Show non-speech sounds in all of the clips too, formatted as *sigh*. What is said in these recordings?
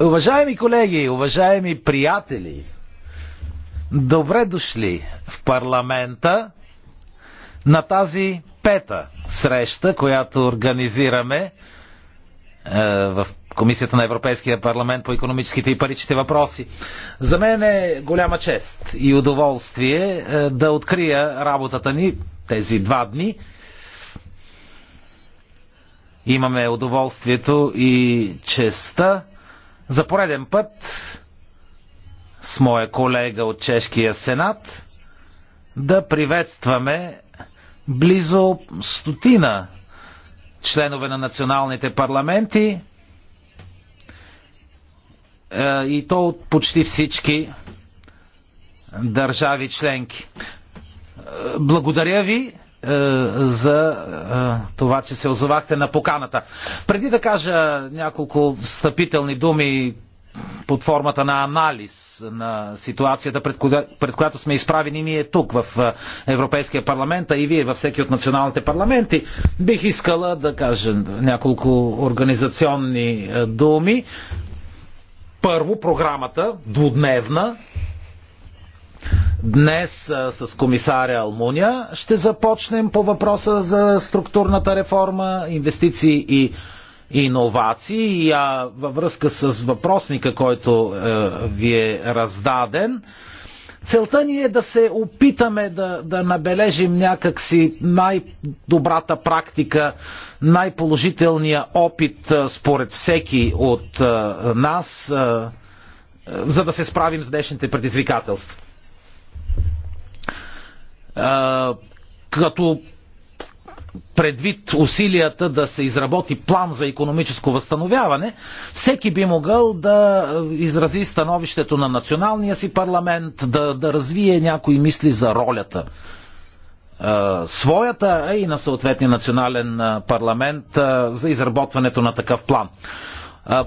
Уважаеми колеги, уважаеми приятели, добре дошли в парламента на тази пета среща, която организираме е, в Комисията на Европейския парламент по економическите и паричните въпроси. За мен е голяма чест и удоволствие е, да открия работата ни тези два дни имаме удоволствието и честа за пореден път с моя колега от Чешкия Сенат да приветстваме близо стотина членове на националните парламенти е, и то от почти всички държави членки. Е, благодаря ви е, за е, това, че се озовахте на поканата. Преди да кажа няколко встъпителни думи под формата на анализ на ситуацията, пред, коя, пред която сме изправени ние тук в е, Европейския парламент, а и вие във всеки от националните парламенти, бих искала да кажа няколко организационни думи. Първо, програмата двудневна Днес с комисаря Алмуня ще започнем по въпроса за структурната реформа, инвестиции и иновации. А във връзка с въпросника, който е, ви е раздаден, целта ни е да се опитаме да, да набележим някакси най-добрата практика, най-положителния опит е, според всеки от е, нас, е, е, за да се справим с днешните предизвикателства като предвид усилията да се изработи план за економическо възстановяване, всеки би могъл да е, изрази становището на националния си парламент, да, да развие някои мисли за ролята своята и на съответния национален парламент за изработването на такъв план.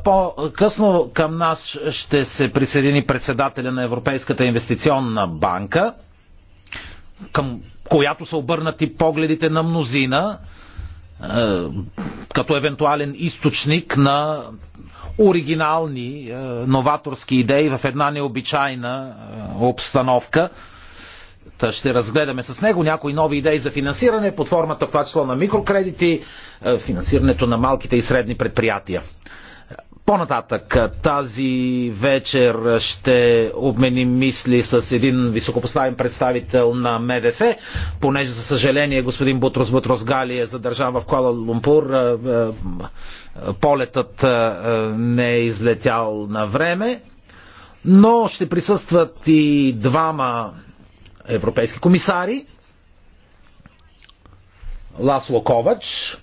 По-късно към нас ще се присъедини председателя на Европейската инвестиционна банка, към която са обърнати погледите на мнозина, е, като евентуален източник на оригинални, е, новаторски идеи в една необичайна е, обстановка. Та ще разгледаме с него някои нови идеи за финансиране под формата в това число на микрокредити, финансирането на малките и средни предприятия. По-нататък тази вечер ще обменим мисли с един високопоставен представител на МВФ, понеже за съжаление господин Бутрос Бутрос Гали е задържан в Куала Лумпур. Полетът не е излетял на време, но ще присъстват и двама европейски комисари. Ласло Ковач,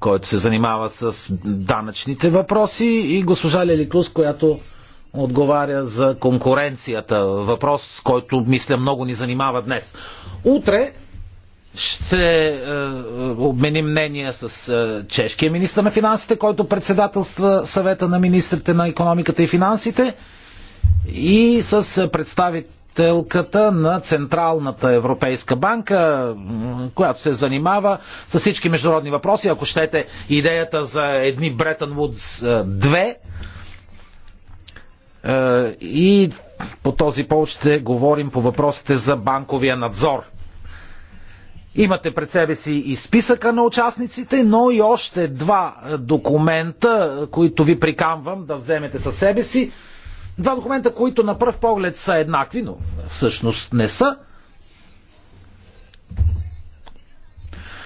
който се занимава с данъчните въпроси, и госпожа Леликлус, която отговаря за конкуренцията. Въпрос, който, мисля, много ни занимава днес. Утре ще е, обменим мнение с е, чешкия министр на финансите, който председателства съвета на министрите на економиката и финансите и с представител управителката на Централната Европейска банка, която се занимава с всички международни въпроси. Ако щете идеята за едни Бретън Вудс 2 и по този повод ще говорим по въпросите за банковия надзор. Имате пред себе си и списъка на участниците, но и още два документа, които ви прикамвам да вземете със себе си. Два документа, които на пръв поглед са еднакви, но всъщност не са.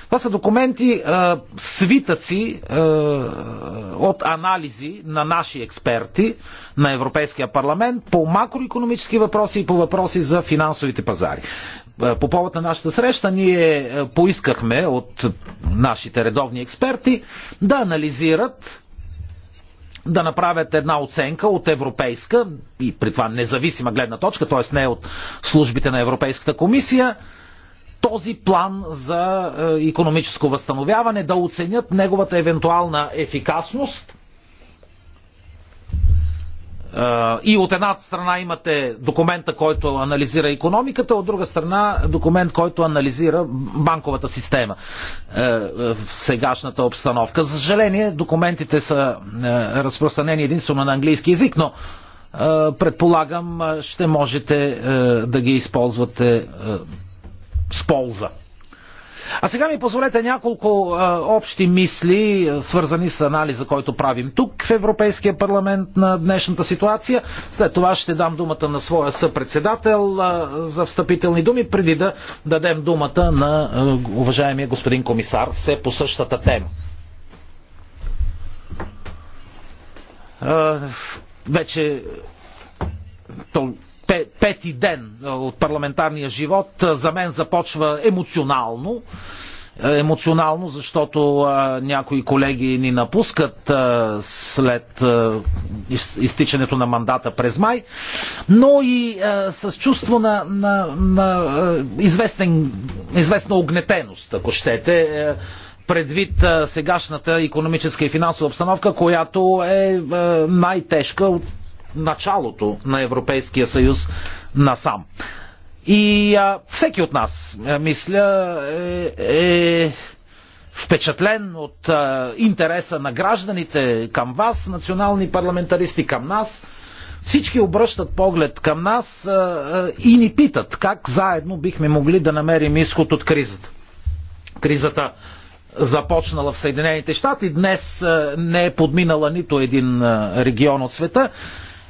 Това са документи, свитъци от анализи на наши експерти на Европейския парламент по макроекономически въпроси и по въпроси за финансовите пазари. По повод на нашата среща ние поискахме от нашите редовни експерти да анализират да направят една оценка от европейска и при това независима гледна точка, т.е. не от службите на Европейската комисия, този план за економическо възстановяване, да оценят неговата евентуална ефикасност и от една страна имате документа, който анализира економиката, от друга страна документ, който анализира банковата система е, в сегашната обстановка. За съжаление, документите са е, разпространени единствено на английски язик, но е, предполагам ще можете да ги използвате с полза. А сега ми позволете няколко а, общи мисли, свързани с анализа, който правим тук в Европейския парламент на днешната ситуация. След това ще дам думата на своя съпредседател а, за встъпителни думи, преди да дадем думата на а, уважаемия господин комисар, все по същата тема. А, вече то пети ден от парламентарния живот за мен започва емоционално. Емоционално, защото някои колеги ни напускат след изтичането на мандата през май, но и с чувство на, на, на известен, известна огнетеност, ако щете, предвид сегашната економическа и финансова обстановка, която е най-тежка от началото на Европейския съюз насам. И а, всеки от нас, а, мисля, е, е впечатлен от а, интереса на гражданите към вас, национални парламентаристи към нас. Всички обръщат поглед към нас а, а, и ни питат как заедно бихме могли да намерим изход от кризата. Кризата започнала в Съединените щати, днес не е подминала нито един регион от света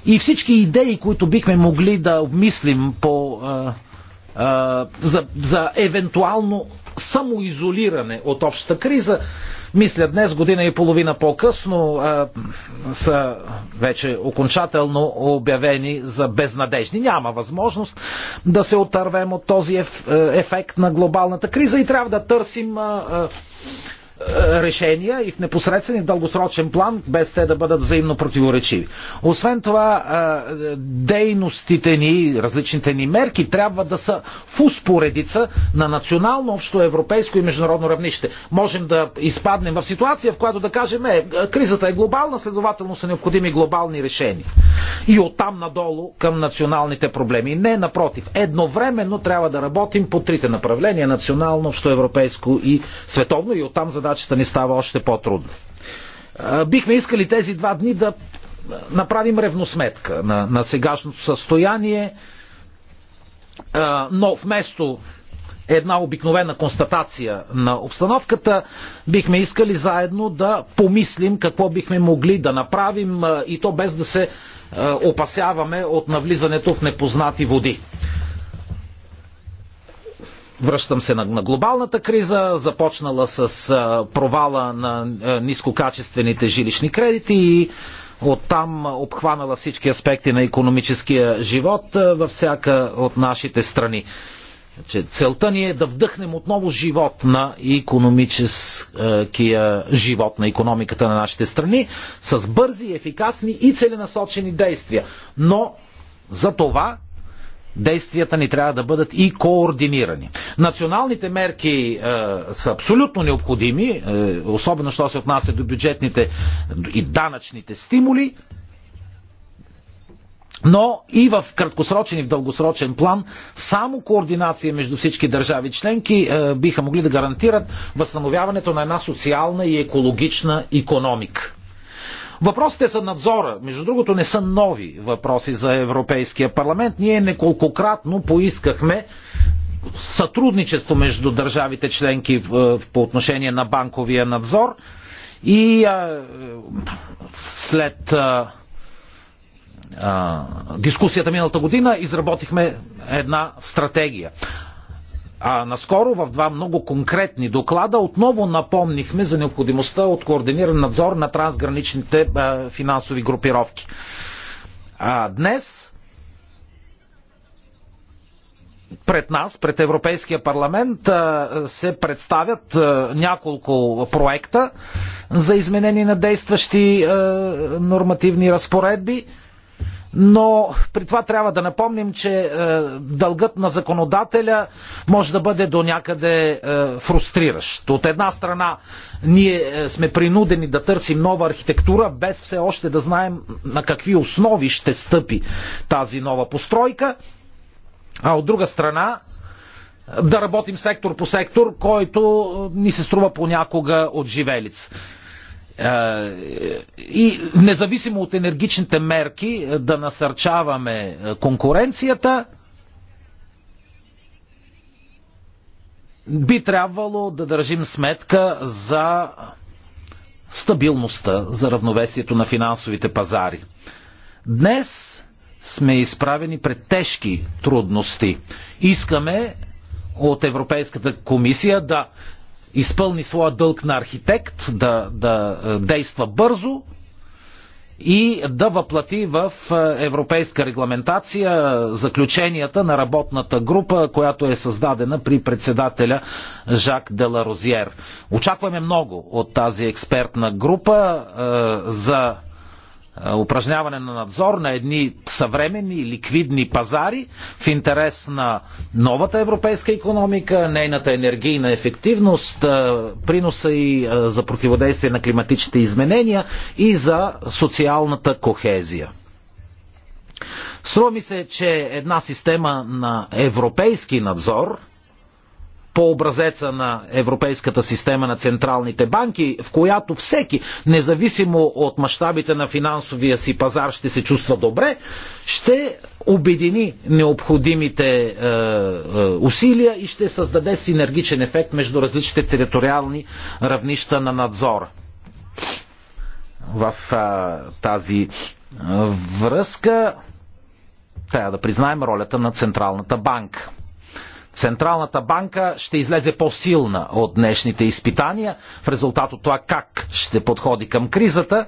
и всички идеи, които бихме могли да обмислим по, а, а, за, за евентуално самоизолиране от общата криза, мисля днес, година и половина по-късно, са вече окончателно обявени за безнадежни. Няма възможност да се отървем от този еф, е, ефект на глобалната криза и трябва да търсим решения и в непосредствен и в дългосрочен план, без те да бъдат взаимно противоречиви. Освен това, дейностите ни, различните ни мерки трябва да са в успоредица на национално, общо европейско и международно равнище. Можем да изпаднем в ситуация, в която да кажем, е, кризата е глобална, следователно са необходими глобални решения. И оттам надолу към националните проблеми. Не, напротив, едновременно трябва да работим по трите направления национално, общо европейско и световно и оттам за задачата ни става още по-трудна. Бихме искали тези два дни да направим ревносметка на, на сегашното състояние, но вместо една обикновена констатация на обстановката, бихме искали заедно да помислим какво бихме могли да направим и то без да се опасяваме от навлизането в непознати води. Връщам се на, на глобалната криза, започнала с а, провала на а, нискокачествените жилищни кредити и оттам обхванала всички аспекти на економическия живот а, във всяка от нашите страни. Че целта ни е да вдъхнем отново живот на економическия живот, на економиката на нашите страни, с бързи, ефикасни и целенасочени действия. Но за това действията ни трябва да бъдат и координирани. Националните мерки е, са абсолютно необходими, е, особено що се отнася до бюджетните и данъчните стимули, но и в краткосрочен и в дългосрочен план само координация между всички държави членки е, биха могли да гарантират възстановяването на една социална и екологична економика. Въпросите за надзора, между другото, не са нови въпроси за Европейския парламент. Ние неколкократно поискахме сътрудничество между държавите членки е, по отношение на банковия надзор и а, е, след а, е, а, дискусията миналата година изработихме една стратегия. А наскоро в два много конкретни доклада отново напомнихме за необходимостта от координиран надзор на трансграничните финансови групировки. А днес пред нас, пред Европейския парламент, се представят няколко проекта за изменение на действащи нормативни разпоредби но при това трябва да напомним, че е, дългът на законодателя може да бъде до някъде е, фрустриращ. От една страна ние е, сме принудени да търсим нова архитектура, без все още да знаем на какви основи ще стъпи тази нова постройка, а от друга страна да работим сектор по сектор, който е, ни се струва понякога от живелиц. Е, и независимо от енергичните мерки е, да насърчаваме е, конкуренцията, би трябвало да държим сметка за стабилността, за равновесието на финансовите пазари. Днес сме изправени пред тежки трудности. Искаме от Европейската комисия да изпълни своя дълг на архитект, да, да е, действа бързо и да въплати в е, европейска регламентация заключенията на работната група, която е създадена при председателя Жак Деларозиер. Очакваме много от тази експертна група е, за упражняване на надзор на едни съвременни ликвидни пазари в интерес на новата европейска економика, нейната енергийна ефективност, приноса и за противодействие на климатичните изменения и за социалната кохезия. Струва ми се, че една система на европейски надзор – по образеца на европейската система на централните банки, в която всеки, независимо от мащабите на финансовия си пазар, ще се чувства добре, ще обедини необходимите е, е, усилия и ще създаде синергичен ефект между различните териториални равнища на надзора. В е, тази е, връзка трябва да признаем ролята на Централната банка. Централната банка ще излезе по-силна от днешните изпитания в резултат от това как ще подходи към кризата,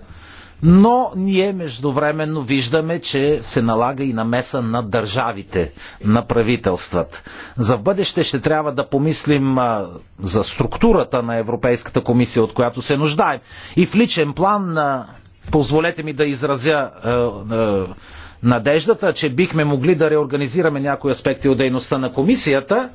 но ние междувременно виждаме, че се налага и намеса на държавите, на правителствата. За в бъдеще ще трябва да помислим за структурата на Европейската комисия, от която се нуждаем. И в личен план, позволете ми да изразя надеждата, че бихме могли да реорганизираме някои аспекти от дейността на комисията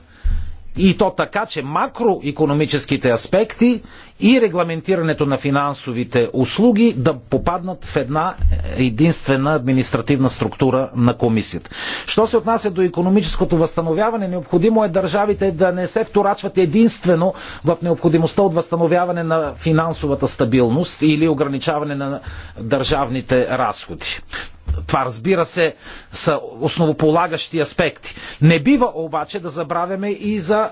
и то така, че макроекономическите аспекти и регламентирането на финансовите услуги да попаднат в една единствена административна структура на комисията. Що се отнася до економическото възстановяване, необходимо е държавите да не се вторачват единствено в необходимостта от възстановяване на финансовата стабилност или ограничаване на държавните разходи. Това разбира се са основополагащи аспекти. Не бива обаче да забравяме и за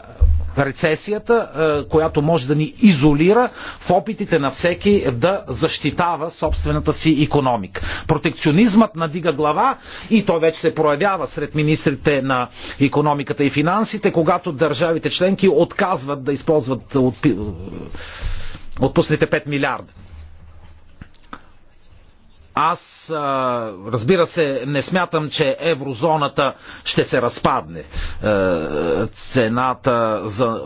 рецесията, е, която може да ни изолира в опитите на всеки да защитава собствената си економика. Протекционизмът надига глава и той вече се проявява сред министрите на економиката и финансите, когато държавите членки отказват да използват отпуснете 5 милиарда. Аз, разбира се, не смятам, че еврозоната ще се разпадне. Цената, за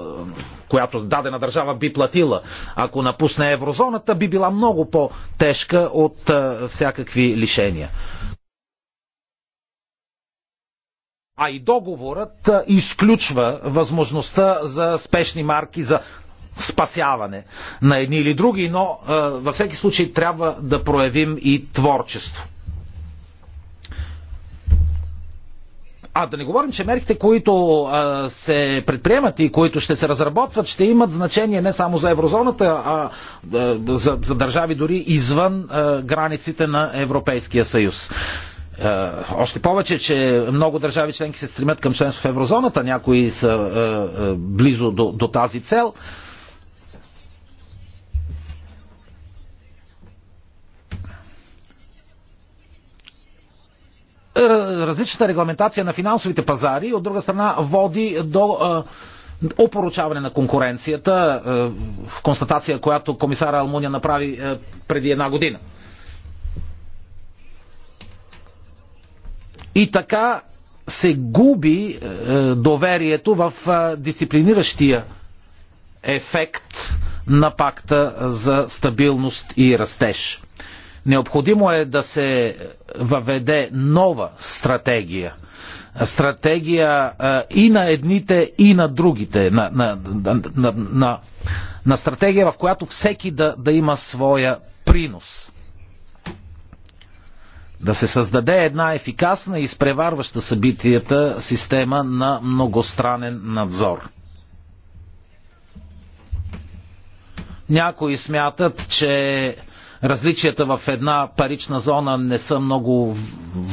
която дадена държава би платила, ако напусне еврозоната, би била много по-тежка от всякакви лишения. А и договорът изключва възможността за спешни марки за спасяване на едни или други, но е, във всеки случай трябва да проявим и творчество. А да не говорим, че мерките, които а, е, се предприемат и които ще се разработват, ще имат значение не само за еврозоната, а, а е, за, за държави дори извън а, границите на Европейския съюз. А, още повече, че много държави членки се стремят към членство в еврозоната, някои са а, а, близо до, до тази цел. А, Е, различната регламентация на финансовите пазари, от друга страна, води до е, опоручаване на конкуренцията, е, в констатация, която комисара Алмуния направи преди една година. И така се губи доверието в дисциплиниращия ефект на пакта за стабилност и растеж. Необходимо е да се въведе нова стратегия. Стратегия и на едните, и на другите. На, на, на, на, на стратегия, в която всеки да, да има своя принос. Да се създаде една ефикасна и изпреварваща събитията система на многостранен надзор. Някои смятат, че различията в една парична зона не са много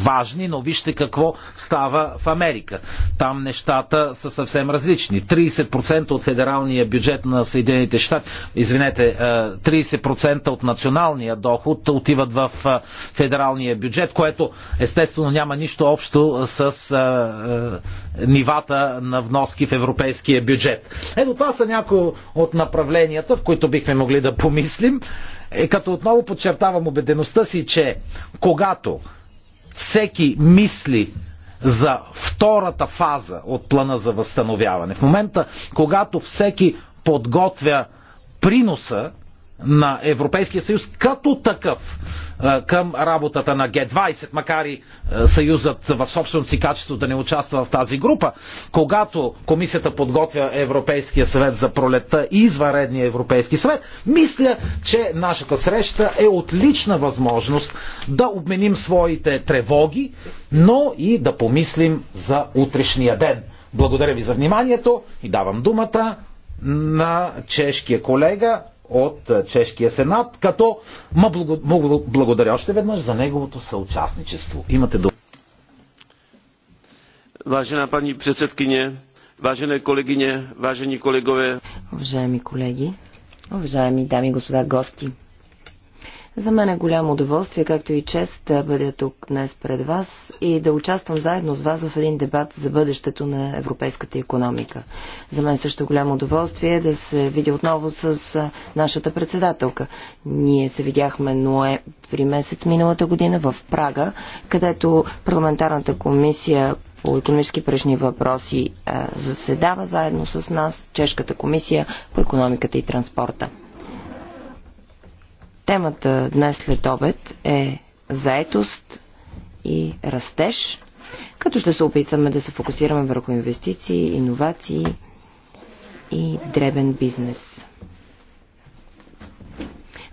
важни, но вижте какво става в Америка. Там нещата са съвсем различни. 30% от федералния бюджет на Съединените щати, извинете, 30% е, от националния доход отиват в е, федералния бюджет, което естествено няма нищо общо с е, нивата на вноски в европейския бюджет. Ето това са някои от направленията, в които бихме могли да помислим. Е, като отново подчертавам убедеността си, че когато всеки мисли за втората фаза от плана за възстановяване, в момента, когато всеки подготвя приноса на Европейския съюз като такъв към работата на Г-20, макар и съюзът в собственото си качество да не участва в тази група, когато комисията подготвя Европейския съвет за пролетта и извънредния Европейски съвет, мисля, че нашата среща е отлична възможност да обменим своите тревоги, но и да помислим за утрешния ден. Благодаря ви за вниманието и давам думата на чешкия колега от Чешкия сенат, като ма благодаря още веднъж за неговото съучастничество. Имате дума. Важена пани председкиня, важене колегиня, важени колегове. Уважаеми колеги, уважаеми дами и господа гости, за мен е голямо удоволствие, както и чест да бъда тук днес пред вас и да участвам заедно с вас в един дебат за бъдещето на европейската економика. За мен също голямо удоволствие е да се видя отново с нашата председателка. Ние се видяхме ноември при месец миналата година в Прага, където парламентарната комисия по економически прежни въпроси заседава заедно с нас Чешката комисия по економиката и транспорта. Темата днес след обед е заетост и растеж, като ще се опитаме да се фокусираме върху инвестиции, иновации и дребен бизнес.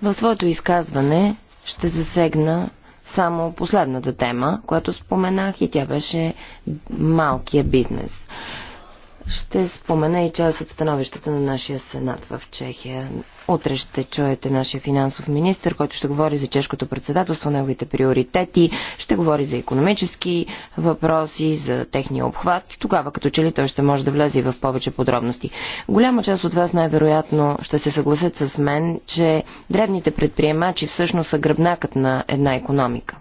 В своето изказване ще засегна само последната тема, която споменах и тя беше малкия бизнес. Ще спомена и част от становищата на нашия сенат в Чехия Утре ще чуете нашия финансов министр, който ще говори за чешкото председателство, неговите приоритети, ще говори за економически въпроси, за техния обхват. Тогава, като че ли той ще може да влезе и в повече подробности. Голяма част от вас най-вероятно ще се съгласят с мен, че древните предприемачи всъщност са гръбнакът на една економика.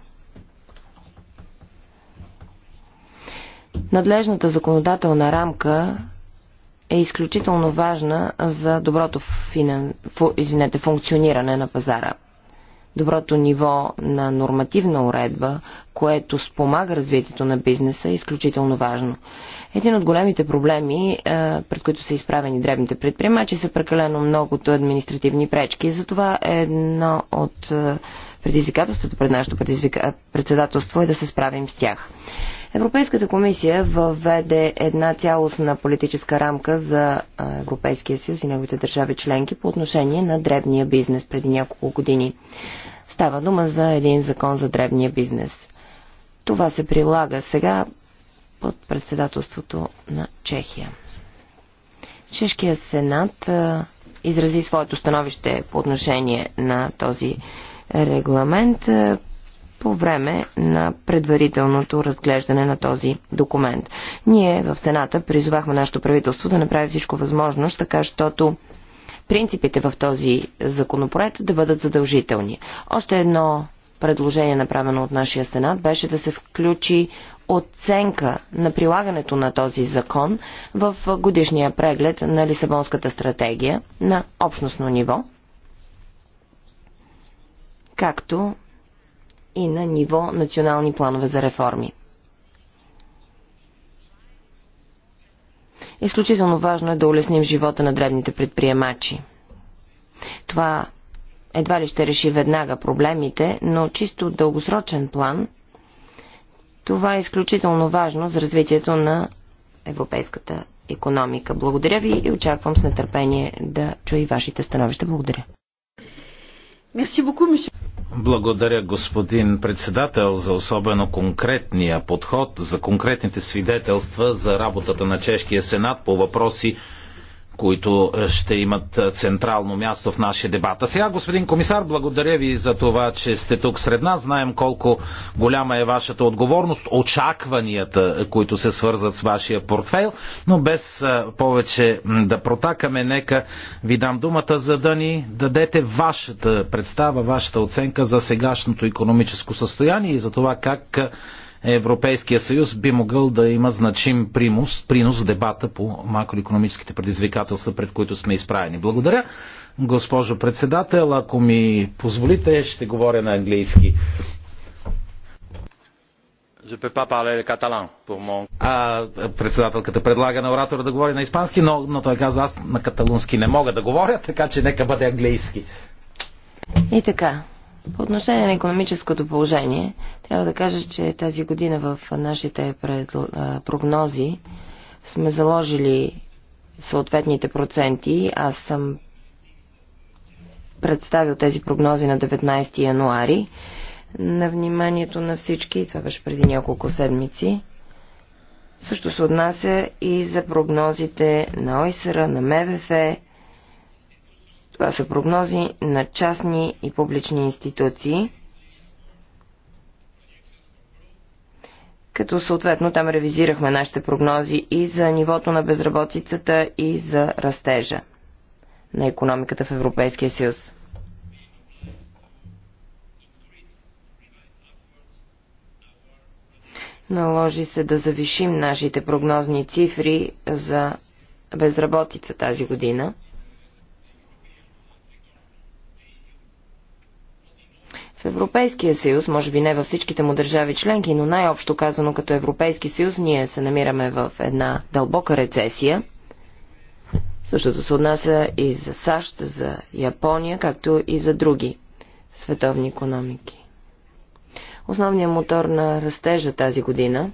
Надлежната законодателна рамка е изключително важна за доброто финан... фу... извинете, функциониране на пазара. Доброто ниво на нормативна уредба, което спомага развитието на бизнеса, е изключително важно. Един от големите проблеми, е, пред които са изправени дребните предприемачи, са прекалено многото административни пречки. Затова е едно от е, предизвикателствата пред нашето предизвика... председателство е да се справим с тях. Европейската комисия въведе една цялостна политическа рамка за Европейския съюз и неговите държави членки по отношение на дребния бизнес преди няколко години. Става дума за един закон за дребния бизнес. Това се прилага сега под председателството на Чехия. Чешкия сенат изрази своето становище по отношение на този регламент по време на предварителното разглеждане на този документ. Ние в Сената призовахме нашето правителство да направи всичко възможно, така щото принципите в този законопроект да бъдат задължителни. Още едно предложение, направено от нашия Сенат, беше да се включи оценка на прилагането на този закон в годишния преглед на Лисабонската стратегия на общностно ниво, както и на ниво национални планове за реформи. Изключително важно е да улесним живота на древните предприемачи. Това едва ли ще реши веднага проблемите, но чисто дългосрочен план това е изключително важно за развитието на европейската економика. Благодаря ви и очаквам с нетърпение да чуя и вашите становища. Благодаря. Благодаря, господин председател, за особено конкретния подход, за конкретните свидетелства за работата на Чешкия сенат по въпроси, които е, ще имат е, централно място в нашия дебат. А сега, господин комисар, благодаря ви за това, че сте тук сред нас. Знаем колко голяма е вашата отговорност, очакванията, е, които се свързат с вашия портфейл, но без повече да протакаме, нека ви дам думата, за да ни дадете вашата представа, вашата оценка за сегашното економическо състояние и за това как Европейския съюз би могъл да има значим примус, принос в дебата по макроекономическите предизвикателства, пред които сме изправени. Благодаря, госпожо председател. Ако ми позволите, ще говоря на английски. Mon... А, председателката предлага на оратора да говори на испански, но, но той казва, аз на каталунски не мога да говоря, така че нека бъде английски. И така, по отношение на економическото положение, трябва да кажа, че тази година в нашите прогнози сме заложили съответните проценти. Аз съм представил тези прогнози на 19 януари на вниманието на всички. Това беше преди няколко седмици. Също се отнася и за прогнозите на ОИСРА, на МВФ, това са прогнози на частни и публични институции, като съответно там ревизирахме нашите прогнози и за нивото на безработицата и за растежа на економиката в Европейския съюз. Наложи се да завишим нашите прогнозни цифри за безработица тази година – В Европейския съюз, може би не във всичките му държави членки, но най-общо казано като Европейски съюз, ние се намираме в една дълбока рецесия. Същото се отнася и за САЩ, за Япония, както и за други световни економики. Основният мотор на растежа тази година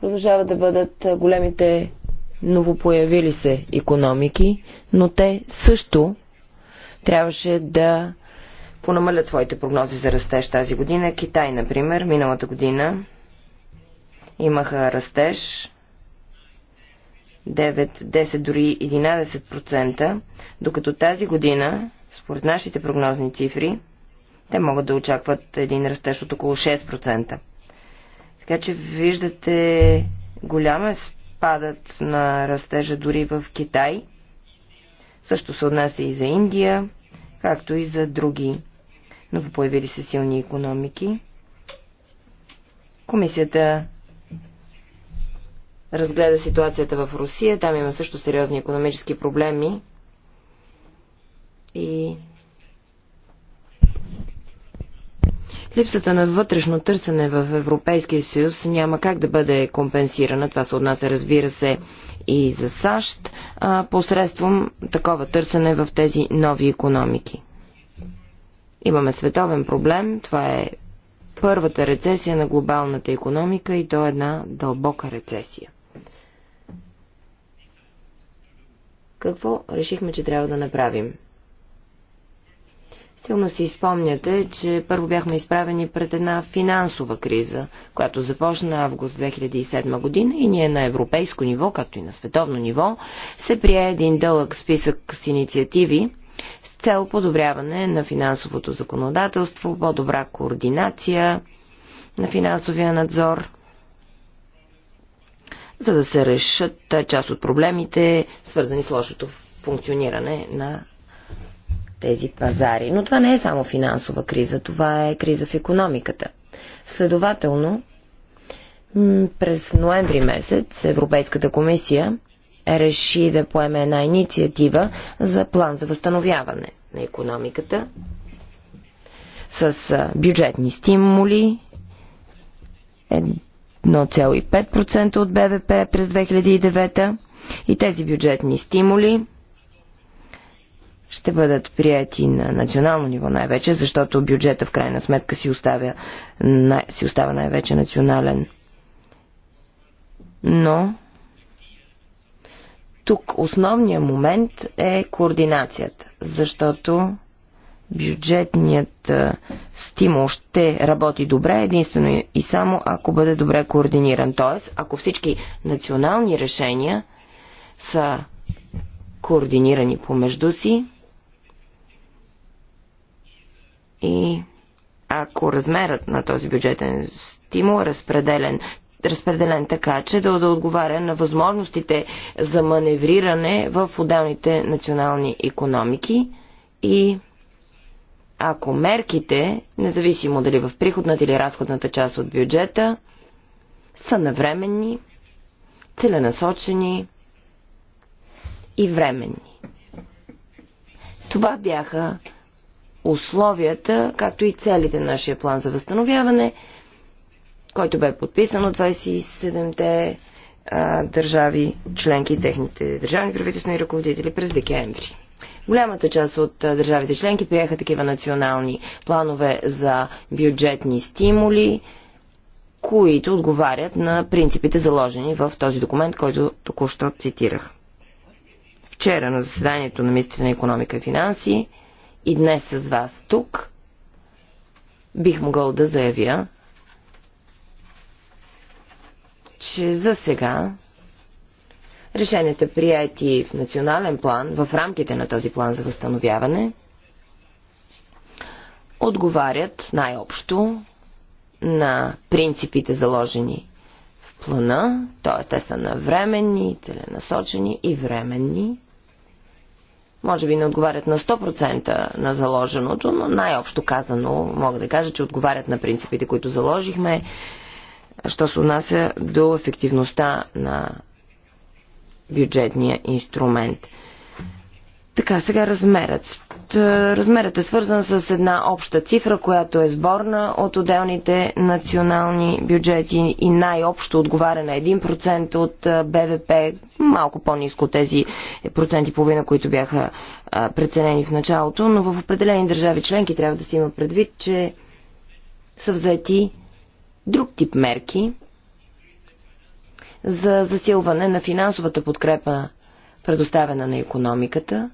продължава да бъдат големите новопоявили се економики, но те също трябваше да понамалят своите прогнози за растеж тази година. Китай, например, миналата година имаха растеж 9, 10, дори 11%, докато тази година, според нашите прогнозни цифри, те могат да очакват един растеж от около 6%. Така че виждате голям е спадът на растежа дори в Китай – също се отнася и за Индия, както и за други новопоявили се силни економики. Комисията разгледа ситуацията в Русия. Там има също сериозни економически проблеми. И Липсата на вътрешно търсене в Европейския съюз няма как да бъде компенсирана. Това се отнася, разбира се, и за САЩ посредством такова търсене в тези нови економики. Имаме световен проблем, това е първата рецесия на глобалната економика и то е една дълбока рецесия. Какво решихме, че трябва да направим? Силно си изпомняте, че първо бяхме изправени пред една финансова криза, която започна август 2007 година и ние на европейско ниво, както и на световно ниво, се прие един дълъг списък с инициативи с цел подобряване на финансовото законодателство, по-добра координация на финансовия надзор, за да се решат част от проблемите, свързани с лошото функциониране на тези пазари. Но това не е само финансова криза, това е криза в економиката. Следователно, през ноември месец Европейската комисия реши да поеме една инициатива за план за възстановяване на економиката с бюджетни стимули 1,5% от БВП през 2009 и тези бюджетни стимули ще бъдат прияти на национално ниво най-вече, защото бюджета в крайна сметка си, оставя, най- си остава най-вече национален. Но тук основният момент е координацията, защото бюджетният стимул ще работи добре единствено и само ако бъде добре координиран. Т.е. ако всички национални решения са координирани помежду си, и ако размерът на този бюджетен стимул е разпределен разпределен така, че да, да отговаря на възможностите за маневриране в отделните национални економики и ако мерките, независимо дали в приходната или разходната част от бюджета, са навременни, целенасочени и временни. Това бяха условията, както и целите на нашия план за възстановяване, който бе подписан от 27-те държави, членки и техните държавни правителствени ръководители през декември. Голямата част от държавите членки приеха такива национални планове за бюджетни стимули, които отговарят на принципите заложени в този документ, който току-що цитирах. Вчера на заседанието на министрите на економика и финанси и днес с вас тук, бих могъл да заявя, че за сега решенията прияти в национален план, в рамките на този план за възстановяване, отговарят най-общо на принципите заложени в плана, т.е. те са навременни, целенасочени и временни, може би не отговарят на 100% на заложеното, но най-общо казано мога да кажа, че отговарят на принципите, които заложихме, що се отнася до ефективността на бюджетния инструмент. Така, сега размерът. Е, размерът е свързан с една обща цифра, която е сборна от отделните национални бюджети и най-общо отговаря на 1% от е, БВП, малко по-низко от тези проценти половина, които бяха е, преценени в началото, но в определени държави членки трябва да се има предвид, че са взети друг тип мерки за засилване на финансовата подкрепа, предоставена на економиката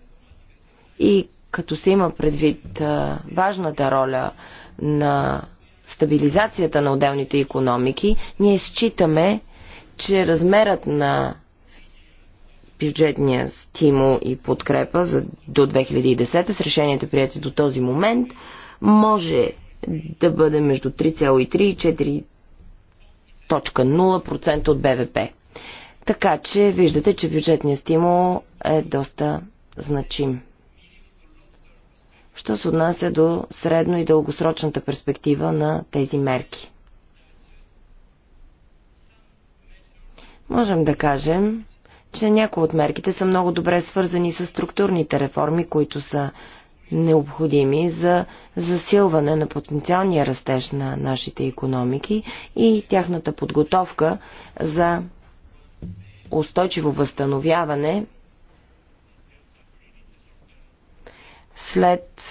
и като се има предвид важната роля на стабилизацията на отделните економики, ние считаме, че размерът на бюджетния стимул и подкрепа за, до 2010 с решенията прияти до този момент може да бъде между 3,3 и 4.0% от БВП. Така че виждате, че бюджетният стимул е доста значим що се отнася до средно и дългосрочната перспектива на тези мерки. Можем да кажем, че някои от мерките са много добре свързани с структурните реформи, които са необходими за засилване на потенциалния растеж на нашите економики и тяхната подготовка за устойчиво възстановяване след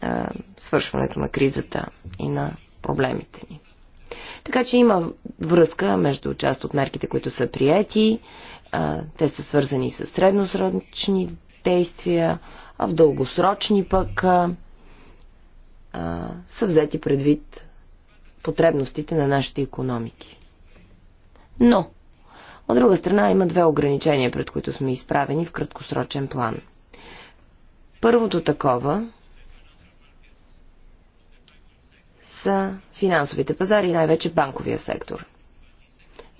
а, свършването на кризата и на проблемите ни. Така че има връзка между част от мерките, които са приети. А, те са свързани с средносрочни действия, а в дългосрочни пък а, а, са взети предвид потребностите на нашите економики. Но, от друга страна, има две ограничения, пред които сме изправени в краткосрочен план – Първото такова са финансовите пазари, най-вече банковия сектор.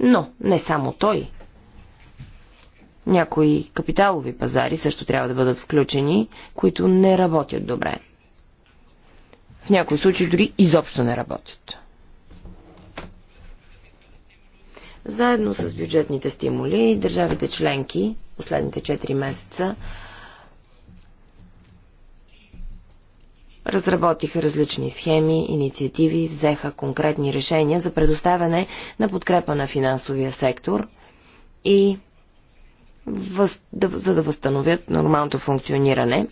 Но не само той. Някои капиталови пазари също трябва да бъдат включени, които не работят добре. В някои случаи дори изобщо не работят. Заедно с бюджетните стимули, държавите членки последните 4 месеца разработиха различни схеми, инициативи, взеха конкретни решения за предоставяне на подкрепа на финансовия сектор и въз... за да възстановят нормалното функциониране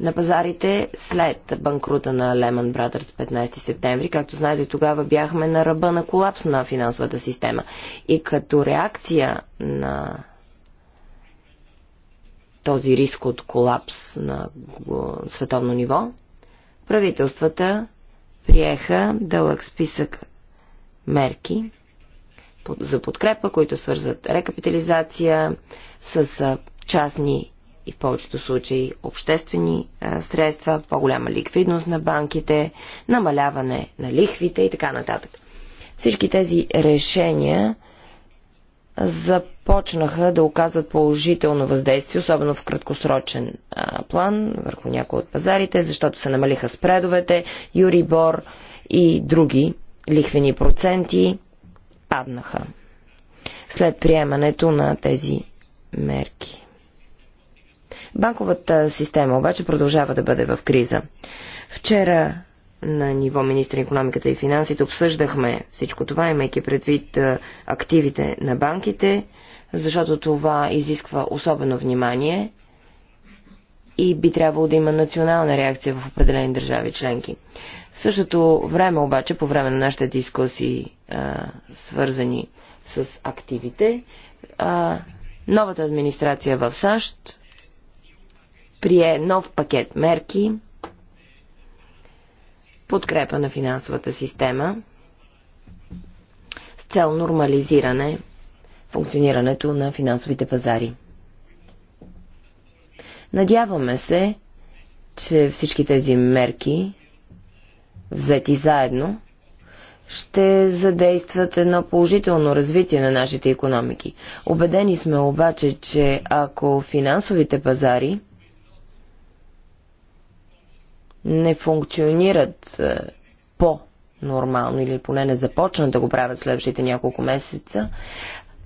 на пазарите след банкрута на Lehman Brothers 15 септември. Както знаете, тогава бяхме на ръба на колапс на финансовата система. И като реакция на този риск от колапс на световно ниво, Правителствата приеха дълъг списък мерки за подкрепа, които свързват рекапитализация с частни и в повечето случаи обществени средства, по-голяма ликвидност на банките, намаляване на лихвите и така нататък. Всички тези решения започнаха да оказват положително въздействие, особено в краткосрочен а, план върху някои от пазарите, защото се намалиха спредовете, Юрибор и други лихвени проценти паднаха след приемането на тези мерки. Банковата система обаче продължава да бъде в криза. Вчера на ниво министра на економиката и финансите обсъждахме всичко това, имайки предвид активите на банките, защото това изисква особено внимание и би трябвало да има национална реакция в определени държави членки. В същото време обаче, по време на нашите дискусии, свързани с активите, новата администрация в САЩ прие нов пакет мерки, подкрепа на финансовата система с цел нормализиране функционирането на финансовите пазари. Надяваме се, че всички тези мерки, взети заедно, ще задействат едно положително развитие на нашите економики. Обедени сме обаче, че ако финансовите пазари – не функционират е, по-нормално или поне не започнат да го правят следващите няколко месеца,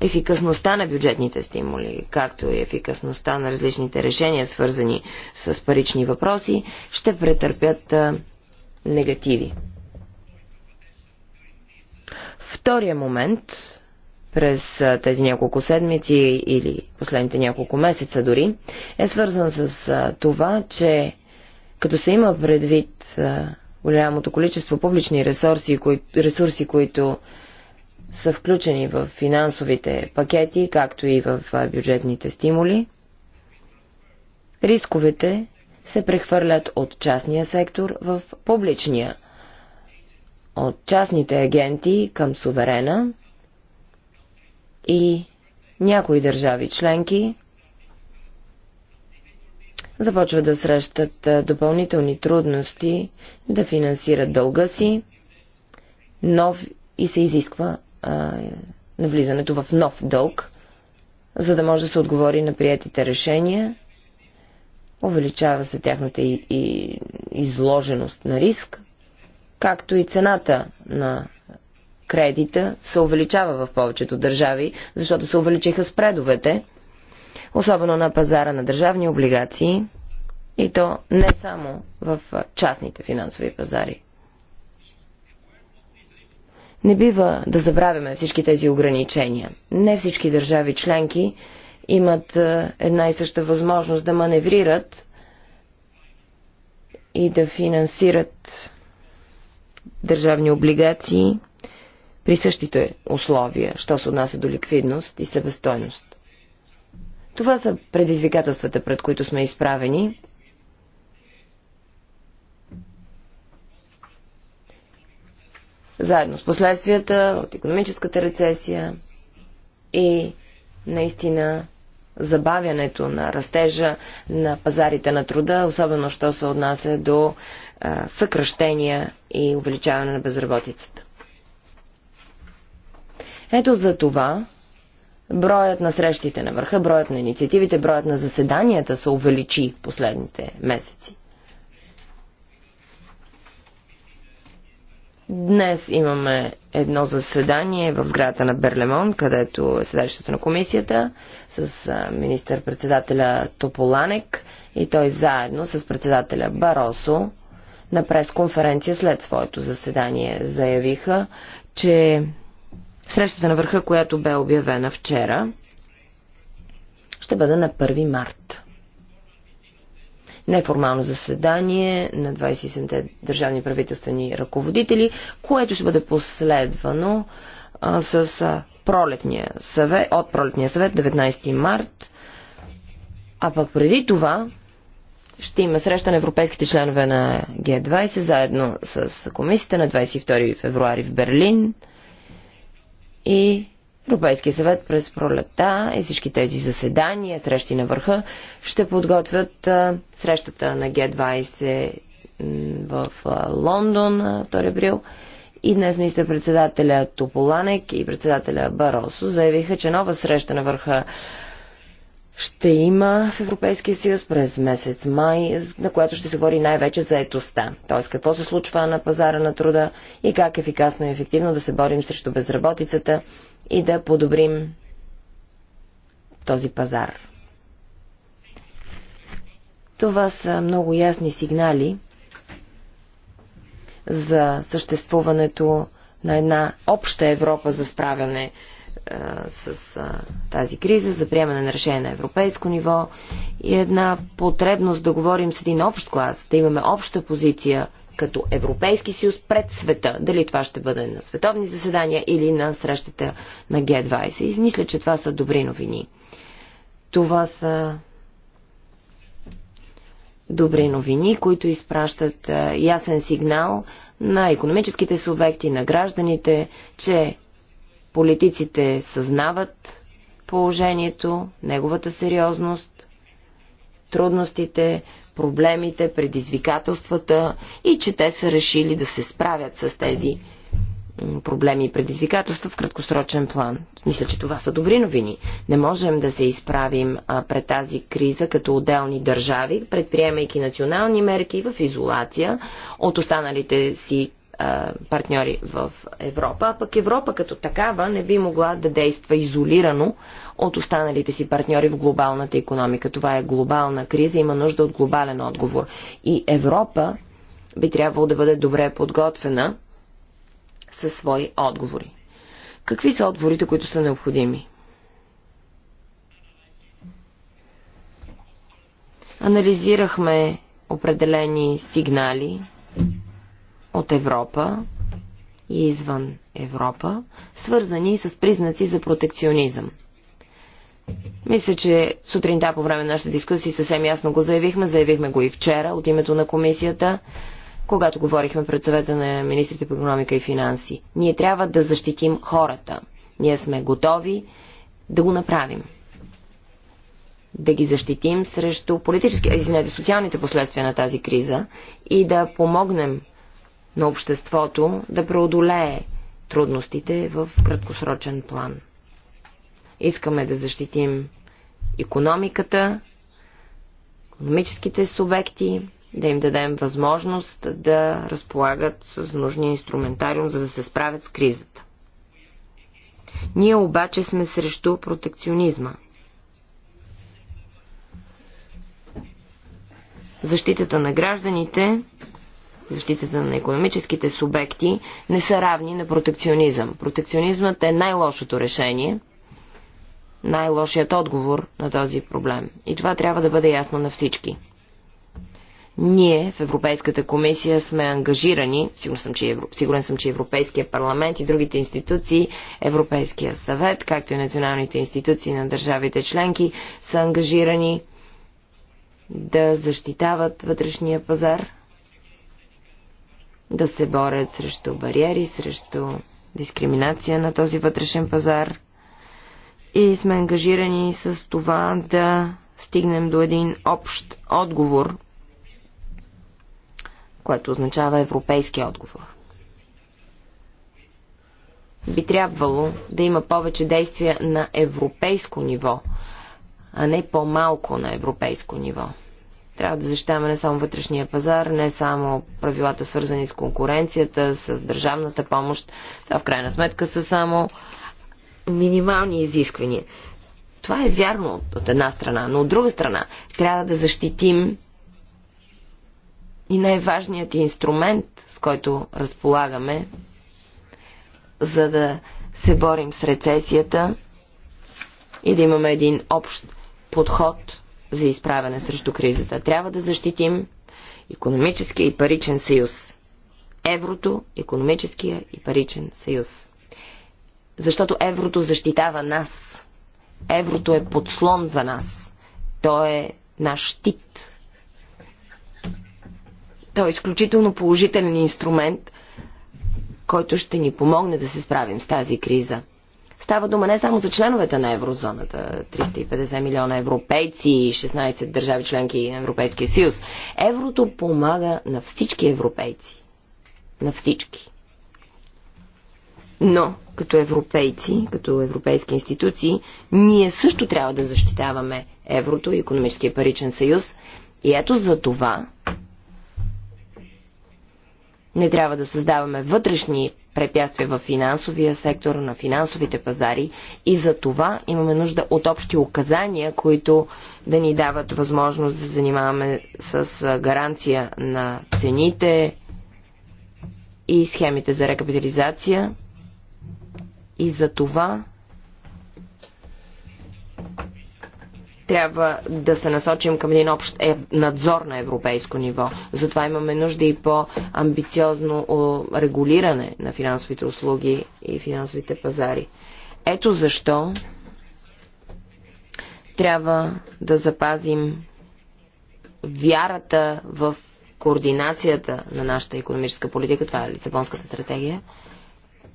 ефикасността на бюджетните стимули, както и ефикасността на различните решения, свързани с парични въпроси, ще претърпят е, негативи. Втория момент през е, тези няколко седмици или последните няколко месеца дори е свързан с това, че като се има предвид голямото количество публични ресурси, кои, ресурси, които са включени в финансовите пакети, както и в бюджетните стимули, рисковете се прехвърлят от частния сектор в публичния, от частните агенти към суверена и някои държави членки започват да срещат допълнителни трудности да финансират дълга си, нов и се изисква а, навлизането в нов дълг, за да може да се отговори на приятите решения. Увеличава се тяхната и, и изложеност на риск, както и цената на кредита се увеличава в повечето държави, защото се увеличиха спредовете – особено на пазара на държавни облигации и то не само в частните финансови пазари. Не бива да забравяме всички тези ограничения. Не всички държави членки имат една и съща възможност да маневрират и да финансират държавни облигации при същите условия, що се отнася до ликвидност и себестойност. Това са предизвикателствата, пред които сме изправени. Заедно с последствията от економическата рецесия и наистина забавянето на растежа на пазарите на труда, особено що се отнася до а, съкръщения и увеличаване на безработицата. Ето за това Броят на срещите на върха, броят на инициативите, броят на заседанията се увеличи последните месеци. Днес имаме едно заседание в сградата на Берлемон, където е седалището на комисията, с министър-председателя Тополанек и той заедно с председателя Баросо на пресконференция след своето заседание заявиха, че Срещата на върха, която бе обявена вчера, ще бъде на 1 март. Неформално заседание на 27-те държавни правителствени ръководители, което ще бъде последвано а, с пролетния съвет, от пролетния съвет 19 март. А пък преди това ще има среща на европейските членове на Г20 заедно с комисията на 22 февруари в Берлин – и Европейския съвет през пролета и всички тези заседания, срещи на върха, ще подготвят срещата на Г-20 в Лондон на 2 април. И днес министър-председателя Тополанек и председателя Баросо заявиха, че нова среща на върха ще има в Европейския съюз през месец май, на която ще се говори най-вече за етостта. Т.е. какво се случва на пазара на труда и как ефикасно и ефективно да се борим срещу безработицата и да подобрим този пазар. Това са много ясни сигнали за съществуването на една обща Европа за справяне с а, тази криза, за приемане на решение на европейско ниво и една потребност да говорим с един общ клас, да имаме обща позиция като Европейски съюз пред света. Дали това ще бъде на световни заседания или на срещата на Г-20. И мисля, че това са добри новини. Това са добри новини, които изпращат ясен сигнал на економическите субекти, на гражданите, че Политиците съзнават положението, неговата сериозност, трудностите, проблемите, предизвикателствата и че те са решили да се справят с тези проблеми и предизвикателства в краткосрочен план. Мисля, че това са добри новини. Не можем да се изправим пред тази криза като отделни държави, предприемайки национални мерки в изолация от останалите си партньори в Европа, а пък Европа като такава не би могла да действа изолирано от останалите си партньори в глобалната економика. Това е глобална криза, има нужда от глобален отговор. И Европа би трябвало да бъде добре подготвена със свои отговори. Какви са отговорите, които са необходими? Анализирахме определени сигнали, от Европа и извън Европа, свързани с признаци за протекционизъм. Мисля, че сутринта по време на нашата дискусия съвсем ясно го заявихме. Заявихме го и вчера от името на комисията, когато говорихме пред съвета на министрите по економика и финанси. Ние трябва да защитим хората. Ние сме готови да го направим. Да ги защитим срещу политически, извинете, социалните последствия на тази криза и да помогнем на обществото да преодолее трудностите в краткосрочен план. Искаме да защитим економиката, економическите субекти, да им дадем възможност да разполагат с нужния инструментариум, за да се справят с кризата. Ние обаче сме срещу протекционизма. Защитата на гражданите защитата на економическите субекти не са равни на протекционизъм. Протекционизмът е най-лошото решение, най-лошият отговор на този проблем. И това трябва да бъде ясно на всички. Ние в Европейската комисия сме ангажирани, сигурен съм, че, Евро... сигурен съм, че Европейския парламент и другите институции, Европейския съвет, както и националните институции на държавите членки са ангажирани да защитават вътрешния пазар да се борят срещу бариери, срещу дискриминация на този вътрешен пазар и сме ангажирани с това да стигнем до един общ отговор, което означава европейски отговор. Би трябвало да има повече действия на европейско ниво, а не по-малко на европейско ниво. Трябва да защитаваме не само вътрешния пазар, не само правилата свързани с конкуренцията, с държавната помощ. Това в крайна сметка са само минимални изисквания. Това е вярно от една страна, но от друга страна трябва да защитим и най-важният инструмент, с който разполагаме, за да се борим с рецесията и да имаме един общ подход за изправяне срещу кризата. Трябва да защитим економическия и паричен съюз. Еврото, економическия и паричен съюз. Защото еврото защитава нас. Еврото е подслон за нас. То е наш щит. То е изключително положителен инструмент, който ще ни помогне да се справим с тази криза. Става дума не само за членовете на еврозоната, 350 милиона европейци и 16 държави членки на Европейския съюз. Еврото помага на всички европейци. На всички. Но, като европейци, като европейски институции, ние също трябва да защитаваме еврото и економическия паричен съюз. И ето за това не трябва да създаваме вътрешни препятствия в финансовия сектор, на финансовите пазари и за това имаме нужда от общи указания, които да ни дават възможност да занимаваме с гаранция на цените и схемите за рекапитализация. И за това трябва да се насочим към един общ е, надзор на европейско ниво. Затова имаме нужда и по-амбициозно регулиране на финансовите услуги и финансовите пазари. Ето защо трябва да запазим вярата в координацията на нашата економическа политика, това е Лисабонската стратегия,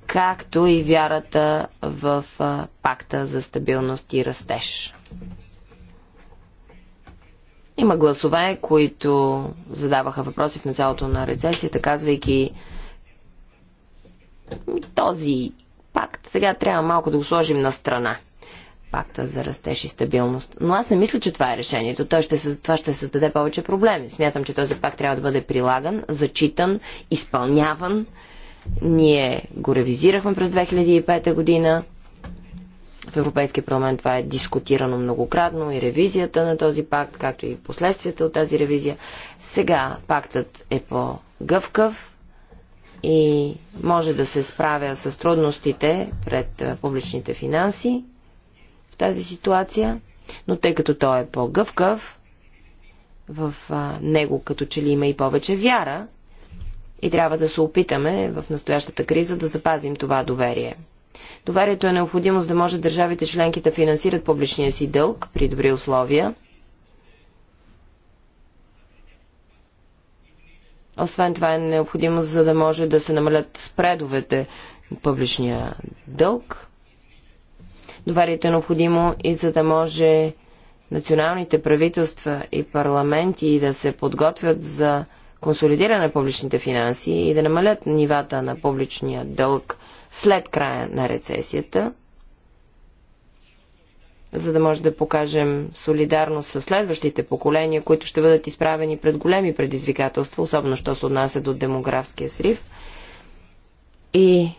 както и вярата в пакта за стабилност и растеж. Има гласове, които задаваха въпроси в началото на рецесията, казвайки този пакт сега трябва малко да го сложим на страна. Пакта за растеж и стабилност. Но аз не мисля, че това е решението. Той ще, това ще създаде повече проблеми. Смятам, че този пакт трябва да бъде прилаган, зачитан, изпълняван. Ние го ревизирахме през 2005 година. В Европейския парламент това е дискутирано многократно и ревизията на този пакт, както и последствията от тази ревизия. Сега пактът е по-гъвкав и може да се справя с трудностите пред публичните финанси в тази ситуация, но тъй като той е по-гъвкав, в него като че ли има и повече вяра и трябва да се опитаме в настоящата криза да запазим това доверие. Доверието е необходимо, за да може държавите членки да финансират публичния си дълг при добри условия. Освен това е необходимо, за да може да се намалят спредовете на публичния дълг. Доверието е необходимо и за да може националните правителства и парламенти да се подготвят за консолидиране на публичните финанси и да намалят нивата на публичния дълг след края на рецесията, за да може да покажем солидарност с следващите поколения, които ще бъдат изправени пред големи предизвикателства, особено що се отнася до демографския срив. И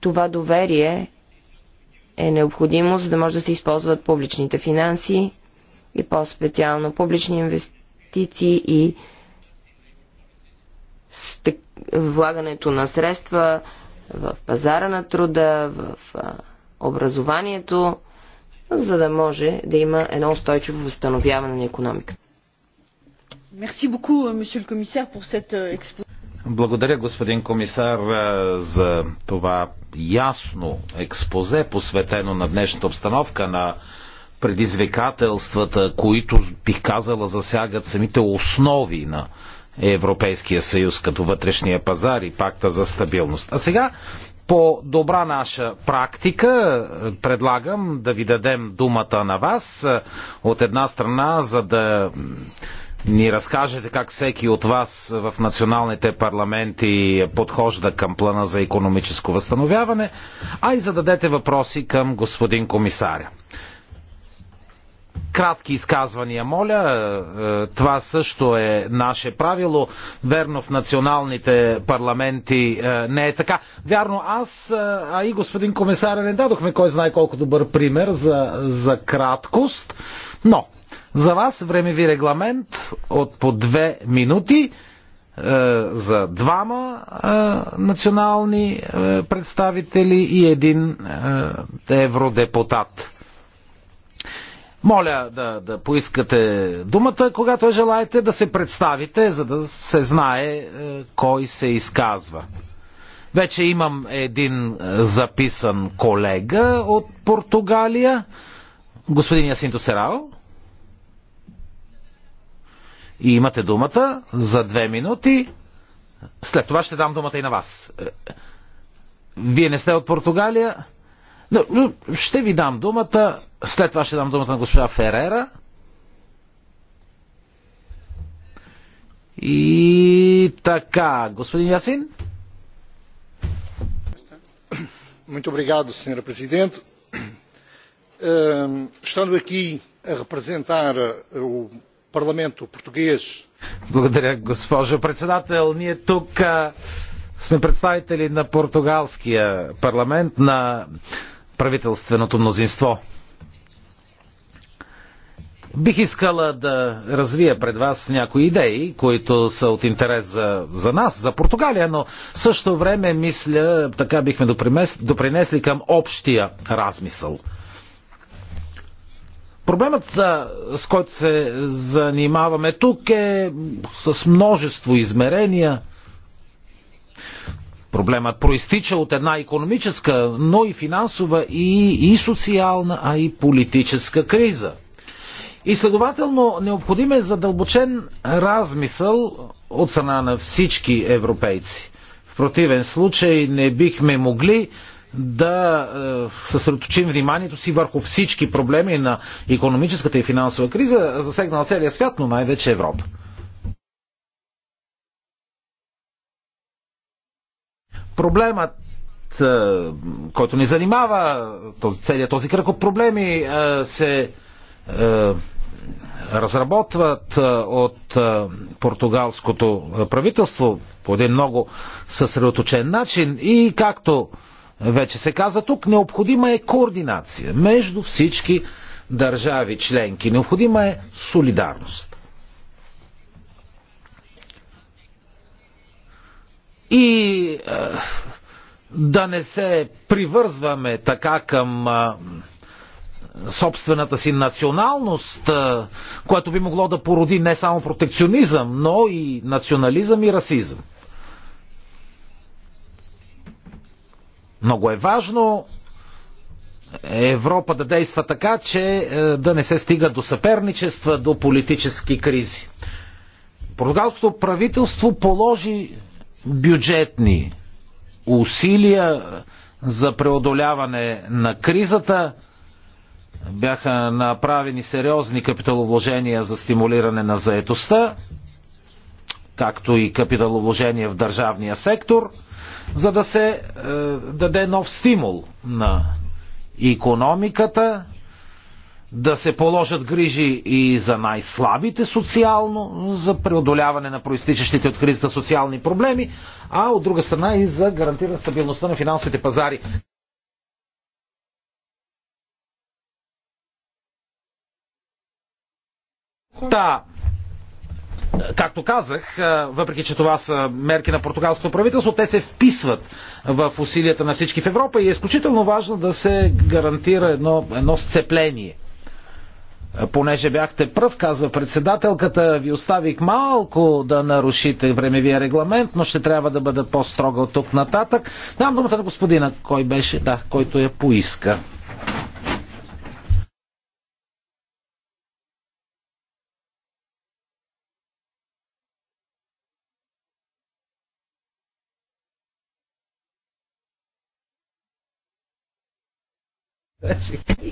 това доверие е необходимо, за да може да се използват публичните финанси и по-специално публични инвестиции и влагането на средства в пазара на труда, в образованието, за да може да има едно устойчиво възстановяване на економиката. Euh, euh, Благодаря, господин комисар, е, за това ясно експозе, посветено на днешната обстановка на предизвикателствата, които, бих казала, засягат самите основи на Европейския съюз като вътрешния пазар и пакта за стабилност. А сега по добра наша практика предлагам да ви дадем думата на вас от една страна, за да ни разкажете как всеки от вас в националните парламенти подхожда към плана за економическо възстановяване, а и зададете въпроси към господин комисаря кратки изказвания, моля. Е, е, това също е наше правило. Верно в националните парламенти е, не е така. Вярно, аз, а и господин комисаря не дадохме кой знае колко добър пример за, за краткост, но за вас времеви регламент от по две минути за двама национални представители и един евродепутат. Моля да, да поискате думата, когато желаете да се представите, за да се знае е, кой се изказва. Вече имам един е, записан колега от Португалия, господин Ясинто Серао. И имате думата за две минути. След това ще дам думата и на вас. Е, вие не сте от Португалия? Но, Ще ви дам думата, след това ще дам думата на госпожа Ферера. И така, господин Ясин. Muito obrigado, Sra. Presidente. Ehm, estando aqui a representar eh, o Parlamento português. Благодаря, госпожо председател. Ние тук сме представители на португалския парламент, на правителственото мнозинство. Бих искала да развия пред вас някои идеи, които са от интерес за, за нас, за Португалия, но в същото време мисля, така бихме допринесли към общия размисъл. Проблемът, с който се занимаваме тук е с множество измерения. Проблемът проистича от една економическа, но и финансова, и, и социална, а и политическа криза. И следователно необходим е задълбочен размисъл от страна на всички европейци. В противен случай не бихме могли да е, съсредоточим вниманието си върху всички проблеми на економическата и финансова криза, засегнала целия свят, но най-вече Европа. Проблемът е, който ни занимава, целият този кръг от проблеми е, се е, разработват от португалското правителство по един много съсредоточен начин и както вече се каза тук, необходима е координация между всички държави членки. Необходима е солидарност. и е, да не се привързваме така към е, собствената си националност, е, което би могло да породи не само протекционизъм, но и национализъм и расизъм. Много е важно Европа да действа така, че да не се стига до съперничества, до политически кризи. Португалското правителство положи бюджетни усилия за преодоляване на кризата. Бяха направени сериозни капиталовложения за стимулиране на заетостта, както и капиталовложения в държавния сектор, за да се е, даде нов стимул на економиката, да се положат грижи и за най-слабите социално, за преодоляване на проистичащите от кризата социални проблеми, а от друга страна и за гарантиране стабилността на финансовите пазари. Та, както казах, въпреки че това са мерки на португалското правителство, те се вписват в усилията на всички в Европа и е изключително важно да се гарантира едно, едно сцепление Понеже бяхте пръв, казва председателката, ви оставих малко да нарушите времевия регламент, но ще трябва да бъда по-строга от тук нататък. Дам думата на господина, кой беше, да, който я поиска.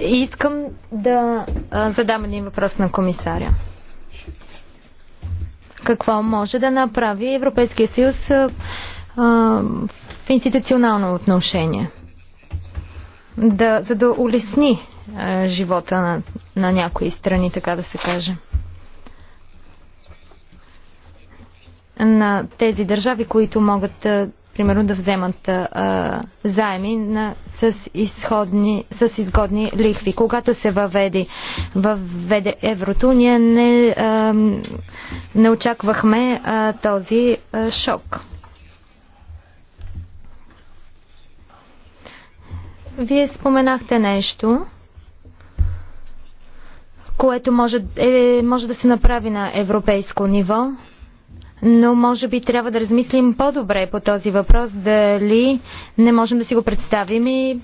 Искам да задам един въпрос на комисаря. Какво може да направи Европейския съюз а, в институционално отношение? Да, за да улесни а, живота на, на някои страни, така да се каже. На тези държави, които могат а, примерно да вземат а, заеми на, с, изходни, с изгодни лихви. Когато се въведе, въведе еврото, ние не, а, не очаквахме а, този а, шок. Вие споменахте нещо, което може, е, може да се направи на европейско ниво но може би трябва да размислим по-добре по този въпрос, дали не можем да си го представим и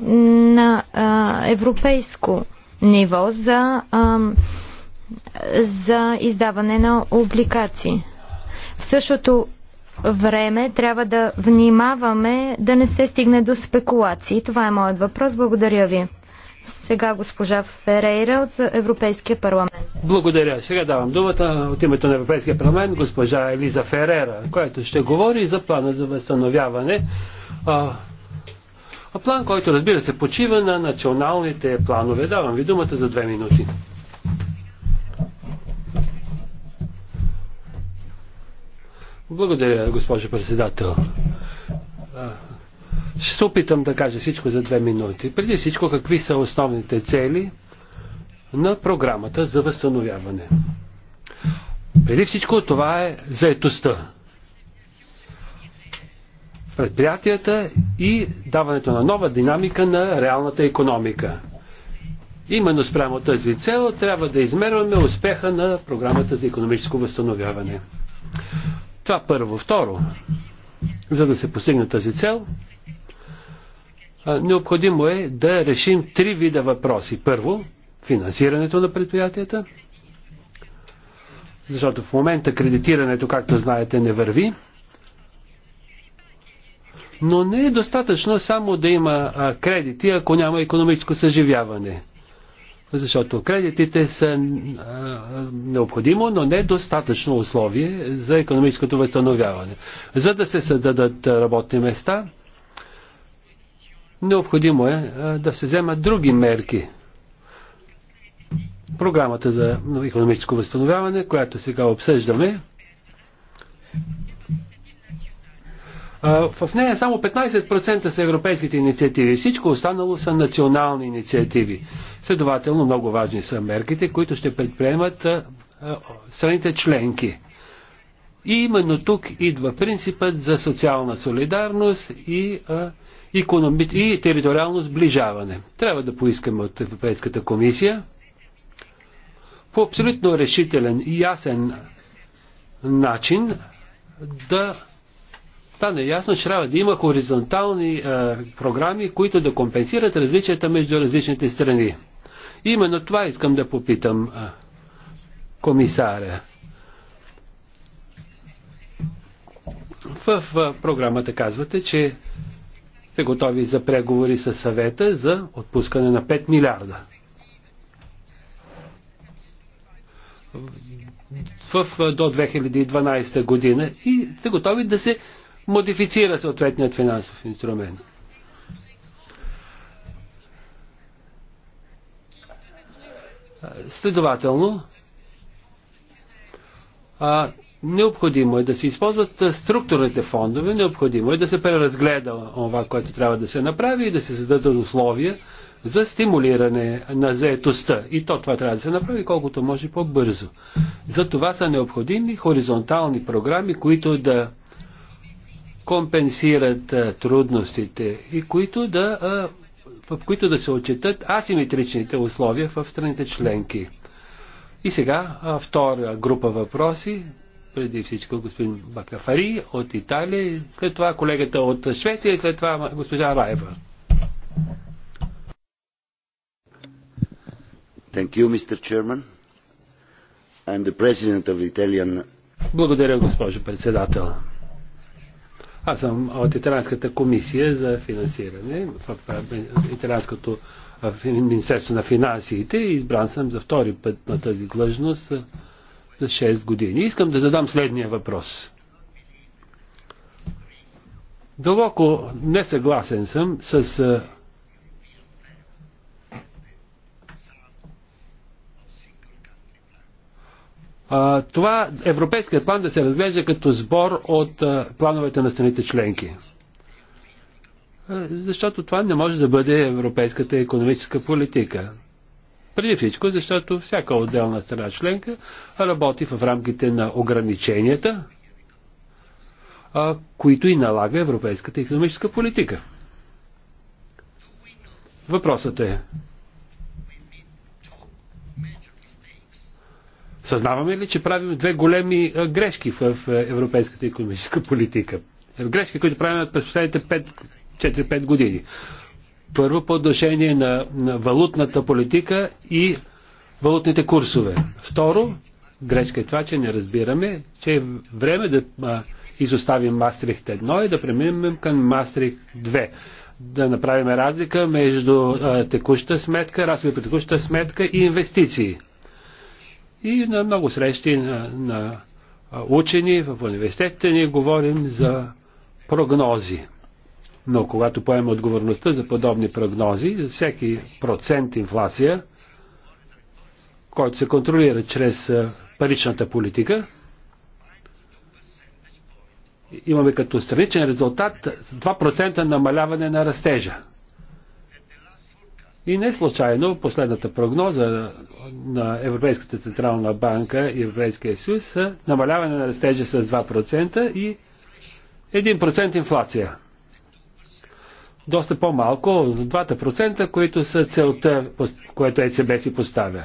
на а, европейско ниво за, а, за издаване на обликации. В същото време трябва да внимаваме да не се стигне до спекулации. Това е моят въпрос. Благодаря ви. Сега госпожа Ферейра от Европейския парламент. Благодаря. Сега давам думата от името на Европейския парламент госпожа Елиза Ферера, която ще говори за плана за възстановяване. А, а план, който разбира се почива на националните планове. Давам ви думата за две минути. Благодаря, госпожо председател. Ще се опитам да кажа всичко за две минути. Преди всичко, какви са основните цели на програмата за възстановяване? Преди всичко това е заетостта. Предприятията и даването на нова динамика на реалната економика. Именно спрямо тази цел трябва да измерваме успеха на програмата за економическо възстановяване. Това първо. Второ, за да се постигне тази цел, Необходимо е да решим три вида въпроси. Първо, финансирането на предприятията, защото в момента кредитирането, както знаете, не върви. Но не е достатъчно само да има кредити, ако няма економическо съживяване. Защото кредитите са необходимо, но не достатъчно условие за економическото възстановяване. За да се създадат работни места, Необходимо е да се вземат други мерки. Програмата за економическо възстановяване, която сега обсъждаме, в нея само 15% са европейските инициативи. Всичко останало са национални инициативи. Следователно, много важни са мерките, които ще предприемат страните членки. И именно тук идва принципът за социална солидарност и а, и териториално сближаване. Трябва да поискаме от Европейската комисия по абсолютно решителен и ясен начин да стане ясно, че трябва да има хоризонтални е, програми, които да компенсират различията между различните страни. Именно това искам да попитам е, комисаря. В е, програмата казвате, че сте готови за преговори с съвета за отпускане на 5 милиарда. В, в, до 2012 година и сте готови да се модифицира съответният финансов инструмент. Следователно, а, Необходимо е да се използват структурните фондове, необходимо е да се преразгледа това, което трябва да се направи и да се създадат условия за стимулиране на заетостта. И то това трябва да се направи колкото може по-бързо. За това са необходими хоризонтални програми, които да компенсират трудностите и които да, в които да се отчитат асиметричните условия в страните членки. И сега втора група въпроси преди всичко господин Бакафари от Италия, след това колегата от Швеция и след това госпожа Раева. Thank you, Mr. Chairman. I'm the president of Italian... Благодаря, госпожо председател. Аз съм от Италианската комисия за финансиране в Италианското Министерство на финансите. Избран съм за втори път на тази длъжност за 6 години. Искам да задам следния въпрос. Дълбоко несъгласен съм с а, това европейският план да се разглежда като сбор от а, плановете на страните членки. А, защото това не може да бъде европейската економическа политика. Преди всичко, защото всяка отделна страна членка работи в рамките на ограниченията, които и налага европейската економическа политика. Въпросът е, съзнаваме ли, че правим две големи грешки в европейската економическа политика? Грешки, които правим през последните 4-5 години. Първо по отношение на, на валутната политика и валутните курсове. Второ, грешка е това, че не разбираме, че е време да а, изоставим Мастрихт 1 и да преминем към Мастрихт 2. Да направим разлика между а, текуща сметка, разходи по текуща сметка и инвестиции. И на много срещи на, на учени в университетите ни говорим за прогнози. Но когато поема отговорността за подобни прогнози, за всеки процент инфлация, който се контролира чрез паричната политика, имаме като страничен резултат 2% намаляване на растежа. И не случайно последната прогноза на Европейската централна банка и Европейския съюз е намаляване на растежа с 2% и 1% инфлация доста по-малко от 2%, които са целта, което ЕЦБ си поставя.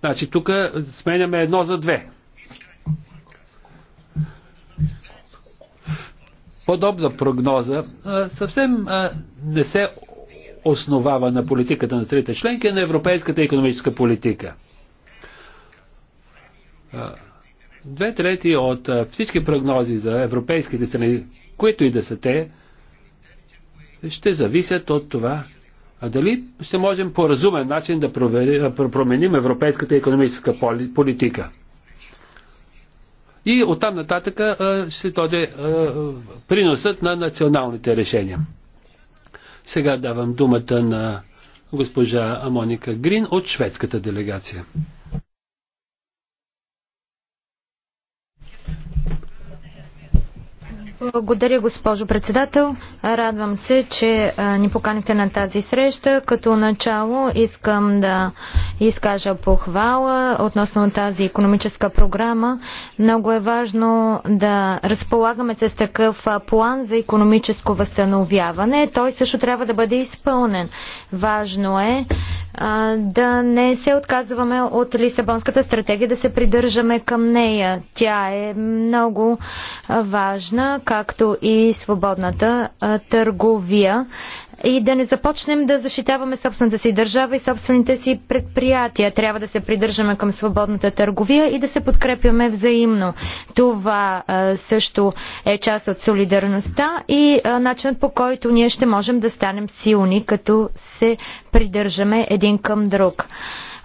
Значи тук сменяме едно за две. Подобна прогноза съвсем не се основава на политиката на страните членки, а на европейската економическа политика. Две трети от всички прогнози за европейските страни, които и да са те, ще зависят от това а дали ще можем по разумен начин да променим европейската економическа политика. И оттам нататък ще тоде приносът на националните решения. Сега давам думата на госпожа Моника Грин от шведската делегация. Благодаря, госпожо председател. Радвам се, че ни поканите на тази среща. Като начало искам да изкажа похвала относно тази економическа програма. Много е важно да разполагаме с такъв план за економическо възстановяване. Той също трябва да бъде изпълнен. Важно е да не се отказваме от Лисабонската стратегия, да се придържаме към нея. Тя е много важна, както и свободната търговия. И да не започнем да защитаваме собствената си държава и собствените си предприятия. Трябва да се придържаме към свободната търговия и да се подкрепяме взаимно. Това също е част от солидарността и начинът по който ние ще можем да станем силни, като се придържаме един един към друг.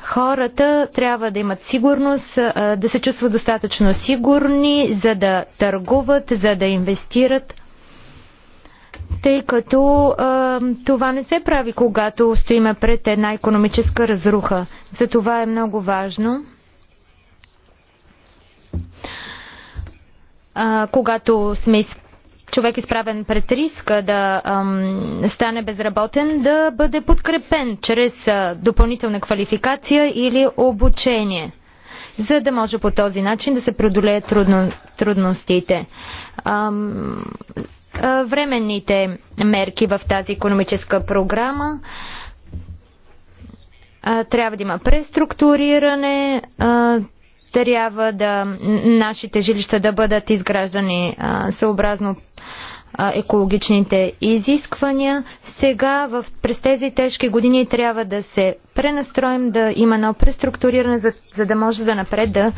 Хората трябва да имат сигурност, да се чувстват достатъчно сигурни, за да търгуват, за да инвестират, тъй като а, това не се прави, когато стоиме пред една економическа разруха. За това е много важно. А, когато сме изпълнени, човек изправен пред риска да ам, стане безработен, да бъде подкрепен чрез а, допълнителна квалификация или обучение, за да може по този начин да се преодолеят трудно, трудностите. Ам, а, временните мерки в тази економическа програма а, трябва да има преструктуриране, а, трябва да нашите жилища да бъдат изграждани съобразно екологичните изисквания. Сега, в, през тези тежки години, трябва да се пренастроим, да има едно преструктуриране, за, за да може да напред да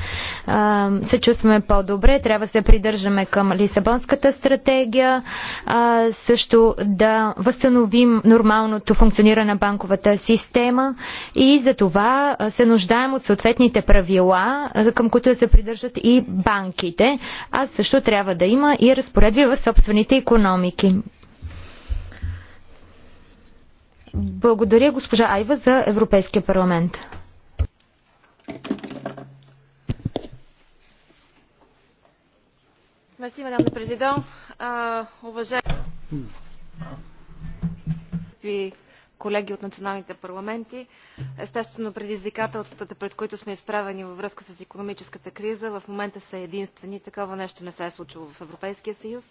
а, се чувстваме по-добре. Трябва да се придържаме към Лисабонската стратегия, а, също да възстановим нормалното функциониране на банковата система и за това се нуждаем от съответните правила, към които да се придържат и банките. А също трябва да има и разпоредби в собствените економики. Благодаря госпожа Айва за Европейския парламент. Мерси, мадам президент. Уважаеми колеги от националните парламенти. Естествено, предизвикателствата, пред които сме изправени във връзка с економическата криза, в момента са единствени. Такова нещо не се е случило в Европейския съюз.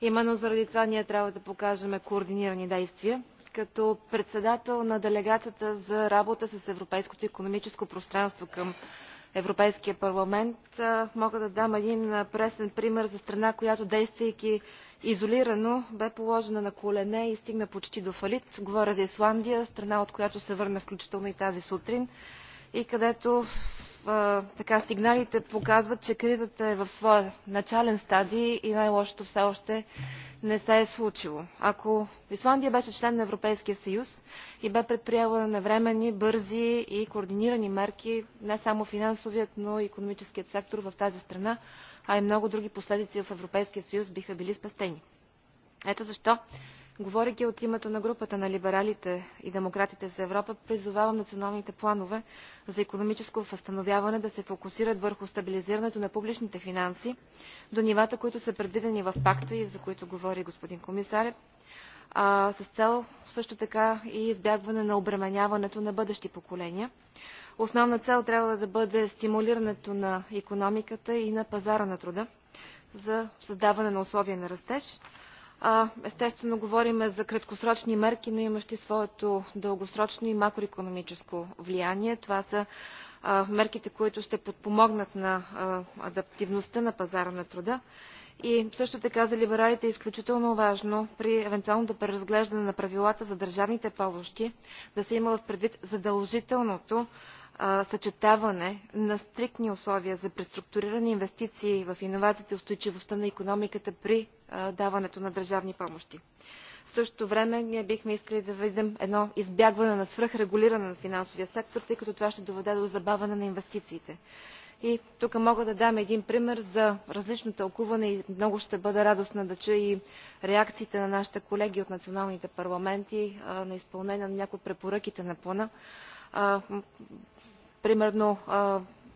Именно заради това ние трябва да покажем координирани действия. Като председател на делегацията за работа с Европейското економическо пространство към Европейския парламент мога да дам един пресен пример за страна, която действайки изолирано бе положена на колене и стигна почти до фалит. Говоря за Исландия, страна от която се върна включително и тази сутрин и където така сигналите показват, че кризата е в своя начален стадий и най-лошото все още не се е случило. Ако Исландия беше член на Европейския съюз и бе предприела навременни, бързи и координирани мерки, не само финансовият, но и економическият сектор в тази страна, а и много други последици в Европейския съюз биха били спастени. Ето защо Говорейки от името на групата на либералите и демократите за Европа, призовавам националните планове за економическо възстановяване да се фокусират върху стабилизирането на публичните финанси до нивата, които са предвидени в пакта и за които говори господин комисаре, а, с цел също така и избягване на обременяването на бъдещи поколения. Основна цел трябва да бъде стимулирането на економиката и на пазара на труда за създаване на условия на растеж Естествено, говорим за краткосрочни мерки, но имащи своето дългосрочно и макроекономическо влияние. Това са мерките, които ще подпомогнат на адаптивността на пазара на труда. И също така за либералите е изключително важно при евентуалното преразглеждане на правилата за държавните помощи да се има в предвид задължителното съчетаване на стриктни условия за преструктуриране инвестиции в иновациите и устойчивостта на икономиката при даването на държавни помощи. В същото време ние бихме искали да видим едно избягване на свръхрегулиране на финансовия сектор, тъй като това ще доведе до забавяне на инвестициите. И тук мога да дам един пример за различно тълкуване и много ще бъда радостна да чуя и реакциите на нашите колеги от националните парламенти на изпълнение на някои препоръките на плана. Примерно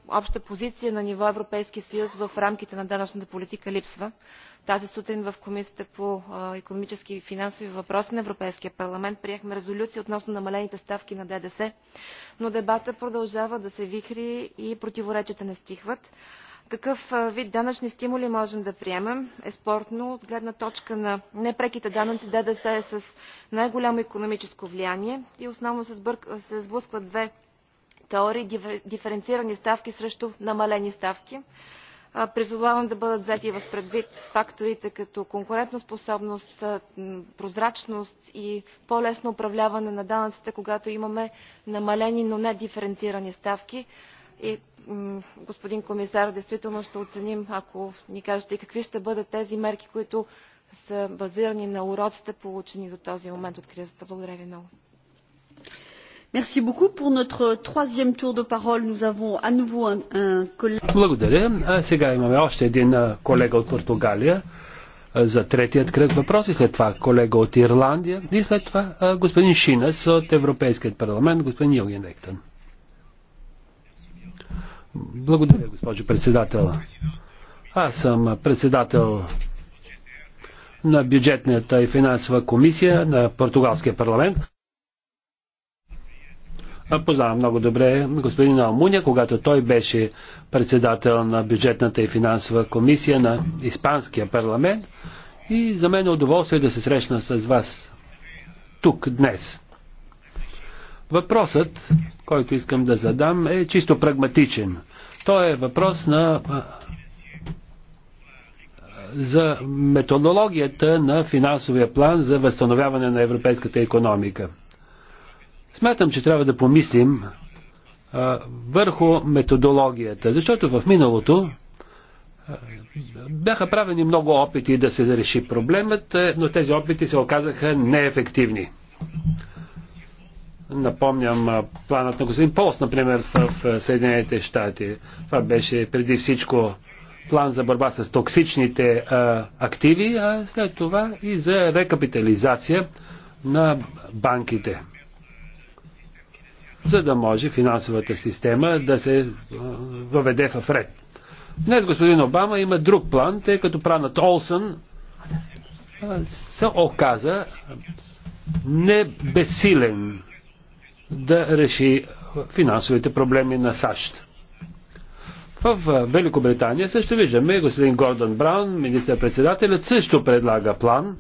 обща позиция на ниво Европейски съюз в рамките на данъчната политика липсва. Тази сутрин в Комисията по економически и финансови въпроси на Европейския парламент приехме резолюция относно намалените ставки на ДДС, но дебата продължава да се вихри и противоречията не стихват. Какъв вид данъчни стимули можем да приемем е спортно, от гледна точка на непреките данъци. ДДС е с най-голямо економическо влияние и основно се, сбърк... се сблъскват две теории диференцирани ставки срещу намалени ставки призовавам да бъдат взети в предвид факторите като конкурентоспособност прозрачност и по лесно управляване на данъците когато имаме намалени но не диференцирани ставки. господин комисар действително ще оценим ако ни кажете какви ще бъдат тези мерки които са базирани на уроците получени до този момент от кризата. благодаря ви много. Merci beaucoup pour notre troisième tour de parole. Nous avons à nouveau un, un collègue. Благодаря. А сега имаме още един колега от Португалия за третият кръг въпроси, след това колега от Ирландия и след това господин Шинес от Европейският парламент, господин Йоген Ектън. Благодаря, госпожо председател. Аз съм председател на бюджетната и финансова комисия на португалския парламент. Познавам много добре господин Алмуня, когато той беше председател на бюджетната и финансова комисия на Испанския парламент. И за мен е удоволствие да се срещна с вас тук днес. Въпросът, който искам да задам, е чисто прагматичен. Той е въпрос на за методологията на финансовия план за възстановяване на европейската економика. Смятам, че трябва да помислим а, върху методологията, защото в миналото а, бяха правени много опити да се реши проблемът, но тези опити се оказаха неефективни. Напомням планът на господин Полс, например, в Съединените щати. Това беше преди всичко план за борба с токсичните а, активи, а след това и за рекапитализация на банките за да може финансовата система да се въведе в ред. Днес господин Обама има друг план, тъй като пранът Олсън се оказа не да реши финансовите проблеми на САЩ. В Великобритания също виждаме господин Гордон Браун, министър-председателят, също предлага план,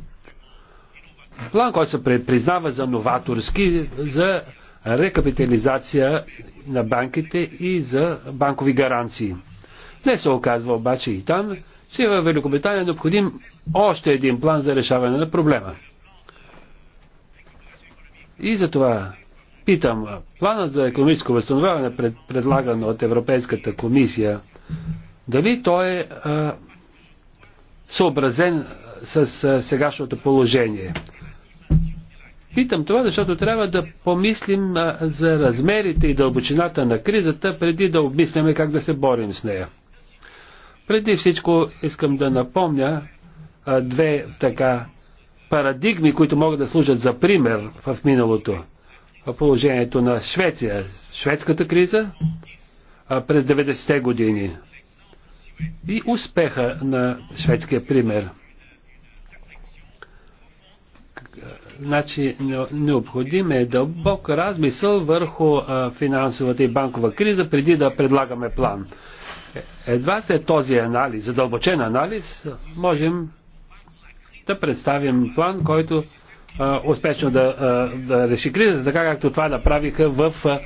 план, който се признава за новаторски, за рекапитализация на банките и за банкови гаранции. Не се оказва обаче и там, че в Великобритания е необходим още един план за решаване на проблема. И за това питам, планът за економическо възстановяване, пред, предлаган от Европейската комисия, дали той е а, съобразен с а, сегашното положение? Питам това, защото трябва да помислим за размерите и дълбочината на кризата, преди да обмисляме как да се борим с нея. Преди всичко искам да напомня две така парадигми, които могат да служат за пример в миналото. Положението на Швеция, шведската криза през 90-те години и успеха на шведския пример – Значи, необходим е дълбок размисъл върху финансовата и банкова криза преди да предлагаме план. Едва след този анализ, задълбочен анализ, можем да представим план, който а, успешно да, а, да реши кризата, така както това направиха в а,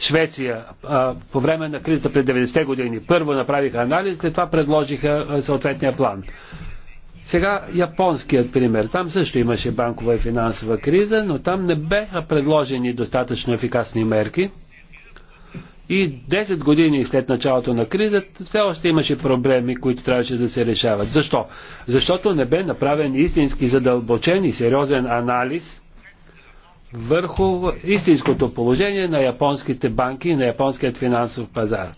Швеция а, по време на кризата пред 90-те години. Първо направиха анализ, след това предложиха а, съответния план. Сега японският пример. Там също имаше банкова и финансова криза, но там не беха предложени достатъчно ефикасни мерки. И 10 години след началото на кризата все още имаше проблеми, които трябваше да се решават. Защо? Защото не бе направен истински задълбочен и сериозен анализ върху истинското положение на японските банки и на японският финансов пазар.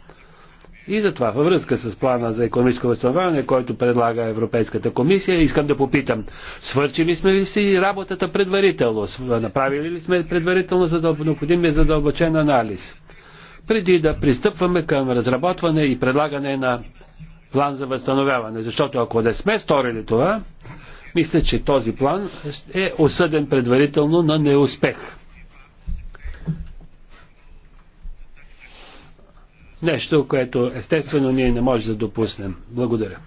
И затова във връзка с плана за економическо възстановяване, който предлага Европейската комисия, искам да попитам, свършили сме ли си работата предварително? Направили ли сме предварително задъл... необходимия задълбочен анализ? Преди да пристъпваме към разработване и предлагане на план за възстановяване, защото ако не сме сторили това, мисля, че този план е осъден предварително на неуспех. Нещо, което естествено ние не може да допуснем. Благодаря.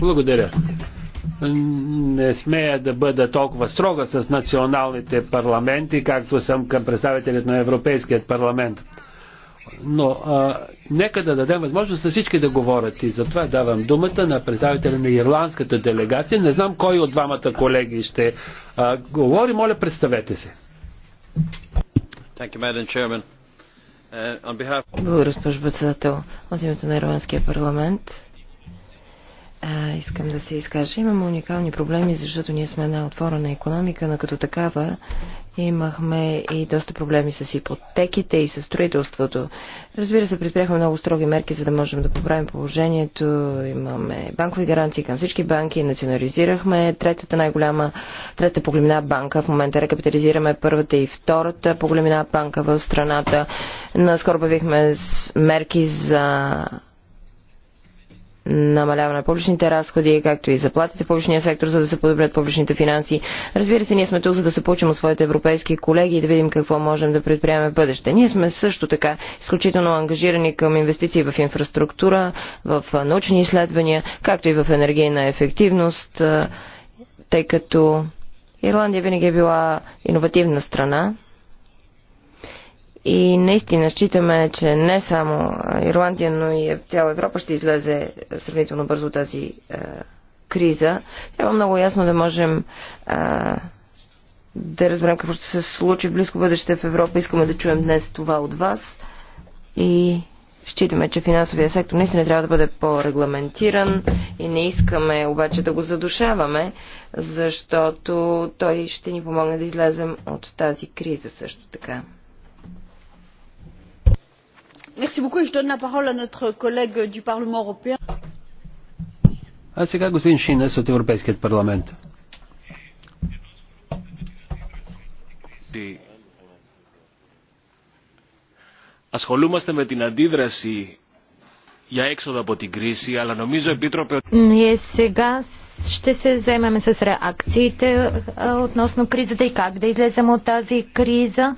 Благодаря. Не смея да бъда толкова строга с националните парламенти, както съм към представителят на Европейският парламент. Но а, нека да дадем възможност на всички да говорят и затова давам думата на представителя на ирландската делегация. Не знам кой от двамата колеги ще а, говори. Моля, представете се. Thank you, Uh, Благодаря, госпожо председател. От името на Ирландския парламент а, искам да се изкажа. Имаме уникални проблеми, защото ние сме една отворена економика, но като такава Имахме и доста проблеми с ипотеките и с строителството. Разбира се, предприехме много строги мерки, за да можем да поправим положението. Имаме банкови гаранции към всички банки, национализирахме третата най-голяма, третата по големина банка. В момента рекапитализираме първата и втората по големина банка в страната. Наскоро бавихме мерки за намаляване на публичните разходи, както и заплатите в публичния сектор, за да се подобрят публичните финанси. Разбира се, ние сме тук, за да се получим от своите европейски колеги и да видим какво можем да предприемем в бъдеще. Ние сме също така изключително ангажирани към инвестиции в инфраструктура, в научни изследвания, както и в енергийна ефективност, тъй като Ирландия винаги е била иновативна страна и наистина считаме, че не само Ирландия, но и цяла Европа ще излезе сравнително бързо тази е, криза. Трябва много ясно да можем е, да разберем какво ще се случи в близко бъдеще в Европа. Искаме да чуем днес това от вас. И Считаме, че финансовия сектор наистина трябва да бъде по-регламентиран и не искаме обаче да го задушаваме, защото той ще ни помогне да излезем от тази криза също така господин Шинес от Европейският парламент. Ασχολούμαστε με την αντίδραση για έξοδο από την κρίση, αλλά νομίζω, Επίτροπε... Ние сега ще се вземем с реакциите е, относно кризата и как да излезем от тази криза.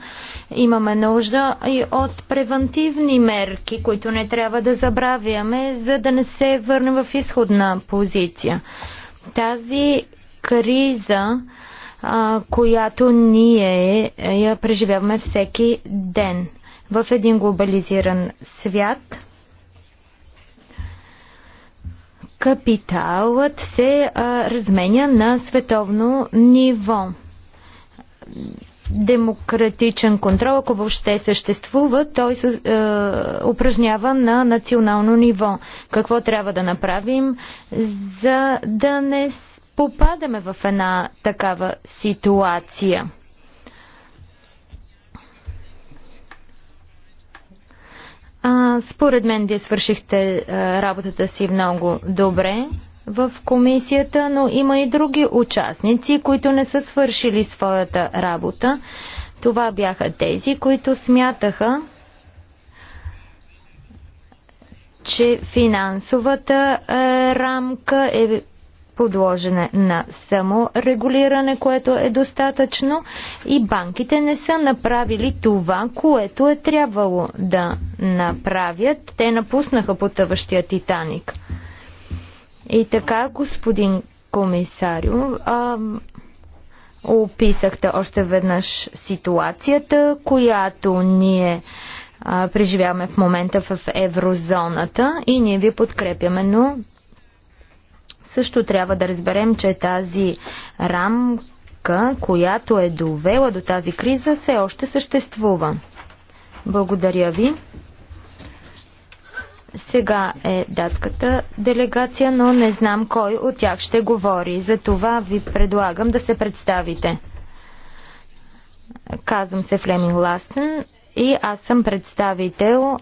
Имаме нужда и от превентивни мерки, които не трябва да забравяме, за да не се върнем в изходна позиция. Тази криза, която ние е, я преживяваме всеки ден в един глобализиран свят – капиталът се а, разменя на световно ниво. Демократичен контрол, ако въобще съществува, той се упражнява на национално ниво. Какво трябва да направим, за да не попадаме в една такава ситуация? А, според мен вие свършихте а, работата си много добре в комисията, но има и други участници, които не са свършили своята работа. Това бяха тези, които смятаха, че финансовата а, рамка е подложена на саморегулиране, което е достатъчно и банките не са направили това, което е трябвало да направят. Те напуснаха потъващия Титаник. И така, господин комисарио, а, описахте още веднъж ситуацията, която ние а, преживяваме в момента в еврозоната и ние ви подкрепяме, но също трябва да разберем, че тази рамка, която е довела до тази криза, все още съществува. Благодаря ви. Сега е датската делегация, но не знам кой от тях ще говори. За това ви предлагам да се представите. Казвам се Флеминг Ластен и аз съм представител,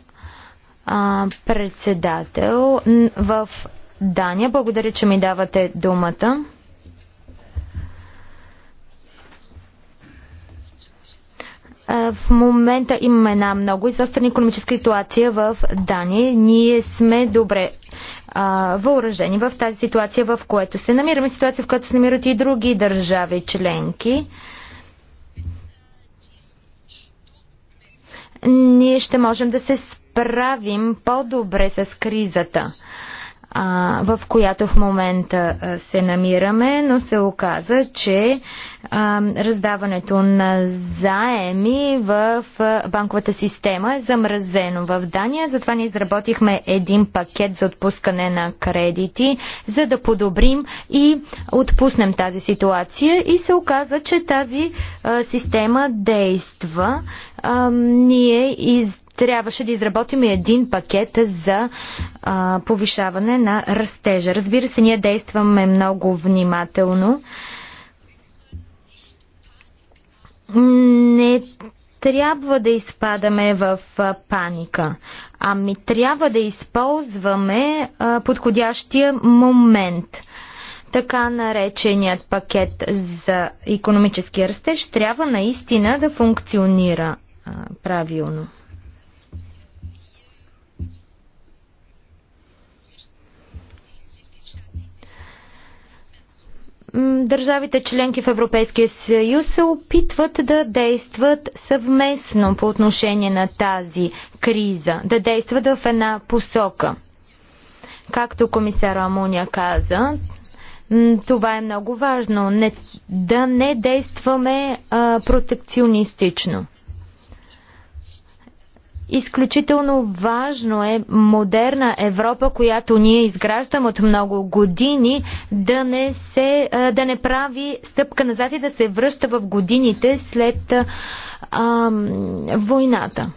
а, председател в Дания. Благодаря, че ми давате думата. В момента имаме една много изострена економическа ситуация в Дания. Ние сме добре а, въоръжени в тази ситуация, в която се намираме. Ситуация, в която се намират и други държави членки. Ние ще можем да се справим по-добре с кризата а, в която в момента се намираме, но се оказа, че а, раздаването на заеми в банковата система е замразено в Дания. Затова ни изработихме един пакет за отпускане на кредити, за да подобрим и отпуснем тази ситуация. И се оказа, че тази а, система действа. А, ние из трябваше да изработим и един пакет за а, повишаване на растежа. Разбира се, ние действаме много внимателно. Не трябва да изпадаме в паника, ами трябва да използваме а, подходящия момент така нареченият пакет за економически растеж трябва наистина да функционира а, правилно. Държавите членки в Европейския съюз се опитват да действат съвместно по отношение на тази криза, да действат в една посока. Както комисар Амуня каза, това е много важно. Не, да не действаме а, протекционистично. Изключително важно е модерна Европа, която ние изграждаме от много години, да не, се, да не прави стъпка назад и да се връща в годините след а, войната.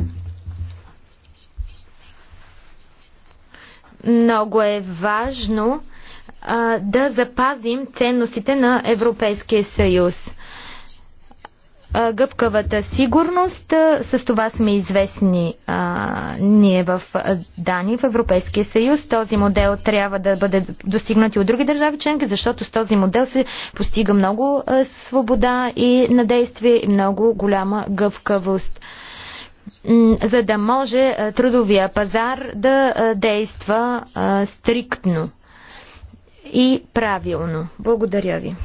Много е важно а, да запазим ценностите на Европейския съюз гъвкавата сигурност. С това сме известни а, ние в Дани, в Европейския съюз. Този модел трябва да бъде достигнат и от други държави членки, защото с този модел се постига много а, свобода и на действие и много голяма гъвкавост за да може а, трудовия пазар да а, действа а, стриктно и правилно. Благодаря ви.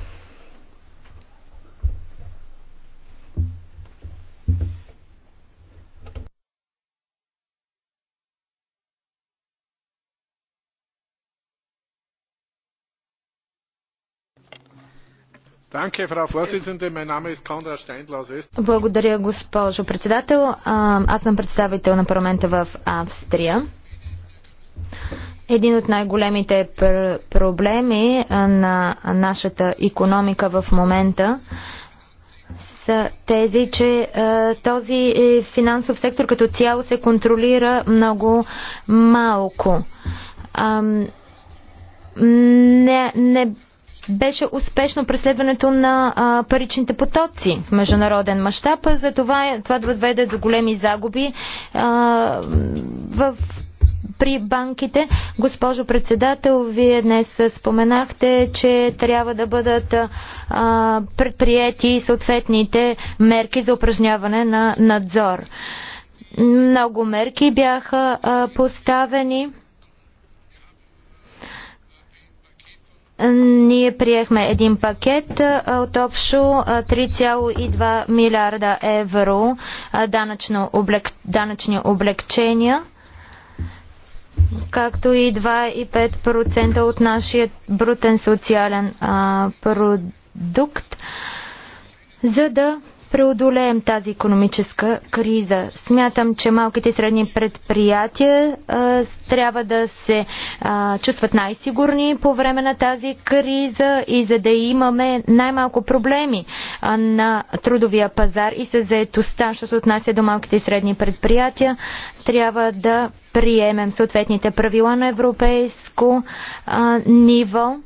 Благодаря, госпожо председател. Аз съм представител на парламента в Австрия. Един от най-големите проблеми на нашата економика в момента са тези, че този е, финансов сектор като цяло се контролира много малко. Не, не беше успешно преследването на а, паричните потоци в международен мащаб, за това, е, това доведе до големи загуби а, в при банките. Госпожо председател, вие днес споменахте, че трябва да бъдат а, предприяти съответните мерки за упражняване на надзор. Много мерки бяха а, поставени Ние приехме един пакет от общо 3,2 милиарда евро данъчно облег... данъчни облегчения, както и 2,5% от нашия брутен социален а, продукт, за да преодолеем тази економическа криза. Смятам, че малките и средни предприятия а, трябва да се а, чувстват най-сигурни по време на тази криза и за да имаме най-малко проблеми а, на трудовия пазар и се заетостта, що се отнася до малките и средни предприятия, трябва да приемем съответните правила на европейско а, ниво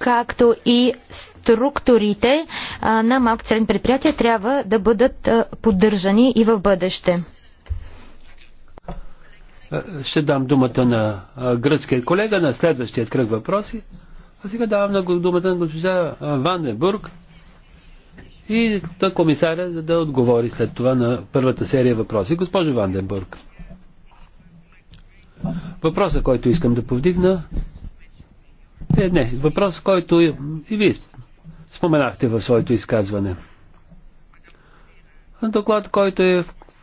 както и структурите на малки средни предприятия трябва да бъдат поддържани и в бъдеще. Е, ще дам думата на гръцкия колега на следващия кръг въпроси. А сега давам думата на госпожа Ваннебург и на комисаря, за да отговори след това на първата серия въпроси. Госпожо Ванденбург. Въпросът, който искам да повдигна, е не, въпрос, който и вие споменахте в своето изказване. Доклад, който е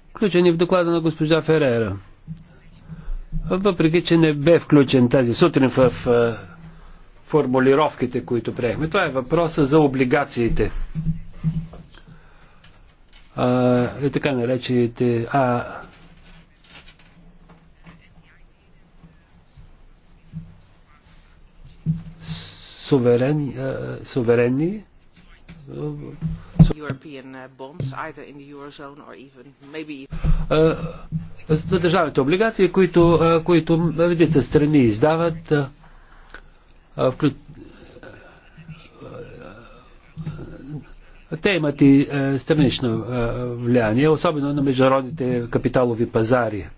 включен и в доклада на госпожа Ферера. Въпреки, че не бе включен тази сутрин в формулировките, които приехме. Това е въпроса за облигациите. А, е така наречените а, суверен, е, суверенни е, е, за държавните облигации, които, които редица страни издават, вклю... те имат и странично влияние, особено на международните капиталови пазари.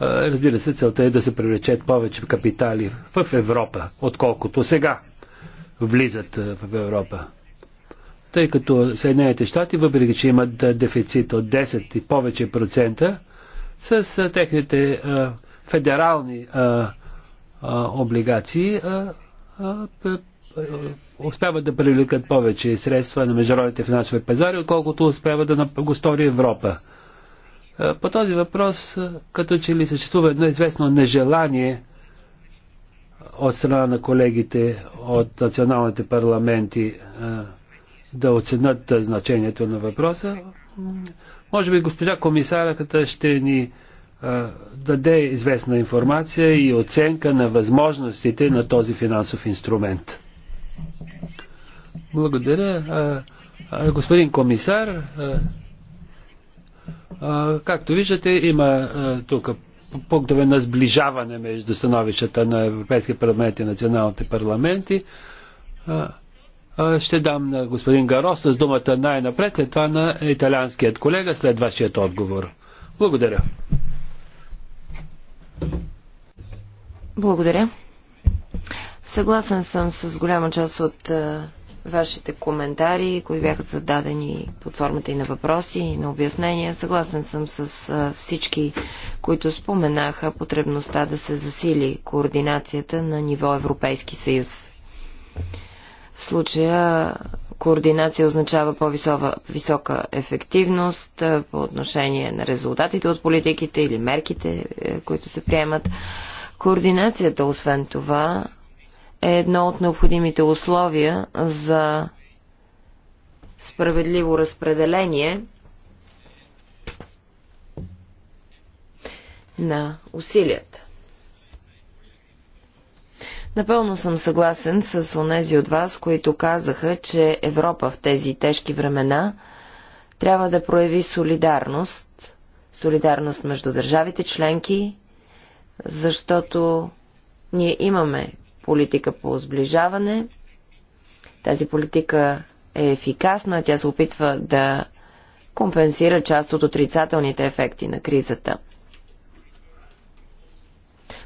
Разбира се, целта е да се привлечат повече капитали в Европа, отколкото сега влизат в Европа. Тъй като Съединените щати, въпреки че имат дефицит от 10 и повече процента, с техните федерални облигации успяват да привлекат повече средства на международните финансови пазари, отколкото успява да го стори Европа. Е, по този въпрос, е, като че ли съществува едно известно нежелание от страна на колегите от националните парламенти е, да оценят значението на въпроса. Може би госпожа комисарката ще ни даде известна информация и оценка на възможностите на този финансов инструмент. Благодаря. Господин комисар, Както виждате, има тук пунктове на сближаване между становищата на Европейския парламент и националните парламенти. Ще дам на господин Гарос с думата най-напред, след това на италианският колега, след вашият отговор. Благодаря. Благодаря. Съгласен съм с голяма част от вашите коментари, които бяха зададени под формата и на въпроси, и на обяснения. Съгласен съм с всички, които споменаха потребността да се засили координацията на ниво Европейски съюз. В случая координация означава по-висока ефективност по отношение на резултатите от политиките или мерките, е, които се приемат. Координацията, освен това, е едно от необходимите условия за справедливо разпределение на усилията. Напълно съм съгласен с онези от вас, които казаха, че Европа в тези тежки времена трябва да прояви солидарност, солидарност между държавите членки, защото ние имаме политика по сближаване. Тази политика е ефикасна, тя се опитва да компенсира част от отрицателните ефекти на кризата.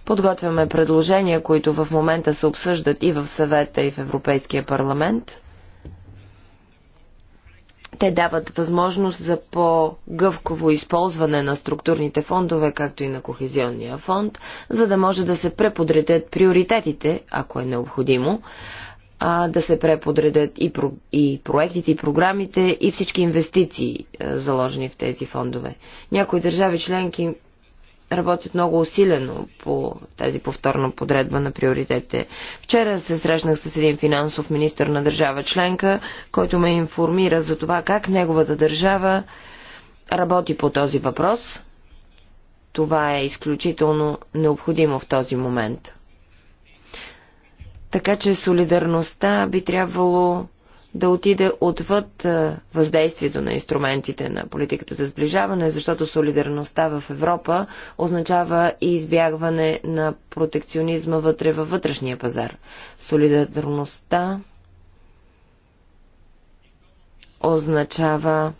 Подготвяме предложения, които в момента се обсъждат и в съвета, и в Европейския парламент. Те дават възможност за по-гъвково използване на структурните фондове, както и на Кохезионния фонд, за да може да се преподредят приоритетите, ако е необходимо, а, да се преподредят и, про, и проектите, и програмите, и всички инвестиции, заложени в тези фондове. Някои държави членки работят много усилено по тази повторна подредба на приоритетите. Вчера се срещнах с един финансов министр на държава членка, който ме информира за това как неговата държава работи по този въпрос. Това е изключително необходимо в този момент. Така че солидарността би трябвало да отиде отвъд въздействието на инструментите на политиката за сближаване, защото солидарността в Европа означава и избягване на протекционизма вътре във вътрешния пазар. Солидарността означава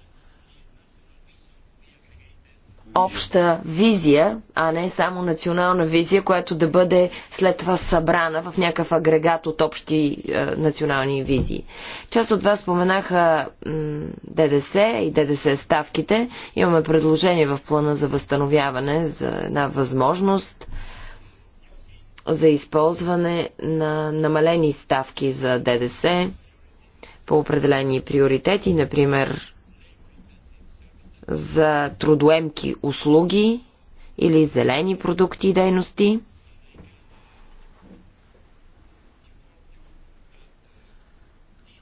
обща визия, а не само национална визия, която да бъде след това събрана в някакъв агрегат от общи е, национални визии. Част от вас споменаха ДДС и ДДС ставките. Имаме предложение в плана за възстановяване за една възможност за използване на намалени ставки за ДДС по определени приоритети, например за трудоемки услуги или зелени продукти и дейности.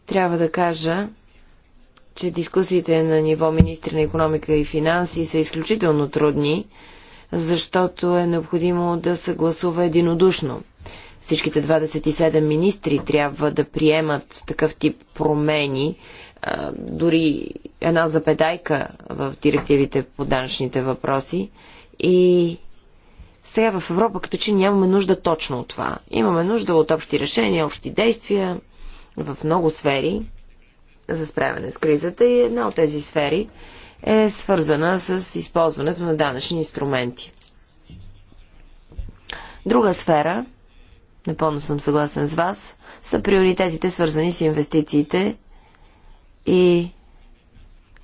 Трябва да кажа, че дискусиите на ниво министри на економика и финанси са изключително трудни, защото е необходимо да се гласува единодушно. Всичките 27 министри трябва да приемат такъв тип промени дори една запетайка в директивите по данъчните въпроси. И сега в Европа като че нямаме нужда точно от това. Имаме нужда от общи решения, общи действия в много сфери за справяне с кризата и една от тези сфери е свързана с използването на данъчни инструменти. Друга сфера, напълно съм съгласен с вас, са приоритетите свързани с инвестициите и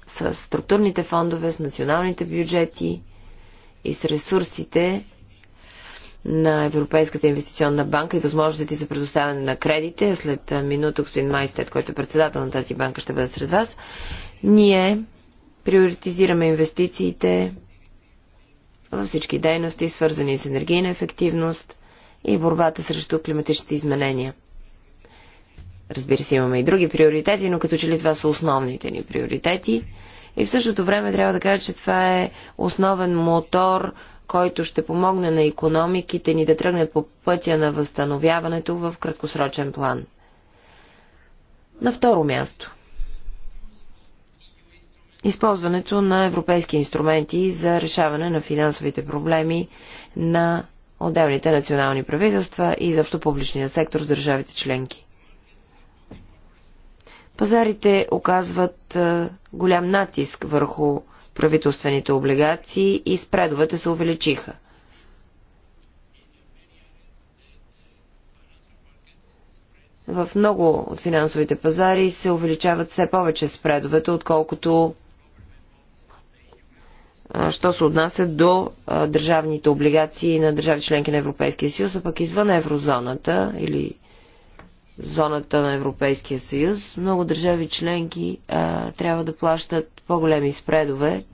с структурните фондове, с националните бюджети и с ресурсите на Европейската инвестиционна банка и възможностите за предоставяне на кредите. След минута господин Майстет, който е председател на тази банка, ще бъде сред вас. Ние приоритизираме инвестициите във всички дейности, свързани с енергийна ефективност и борбата срещу климатичните изменения. Разбира се, имаме и други приоритети, но като че ли това са основните ни приоритети. И в същото време трябва да кажа, че това е основен мотор, който ще помогне на економиките ни да тръгнат по пътя на възстановяването в краткосрочен план. На второ място. Използването на европейски инструменти за решаване на финансовите проблеми на отделните национални правителства и заобщо публичния сектор с държавите членки. Пазарите оказват голям натиск върху правителствените облигации и спредовете се увеличиха. В много от финансовите пазари се увеличават все повече спредовете, отколкото що се отнася до държавните облигации на държави членки на Европейския съюз, а пък извън еврозоната или зоната на Европейския съюз, много държави членки а, трябва да плащат по-големи спредове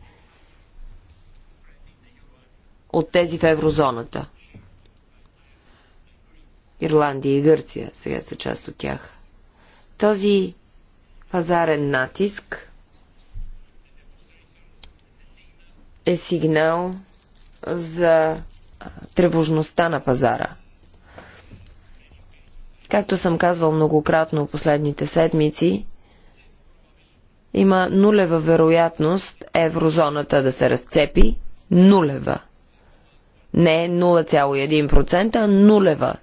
от тези в еврозоната. Ирландия и Гърция сега са част от тях. Този пазарен натиск е сигнал за тревожността на пазара. Както съм казвал многократно последните седмици, има нулева вероятност еврозоната да се разцепи. Нулева. Не 0,1%, а нулева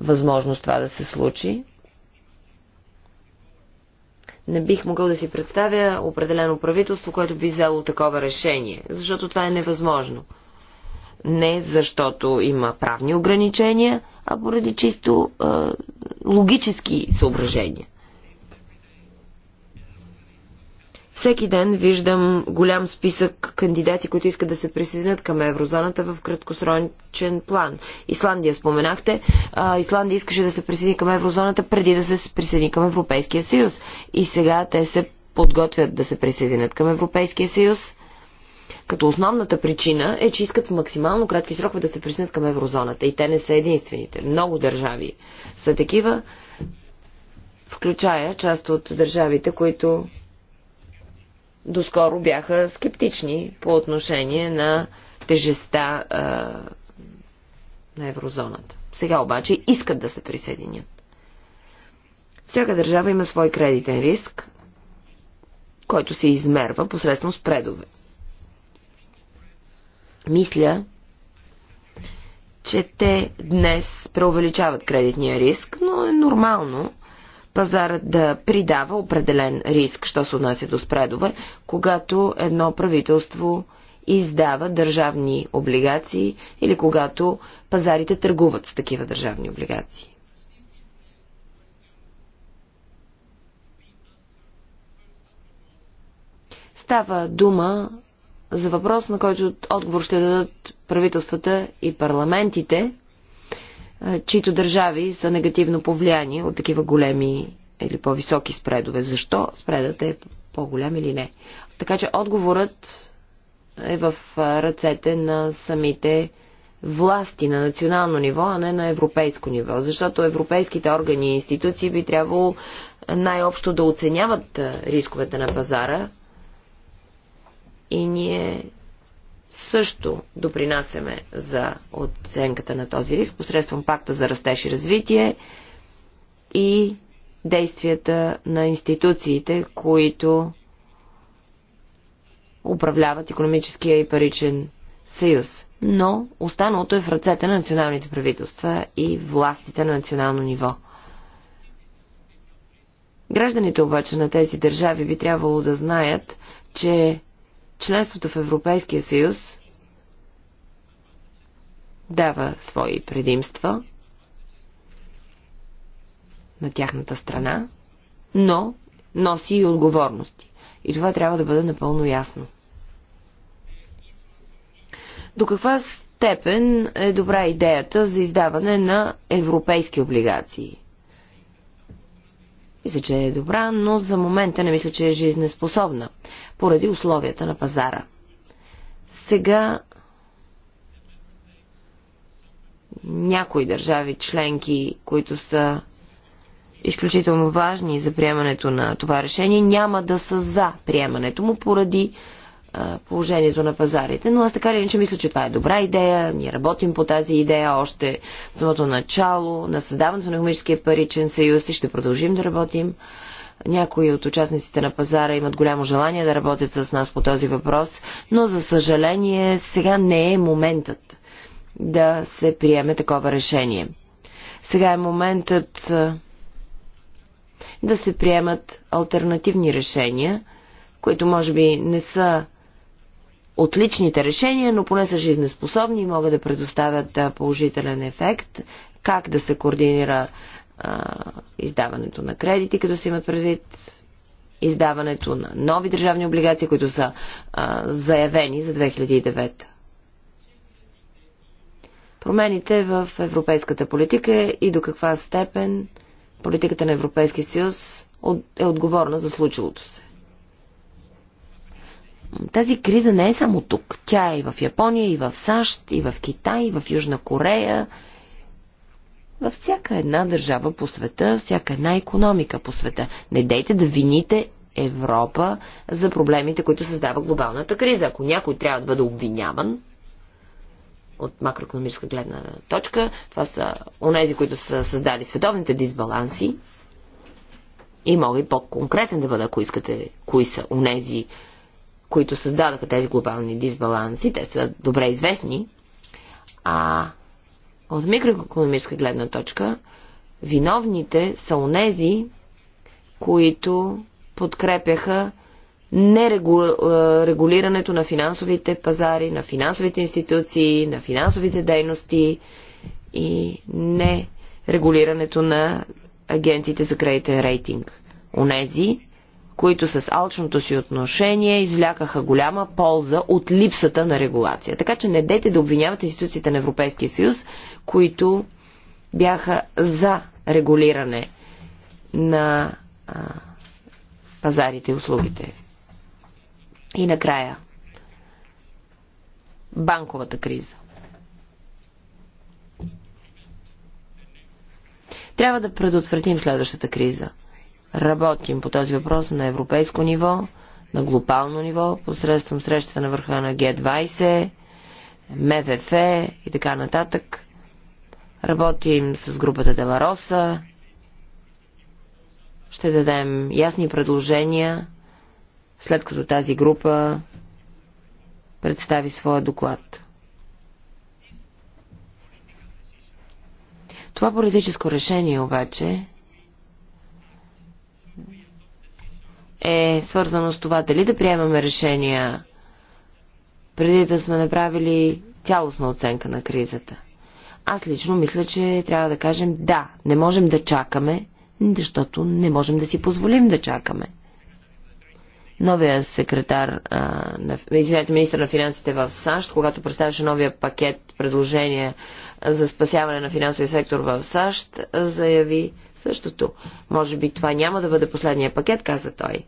възможност това да се случи. Не бих могъл да си представя определено правителство, което би взело такова решение, защото това е невъзможно. Не защото има правни ограничения, а поради чисто е, логически съображения. Всеки ден виждам голям списък кандидати, които искат да се присъединят към еврозоната в краткосрочен план. Исландия споменахте. А, Исландия искаше да се присъедини към еврозоната преди да се присъедини към Европейския съюз. И сега те се подготвят да се присъединят към Европейския съюз като основната причина е, че искат в максимално кратки срокове да се присънят към еврозоната. И те не са единствените. Много държави са такива, включая част от държавите, които доскоро бяха скептични по отношение на тежеста а, на еврозоната. Сега обаче искат да се присъединят. Всяка държава има свой кредитен риск, който се измерва посредством спредове. Мисля, че те днес преувеличават кредитния риск, но е нормално пазарът да придава определен риск, що се отнася до спредове, когато едно правителство издава държавни облигации или когато пазарите търгуват с такива държавни облигации. Става дума за въпрос, на който отговор ще дадат правителствата и парламентите, е, чието държави са негативно повлияни от такива големи или по-високи спредове. Защо спредът е по-голям или не? Така че отговорът е в ръцете на самите власти на национално ниво, а не на европейско ниво. Защото европейските органи и институции би трябвало най-общо да оценяват рисковете на пазара и ние също допринасяме за оценката на този риск посредством пакта за растеж и развитие и действията на институциите, които управляват економическия и паричен съюз. Но останалото е в ръцете на националните правителства и властите на национално ниво. Гражданите обаче на тези държави би трябвало да знаят, че Членството в Европейския съюз дава свои предимства на тяхната страна, но носи и отговорности. И това трябва да бъде напълно ясно. До каква степен е добра идеята за издаване на европейски облигации? Мисля, че е добра, но за момента не мисля, че е жизнеспособна, поради условията на пазара. Сега някои държави членки, които са изключително важни за приемането на това решение, няма да са за приемането му поради положението на пазарите, но аз така ли че мисля, че това е добра идея, ние работим по тази идея още в самото начало на създаването на Економическия паричен съюз и ще продължим да работим. Някои от участниците на пазара имат голямо желание да работят с нас по този въпрос, но за съжаление сега не е моментът да се приеме такова решение. Сега е моментът да се приемат альтернативни решения, които може би не са отличните решения, но поне са жизнеспособни и могат да предоставят положителен ефект. Как да се координира а, издаването на кредити, като се имат предвид издаването на нови държавни облигации, които са а, заявени за 2009. Промените в европейската политика и до каква степен политиката на Европейския съюз е отговорна за случилото се. Тази криза не е само тук. Тя е и в Япония, и в САЩ, и в Китай, и в Южна Корея. Във всяка една държава по света, всяка една економика по света. Не дейте да вините Европа за проблемите, които създава глобалната криза. Ако някой трябва да бъде обвиняван от макроекономическа гледна точка, това са онези, които са създали световните дисбаланси. И мога и по-конкретен да бъда, ако искате, кои са онези, които създадаха тези глобални дисбаланси. Те са добре известни. А от микроекономическа гледна точка, виновните са онези, които подкрепяха нерегулирането на финансовите пазари, на финансовите институции, на финансовите дейности и нерегулирането на агенциите за кредитен рейтинг. Онези, които с алчното си отношение извлякаха голяма полза от липсата на регулация. Така че не дете да обвинявате институциите на Европейския съюз, които бяха за регулиране на а, пазарите и услугите. И накрая. Банковата криза. Трябва да предотвратим следващата криза. Работим по този въпрос на европейско ниво, на глобално ниво, посредством срещата на върха на Г20, МВФ и така нататък. Работим с групата Делароса. Ще дадем ясни предложения, след като тази група представи своя доклад. Това политическо решение обаче е свързано с това дали да приемаме решения преди да сме направили цялостна оценка на кризата. Аз лично мисля, че трябва да кажем да, не можем да чакаме, защото не можем да си позволим да чакаме. Новия секретар, на, извинете, министър на финансите в САЩ, когато представяше новия пакет предложения за спасяване на финансовия сектор в САЩ заяви същото. Може би това няма да бъде последния пакет, каза той.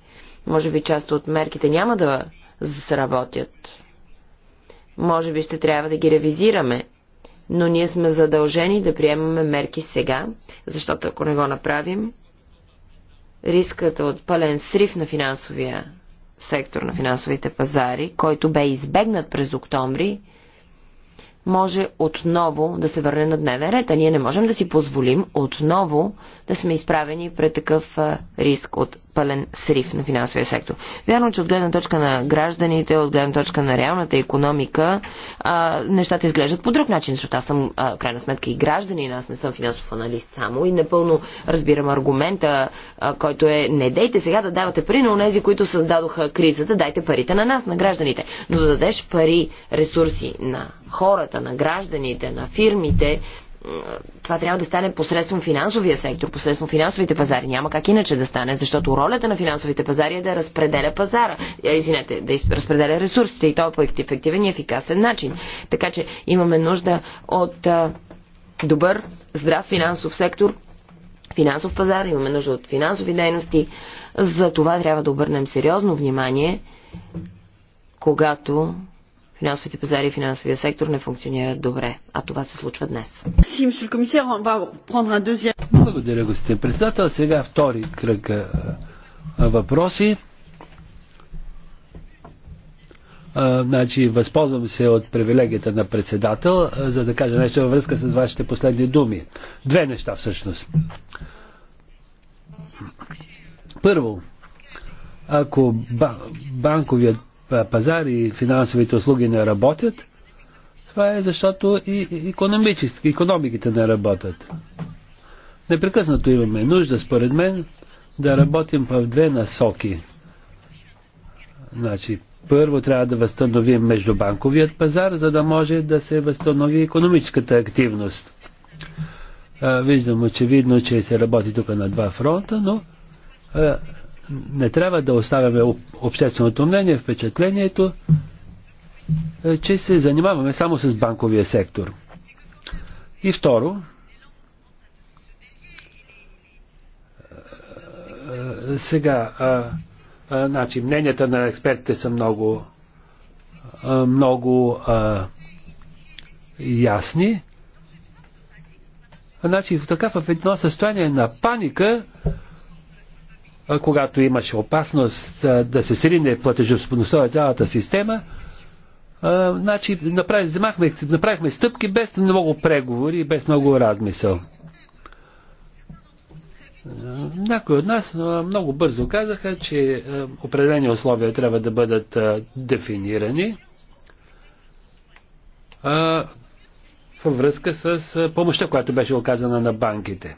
Може би част от мерките няма да сработят. Може би ще трябва да ги ревизираме. Но ние сме задължени да приемаме мерки сега, защото ако не го направим, рискът от пълен срив на финансовия сектор на финансовите пазари, който бе избегнат през октомври, може отново да се върне на дневен ред. А ние не можем да си позволим отново да сме изправени пред такъв риск от пълен срив на финансовия сектор. Вярно, че от гледна точка на гражданите, от гледна точка на реалната економика, а, нещата изглеждат по друг начин, защото аз съм, а, крайна сметка, и гражданин, аз не съм финансов аналист само и напълно разбирам аргумента, а, който е не дейте сега да давате пари на унези, които създадоха кризата, дайте парите на нас, на гражданите. Но да дадеш пари, ресурси на хората, на гражданите, на фирмите, това трябва да стане посредством финансовия сектор, посредством финансовите пазари. Няма как иначе да стане, защото ролята на финансовите пазари е да разпределя пазара, е, извинете, да разпределя ресурсите и то е по ефективен и ефикасен начин. Така че имаме нужда от добър, здрав финансов сектор, финансов пазар, имаме нужда от финансови дейности. За това трябва да обърнем сериозно внимание, когато финансовите пазари и финансовия сектор не функционират добре. А това се случва днес. Благодаря, господин председател. Сега втори кръг въпроси. А, значи, възползвам се от привилегията на председател, а, за да кажа нещо във връзка с вашите последни думи. Две неща всъщност. Първо, ако банковият пазар и финансовите услуги не работят, това е защото и економически, економиките не работят. Непрекъснато имаме нужда, според мен, да работим в две насоки. Значи, първо трябва да възстановим междубанковият пазар, за да може да се възстанови економическата активност. Виждам очевидно, че се работи тук на два фронта, но не трябва да оставяме общественото мнение, впечатлението, е, че се занимаваме само с банковия сектор. И второ, е, е, сега, а, а, значи, мненията на експертите са много, а, много а, ясни. Значи, така в едно състояние на паника, когато имаше опасност да се срине платежоспособността на цялата система, значи направихме, направихме стъпки без много преговори и без много размисъл. Някои от нас много бързо казаха, че определени условия трябва да бъдат дефинирани във връзка с помощта, която беше оказана на банките.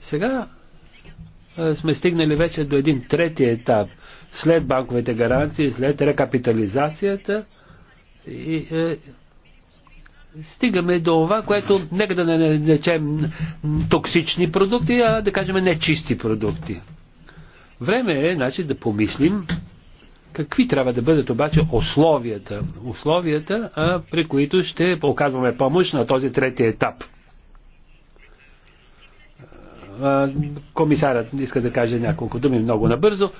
Сега е, сме стигнали вече до един трети етап. След банковите гаранции, след рекапитализацията и, е, стигаме до това, което нека да не наречем токсични продукти, а да кажем нечисти продукти. Време е значи, да помислим какви трябва да бъдат обаче условията, условията а, при които ще оказваме помощ на този трети етап комисарът иска да каже няколко думи много набързо.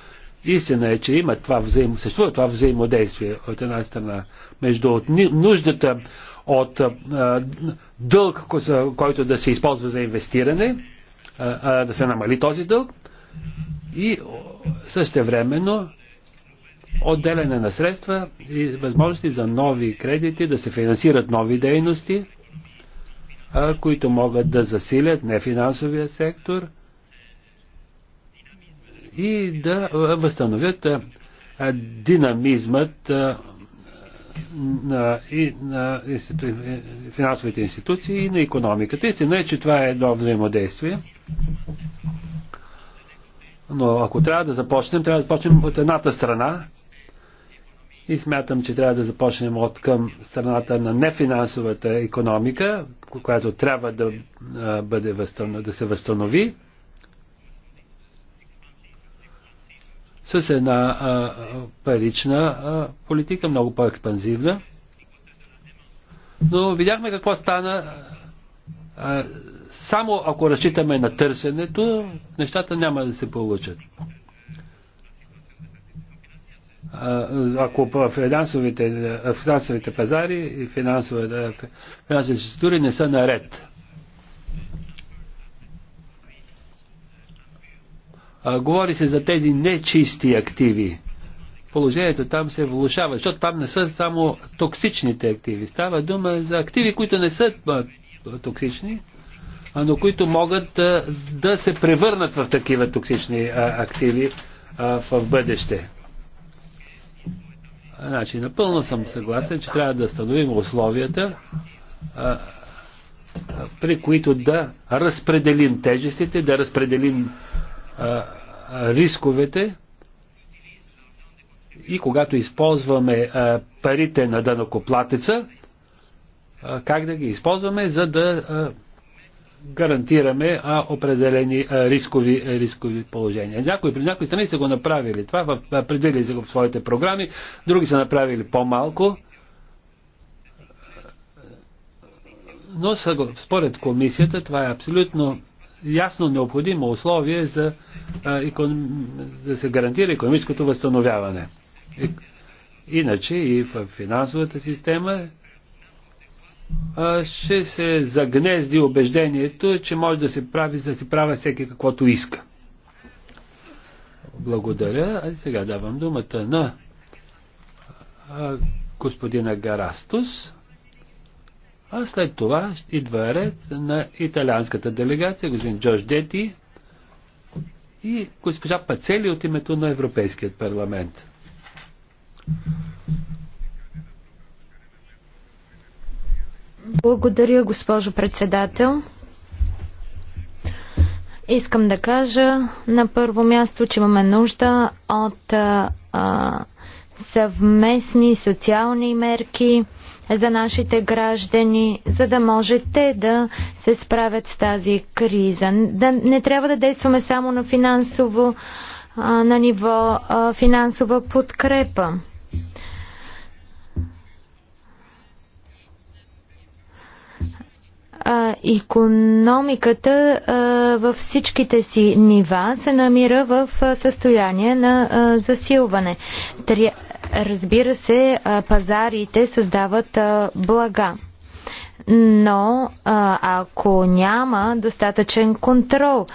Истина е, че има това взаимо, това взаимодействие от една страна между от нуждата от а, дълг, който да се използва за инвестиране, а, а, да се намали този дълг и същевременно отделяне на средства и възможности за нови кредити, да се финансират нови дейности, които могат да засилят нефинансовия сектор и да възстановят динамизмът на, и на институ... финансовите институции и на економиката. Истина е, че това е едно взаимодействие. Но ако трябва да започнем, трябва да започнем от едната страна и смятам, че трябва да започнем от към страната на нефинансовата економика, която трябва да, бъде възстанов... да се възстанови с една а, парична а, политика, много по-експанзивна. Но видяхме какво стана. А, само ако разчитаме на търсенето, нещата няма да се получат ако в финансовите, в финансовите пазари и финансовите, финансовите структури не са наред. Говори се за тези нечисти активи. Положението там се влушава, защото там не са само токсичните активи. Става дума за активи, които не са токсични, но които могат да се превърнат в такива токсични активи в бъдеще. Значи, напълно съм съгласен, че трябва да установим условията, а, при които да разпределим тежестите, да разпределим а, рисковете и когато използваме а, парите на дънокоплатеца, как да ги използваме, за да гарантираме а, определени а, рискови, а, рискови положения. Някои, при някои страни са го направили това, в, а, предвидили са го в своите програми, други са направили по-малко. Но според комисията това е абсолютно ясно необходимо условие за а, екон... да се гарантира економическото възстановяване. Иначе и в финансовата система ще се загнезди убеждението, че може да се прави, да се правя всеки каквото иска. Благодаря. А сега давам думата на господина Гарастус. А след това идва ред на италианската делегация, господин Джош Дети и госпожа Пацели от името на Европейският парламент. Благодаря, госпожо председател. Искам да кажа на първо място, че имаме нужда от а, съвместни социални мерки за нашите граждани, за да може те да се справят с тази криза. Да, не трябва да действаме само на финансово а, на ниво а, финансова подкрепа. а, економиката а, във всичките си нива се намира в състояние на а, засилване. Тря... Разбира се, а, пазарите създават а, блага но а, ако няма достатъчен контрол,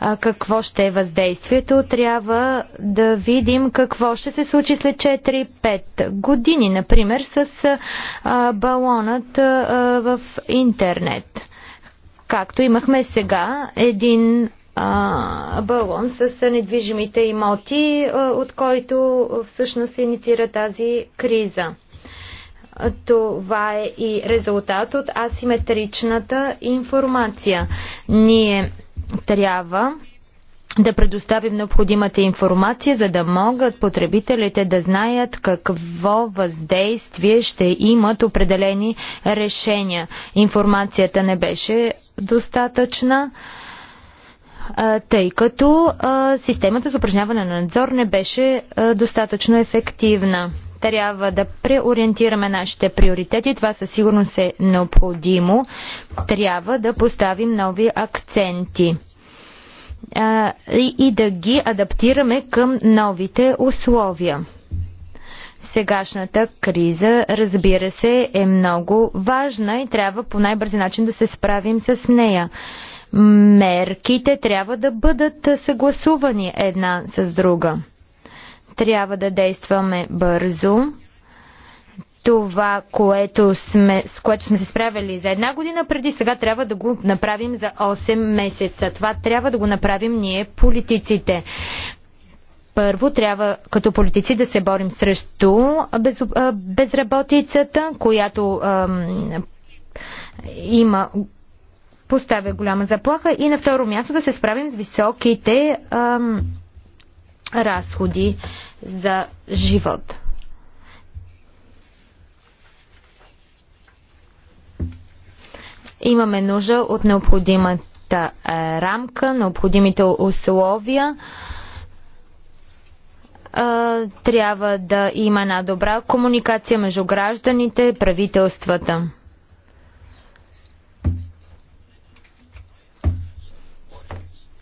а, какво ще е въздействието, трябва да видим какво ще се случи след 4-5 години, например с а, балонът а, в интернет. Както имахме сега един а, балон с недвижимите имоти, а, от който всъщност се инициира тази криза. Това е и резултат от асиметричната информация. Ние трябва да предоставим необходимата информация, за да могат потребителите да знаят какво въздействие ще имат определени решения. Информацията не беше достатъчна, тъй като системата за упражняване на надзор не беше достатъчно ефективна. Трябва да преориентираме нашите приоритети. Това със сигурност е необходимо. Трябва да поставим нови акценти а, и, и да ги адаптираме към новите условия. Сегашната криза, разбира се, е много важна и трябва по най-бързи начин да се справим с нея. Мерките трябва да бъдат съгласувани една с друга. Трябва да действаме бързо. Това, което сме, с което сме се справили за една година преди, сега трябва да го направим за 8 месеца. Това трябва да го направим ние, политиците първо трябва като политици да се борим срещу без, безработицата, която ам, има поставя голяма заплаха и на второ място да се справим с високите ам, разходи за живот. Имаме нужда от необходимата е, рамка, необходимите условия е, трябва да има една добра комуникация между гражданите и правителствата.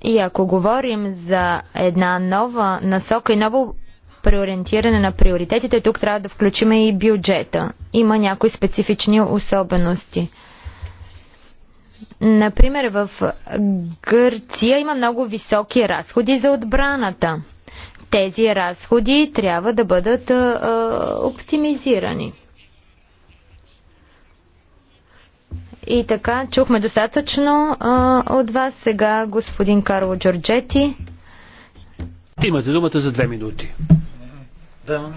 И ако говорим за една нова насока и ново преориентиране на приоритетите, тук трябва да включим и бюджета. Има някои специфични особености. Например, в Гърция има много високи разходи за отбраната. Тези разходи трябва да бъдат а, оптимизирани. И така, чухме достатъчно а, от вас. Сега господин Карло Джорджети. Имате думата за две минути. Да.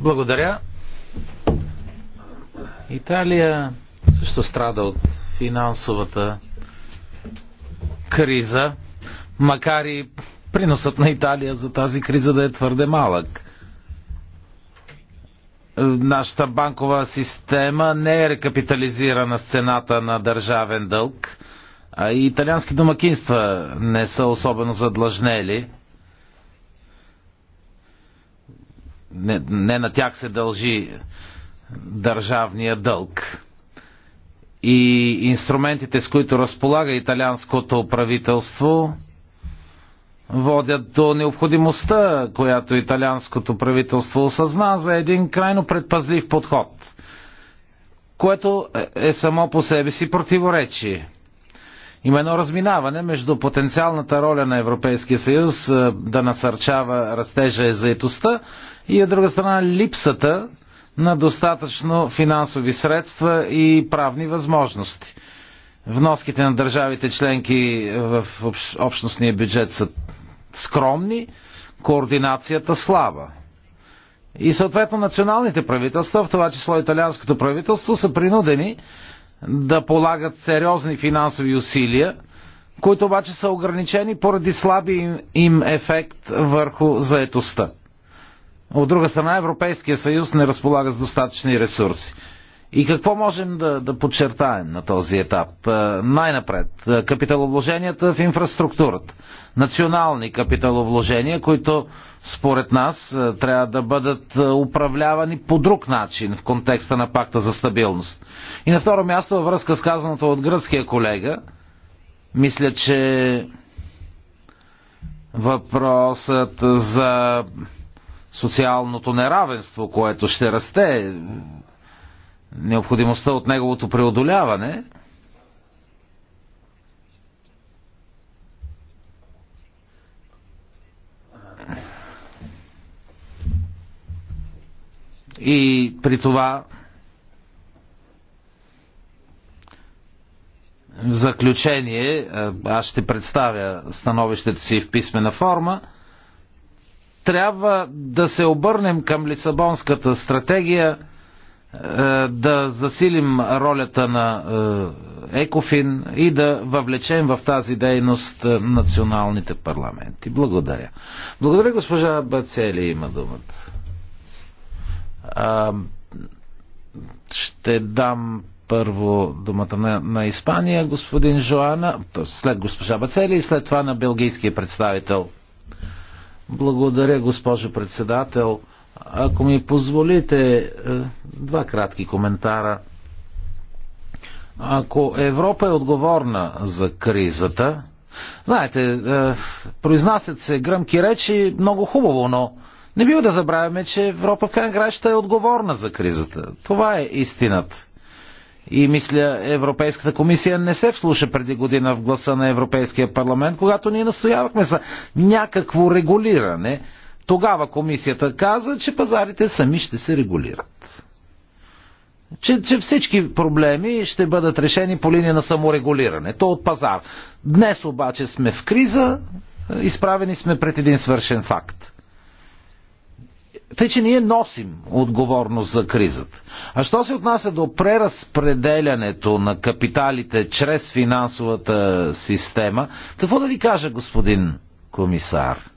Благодаря. Италия също страда от финансовата криза, макар и приносът на Италия за тази криза да е твърде малък. Е, нашата банкова система не е рекапитализирана с цената на държавен дълг. А и италиански домакинства не са особено задлъжнели. Не, не на тях се дължи държавния дълг. И инструментите, с които разполага италианското правителство, водят до необходимостта, която италианското правителство осъзна за един крайно предпазлив подход, което е, е само по себе си противоречие. Има едно разминаване между потенциалната роля на Европейския съюз е, да насърчава растежа и заетостта и от друга страна липсата на достатъчно финансови средства и правни възможности. Вноските на държавите членки в общностния бюджет са скромни, координацията слаба. И съответно националните правителства, в това число италианското правителство, са принудени да полагат сериозни финансови усилия, които обаче са ограничени поради слаби им ефект върху заетостта. От друга страна, Европейския съюз не разполага с достатъчни ресурси. И какво можем да, да подчертаем на този етап? Е, най-напред, е, капиталовложенията в инфраструктурата. Национални капиталовложения, които според нас е, трябва да бъдат управлявани по друг начин в контекста на пакта за стабилност. И на второ място, във връзка с казаното от гръцкия колега, мисля, че въпросът за социалното неравенство, което ще расте необходимостта от неговото преодоляване, и при това в заключение аз ще представя становището си в писмена форма трябва да се обърнем към Лисабонската стратегия е, да засилим ролята на е, Екофин и да въвлечем в тази дейност е, националните парламенти. Благодаря. Благодаря, госпожа Бацели има думата. А, ще дам първо думата на, на Испания, господин Жоана, след госпожа Бацели и след това на белгийския представител. Благодаря, госпожо председател. Ако ми позволите, е, два кратки коментара. Ако Европа е отговорна за кризата, знаете, е, произнасят се гръмки речи много хубаво, но не бива да забравяме, че Европа в крайна краща е отговорна за кризата. Това е истината. И мисля, Европейската комисия не се вслуша преди година в гласа на Европейския парламент, когато ние настоявахме за някакво регулиране тогава комисията каза, че пазарите сами ще се регулират. Че, че всички проблеми ще бъдат решени по линия на саморегулиране. То от пазар. Днес обаче сме в криза, изправени сме пред един свършен факт. Тъй, че ние носим отговорност за кризата. А що се отнася до преразпределянето на капиталите чрез финансовата система, какво да ви кажа, господин комисар?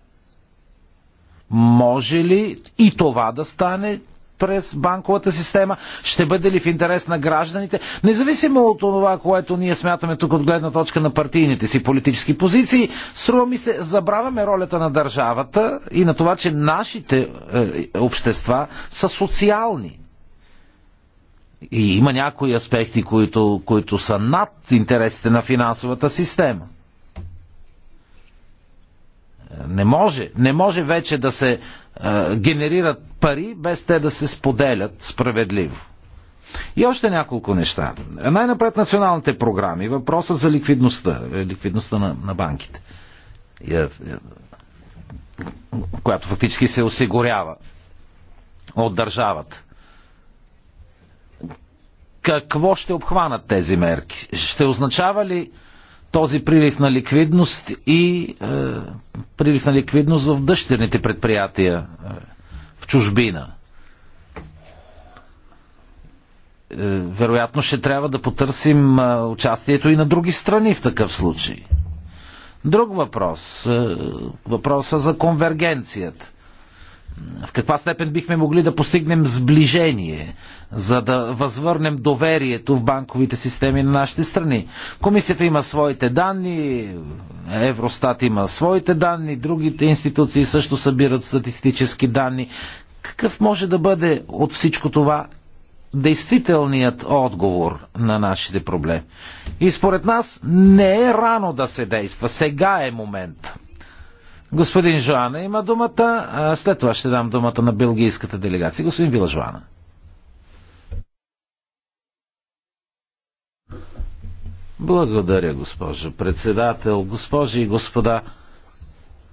Може ли и това да стане през банковата система? Ще бъде ли в интерес на гражданите? Независимо от това, което ние смятаме тук от гледна точка на партийните си политически позиции, струва ми се, забравяме ролята на държавата и на това, че нашите е, общества са социални. И има някои аспекти, които, които са над интересите на финансовата система. Не може, не може вече да се е, генерират пари, без те да се споделят справедливо. И още няколко неща. Най-напред националните програми. Въпроса за ликвидността. Ликвидността на, на банките. Която фактически се осигурява от държавата. Какво ще обхванат тези мерки? Ще означава ли този прилив на ликвидност и е, прилив на ликвидност в дъщерните предприятия е, в чужбина. Е, вероятно ще трябва да потърсим е, участието и на други страни в такъв случай. Друг въпрос. Е, въпроса за конвергенцията в каква степен бихме могли да постигнем сближение, за да възвърнем доверието в банковите системи на нашите страни. Комисията има своите данни, Евростат има своите данни, другите институции също събират статистически данни. Какъв може да бъде от всичко това действителният отговор на нашите проблеми? И според нас не е рано да се действа. Сега е момента. Господин Жоана има думата, а след това ще дам думата на белгийската делегация. Господин Вила Жоана. Благодаря, госпожо председател, госпожи и господа.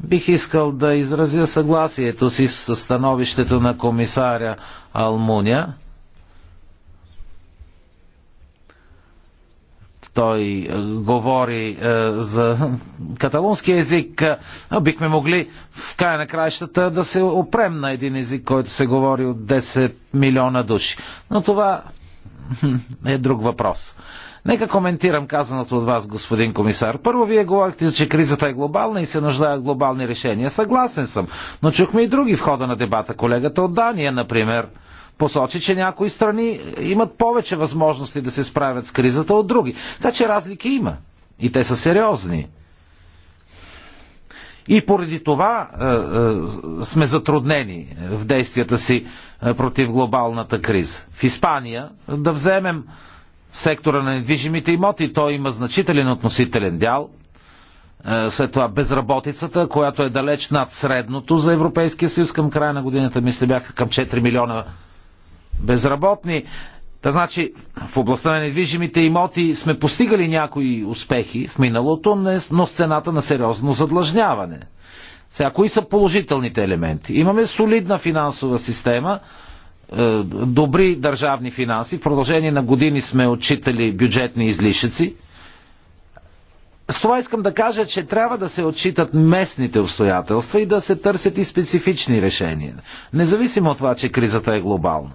Бих искал да изразя съгласието си с становището на комисаря Алмуня, Той е, говори е, за каталунски език. Е, бихме могли в края на краищата да се опрем на един език, който се говори от 10 милиона души. Но това е друг въпрос. Нека коментирам казаното от вас, господин комисар. Първо, вие говорихте, че кризата е глобална и се нуждаят глобални решения. Съгласен съм, но чухме и други в хода на дебата. Колегата от Дания, например посочи, че някои страни имат повече възможности да се справят с кризата от други. Така че разлики има. И те са сериозни. И поради това е, е, сме затруднени в действията си е, против глобалната криза. В Испания, е, да вземем сектора на недвижимите имоти, той има значителен относителен дял. Е, след това безработицата, която е далеч над средното за Европейския съюз към края на годината, мисля бяха към 4 милиона безработни. Та значи в областта на недвижимите имоти сме постигали някои успехи в миналото, но с цената на сериозно задлъжняване. Сега, кои са положителните елементи? Имаме солидна финансова система, е, добри държавни финанси. В продължение на години сме отчитали бюджетни излишъци. С това искам да кажа, че трябва да се отчитат местните обстоятелства и да се търсят и специфични решения, независимо от това, че кризата е глобална.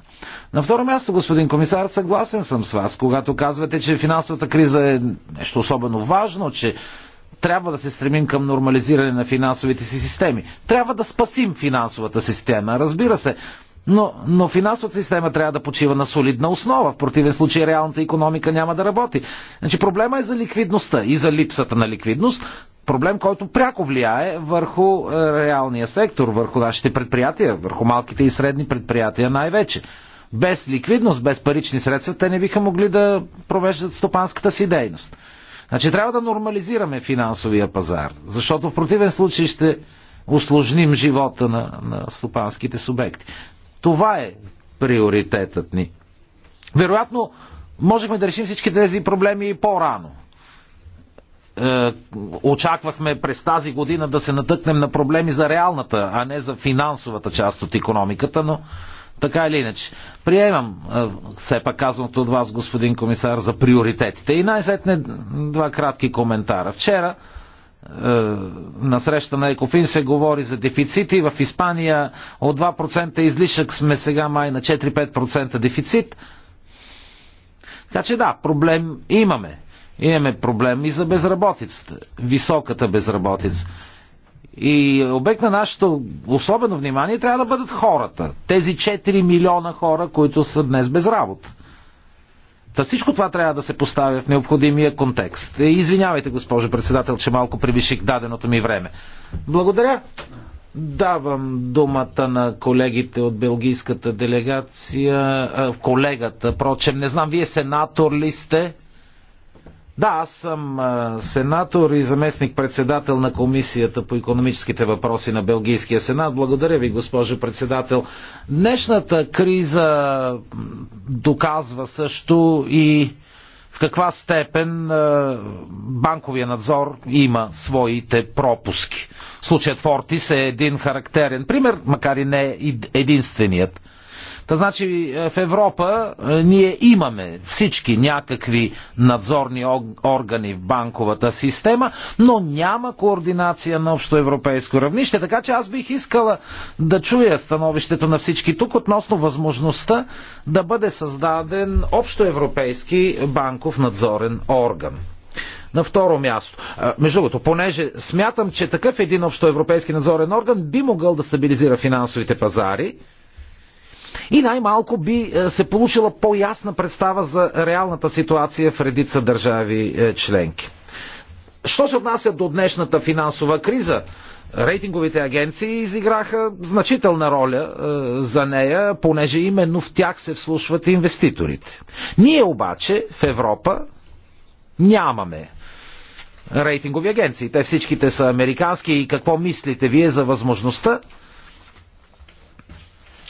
На второ място, господин комисар, съгласен съм с вас, когато казвате, че финансовата криза е нещо особено важно, че трябва да се стремим към нормализиране на финансовите си системи. Трябва да спасим финансовата система, разбира се, но, но финансовата система трябва да почива на солидна основа. В противен случай реалната економика няма да работи. Значи проблема е за ликвидността и за липсата на ликвидност. Проблем, който пряко влияе върху е, реалния сектор, върху нашите предприятия, върху малките и средни предприятия най-вече. Без ликвидност, без парични средства, те не биха могли да провеждат стопанската си дейност. Значи трябва да нормализираме финансовия пазар, защото в противен случай ще усложним живота на, на стопанските субекти. Това е приоритетът ни. Вероятно, можехме да решим всички тези проблеми и по-рано. Е, очаквахме през тази година да се натъкнем на проблеми за реалната, а не за финансовата част от економиката, но така или иначе. Приемам е, все пак казаното от вас, господин комисар, за приоритетите. И най-сетне два кратки коментара. Вчера е, на среща на Екофин се говори за дефицити. В Испания от 2% излишък сме сега май на 4-5% дефицит. Така че да, проблем имаме. Имаме проблем и за безработицата. Високата безработица. И обект на нашето особено внимание трябва да бъдат хората. Тези 4 милиона хора, които са днес без работа. Та всичко това трябва да се поставя в необходимия контекст. Е, извинявайте, госпожо председател, че малко превиших даденото ми време. Благодаря. Давам думата на колегите от белгийската делегация, колегата, прочем, не знам, вие сенатор ли сте? Да, аз съм сенатор и заместник-председател на Комисията по економическите въпроси на Белгийския сенат. Благодаря ви, госпожо председател. Днешната криза доказва също и в каква степен банковия надзор има своите пропуски. Случаят Фортис е един характерен пример, макар и не единственият. Та значи е, в Европа е, ние имаме всички някакви надзорни органи в банковата система, но няма координация на общоевропейско равнище. Така че аз бих искала да чуя становището на всички тук относно възможността да бъде създаден общоевропейски банков надзорен орган. На второ място. Е, между другото, понеже смятам, че такъв един общоевропейски надзорен орган би могъл да стабилизира финансовите пазари, и най-малко би е, се получила по-ясна представа за реалната ситуация в редица държави е, членки. Що се отнася до днешната финансова криза? Рейтинговите агенции изиграха значителна роля е, за нея, понеже именно в тях се вслушват инвеститорите. Ние обаче в Европа нямаме рейтингови агенции. Те всичките са американски и какво мислите вие за възможността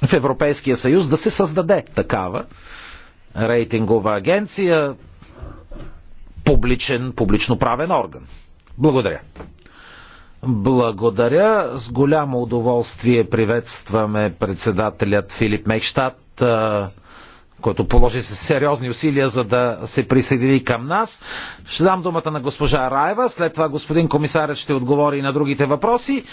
в Европейския съюз да се създаде такава рейтингова агенция, публичен, публично-правен орган. Благодаря. Благодаря. С голямо удоволствие приветстваме председателят Филип Мейхштадт, който положи сериозни усилия за да се присъедини към нас. Ще дам думата на госпожа Раева, след това господин комисарът ще отговори и на другите въпроси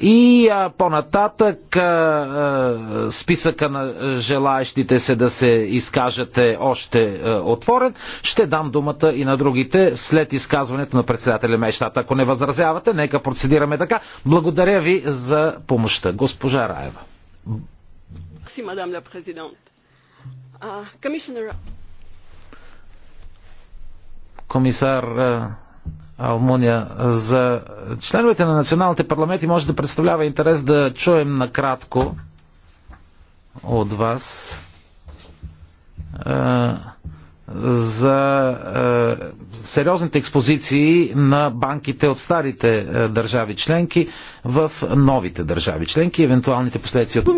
и а, по-нататък а, а, списъка на желаящите се да се изкажат е още а, отворен. Ще дам думата и на другите след изказването на председателя Мещата. Ако не възразявате, нека процедираме така. Благодаря ви за помощта. Госпожа Раева. Си, мадам ля президент. Комисар Алмуния. За членовете на националните парламенти може да представлява интерес да чуем накратко от вас е, за е, сериозните експозиции на банките от старите е, държави членки в новите държави членки и евентуалните последствия. от.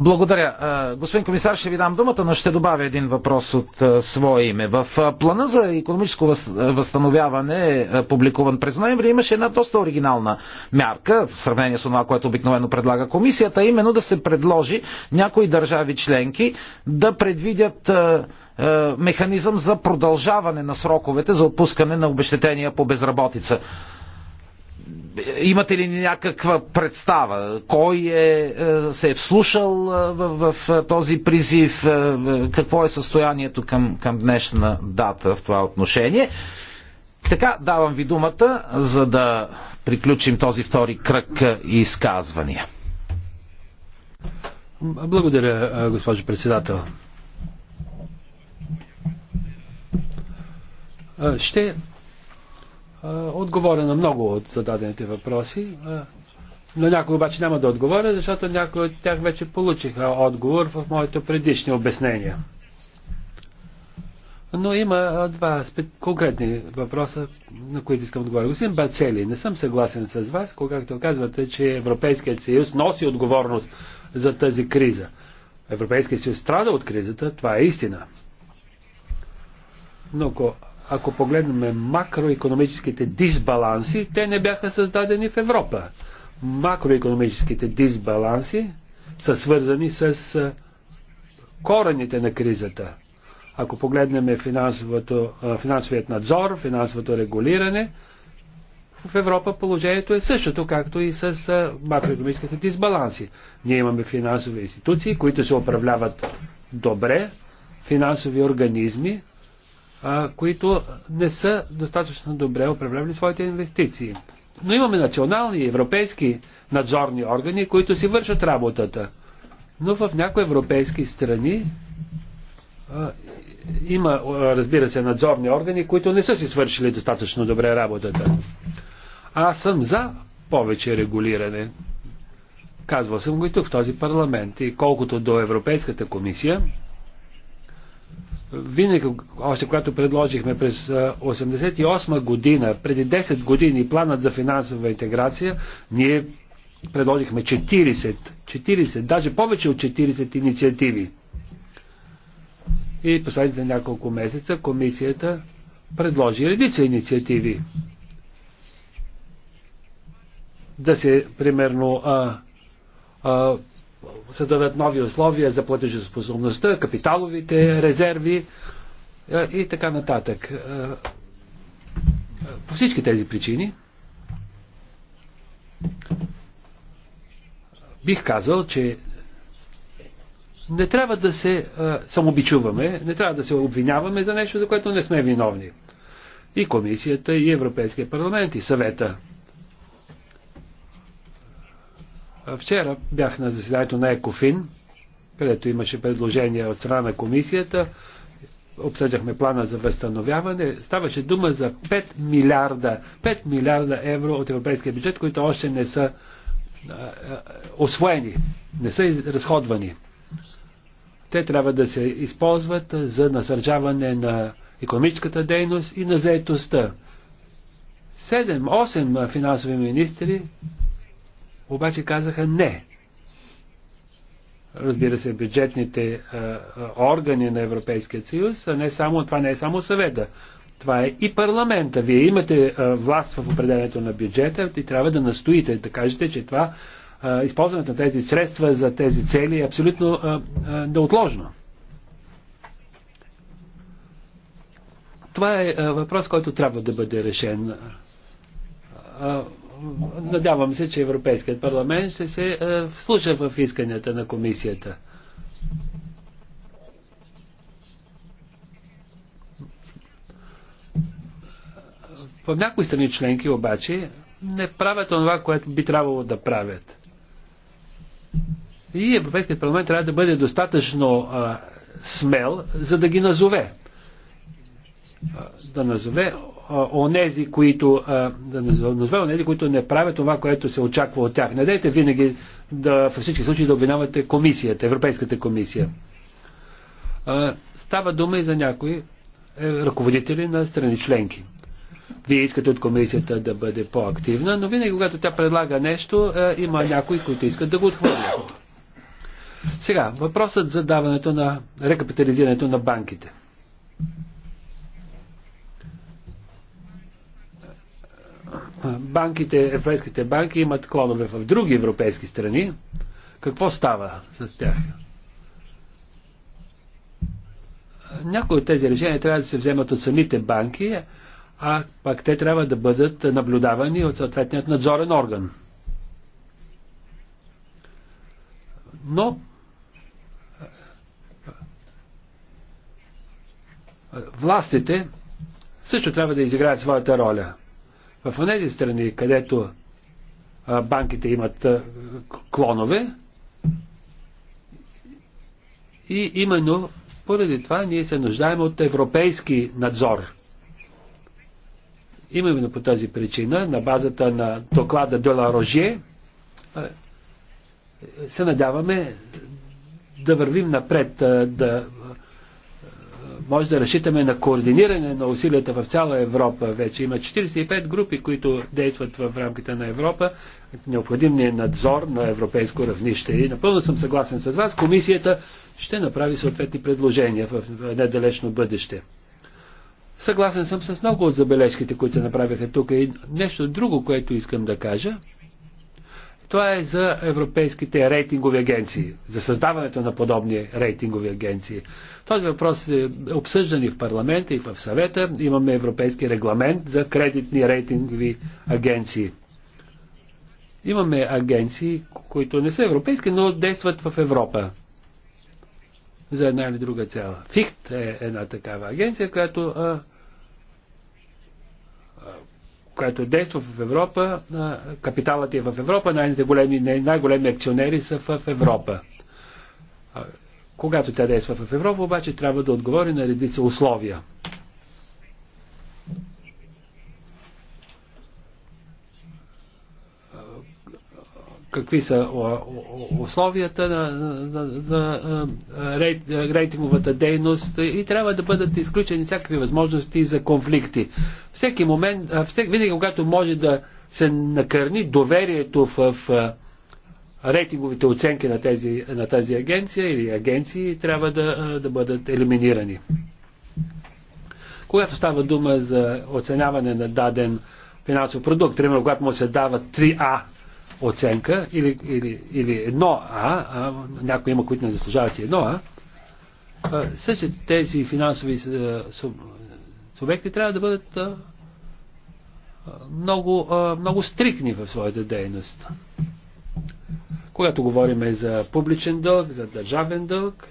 Благодаря. Е, господин комисар, ще ви дам думата, но ще добавя един въпрос от е, свое име. В е, плана за економическо възстановяване, публикуван през ноември, имаше една доста оригинална мярка в сравнение с това, което обикновено предлага комисията, именно да се предложи някои държави членки да предвидят механизъм за продължаване на сроковете за отпускане на обещетения по безработица имате ли някаква представа? Кой е, е се е вслушал е, в, в този призив? Е, какво е състоянието към, към днешна дата в това отношение? Така, давам ви думата, за да приключим този втори кръг изказвания. Благодаря, госпожо председател. Ще отговоря на много от зададените въпроси. На някои обаче няма да отговоря, защото някои от тях вече получиха отговор в моите предишни обяснения. Но има два конкретни въпроса, на които искам да отговоря. Господин Бацели, не съм съгласен с вас, когато казвате, че Европейският съюз носи отговорност за тази криза. Европейският съюз страда от кризата, това е истина. Но ако ако погледнем макроекономическите дисбаланси, те не бяха създадени в Европа. Макроекономическите дисбаланси са свързани с корените на кризата. Ако погледнем финансовият надзор, финансовото регулиране, в Европа положението е същото, както и с макроекономическите дисбаланси. Ние имаме финансови институции, които се управляват добре, финансови организми, които не са достатъчно добре управлявали своите инвестиции. Но имаме национални, европейски надзорни органи, които си вършат работата. Но в някои европейски страни а, има, разбира се, надзорни органи, които не са си свършили достатъчно добре работата. Аз съм за повече регулиране. Казвал съм го и тук в този парламент. И колкото до Европейската комисия, винаги, още когато предложихме през 1988 година, преди 10 години, планът за финансова интеграция, ние предложихме 40, 40, даже повече от 40 инициативи. И последните няколко месеца комисията предложи редица инициативи. Да се, примерно, а, а, създадат нови условия за платежеспособността, капиталовите резерви е, и така нататък. Е, е, по всички тези причини бих казал, че не трябва да се а, самобичуваме, не трябва да се обвиняваме за нещо, за което не сме виновни. И комисията, и Европейския парламент, и съвета Вчера бях на заседанието на Екофин, където имаше предложение от страна на комисията. Обсъждахме плана за възстановяване. Ставаше дума за 5 милиарда, 5 милиарда евро от европейския бюджет, които още не са освоени, не са разходвани. Те трябва да се използват за насърчаване на економическата дейност и на заетостта. 7-8 финансови министри обаче казаха не. Разбира се, бюджетните а, а, органи на Европейския съюз, а не само, това не е само съвета. Това е и парламента. Вие имате а, власт в определенето на бюджета и трябва да настоите, да кажете, че това а, използването на тези средства за тези цели е абсолютно а, а, неотложно. Това е а, въпрос, който трябва да бъде решен. А, надявам се, че Европейският парламент ще се е, вслуша в исканията на комисията. В някои страни членки обаче не правят това, което би трябвало да правят. И Европейският парламент трябва да бъде достатъчно а, смел, за да ги назове. А, да назове онези, които, назове онези, които не правят това, което се очаква от тях. Не дайте винаги да, във всички случаи да обвинявате комисията, Европейската комисия. Става дума и за някои е, ръководители на страни членки. Вие искате от комисията да бъде по-активна, но винаги, когато тя предлага нещо, е, има някои, които искат да го отхвърлят. Сега, въпросът за даването на рекапитализирането на банките. банките, европейските банки имат клонове в други европейски страни. Какво става с тях? Някои от тези решения трябва да се вземат от самите банки, а пак те трябва да бъдат наблюдавани от съответният надзорен орган. Но властите също трябва да изиграят своята роля. В тези страни, където банките имат клонове, и именно поради това ние се нуждаем от европейски надзор. Именно по тази причина, на базата на доклада Дела Рожие, се надяваме да вървим напред, да може да разчитаме на координиране на усилията в цяла Европа. Вече има 45 групи, които действат в рамките на Европа. Необходим ни е надзор на европейско равнище. И напълно съм съгласен с вас. Комисията ще направи съответни предложения в недалечно бъдеще. Съгласен съм с много от забележките, които се направиха тук. И нещо друго, което искам да кажа. Това е за европейските рейтингови агенции, за създаването на подобни рейтингови агенции. Този въпрос е обсъждан и в парламента, и в съвета. Имаме европейски регламент за кредитни рейтингови агенции. Имаме агенции, които не са европейски, но действат в Европа за една или друга цела. Фихт е една такава агенция, която а, която е действа в Европа, капиталът е в Европа, най-големи, най-големи акционери са в Европа. Когато тя действа в Европа, обаче трябва да отговори на редица условия. какви са условията на, на, на, на рейт, рейтинговата дейност и трябва да бъдат изключени всякакви възможности за конфликти. Всеки момент, всек, винаги когато може да се накърни доверието в, в рейтинговите оценки на, тези, на тази агенция или агенции, трябва да, да бъдат елиминирани. Когато става дума за оценяване на даден финансов продукт, примерно когато му се дава 3А оценка или, или, или едно А, а някои има, които не заслужават и едно А, също тези финансови субекти трябва да бъдат много, много стрикни в своята дейност. Когато говорим за публичен дълг, за държавен дълг,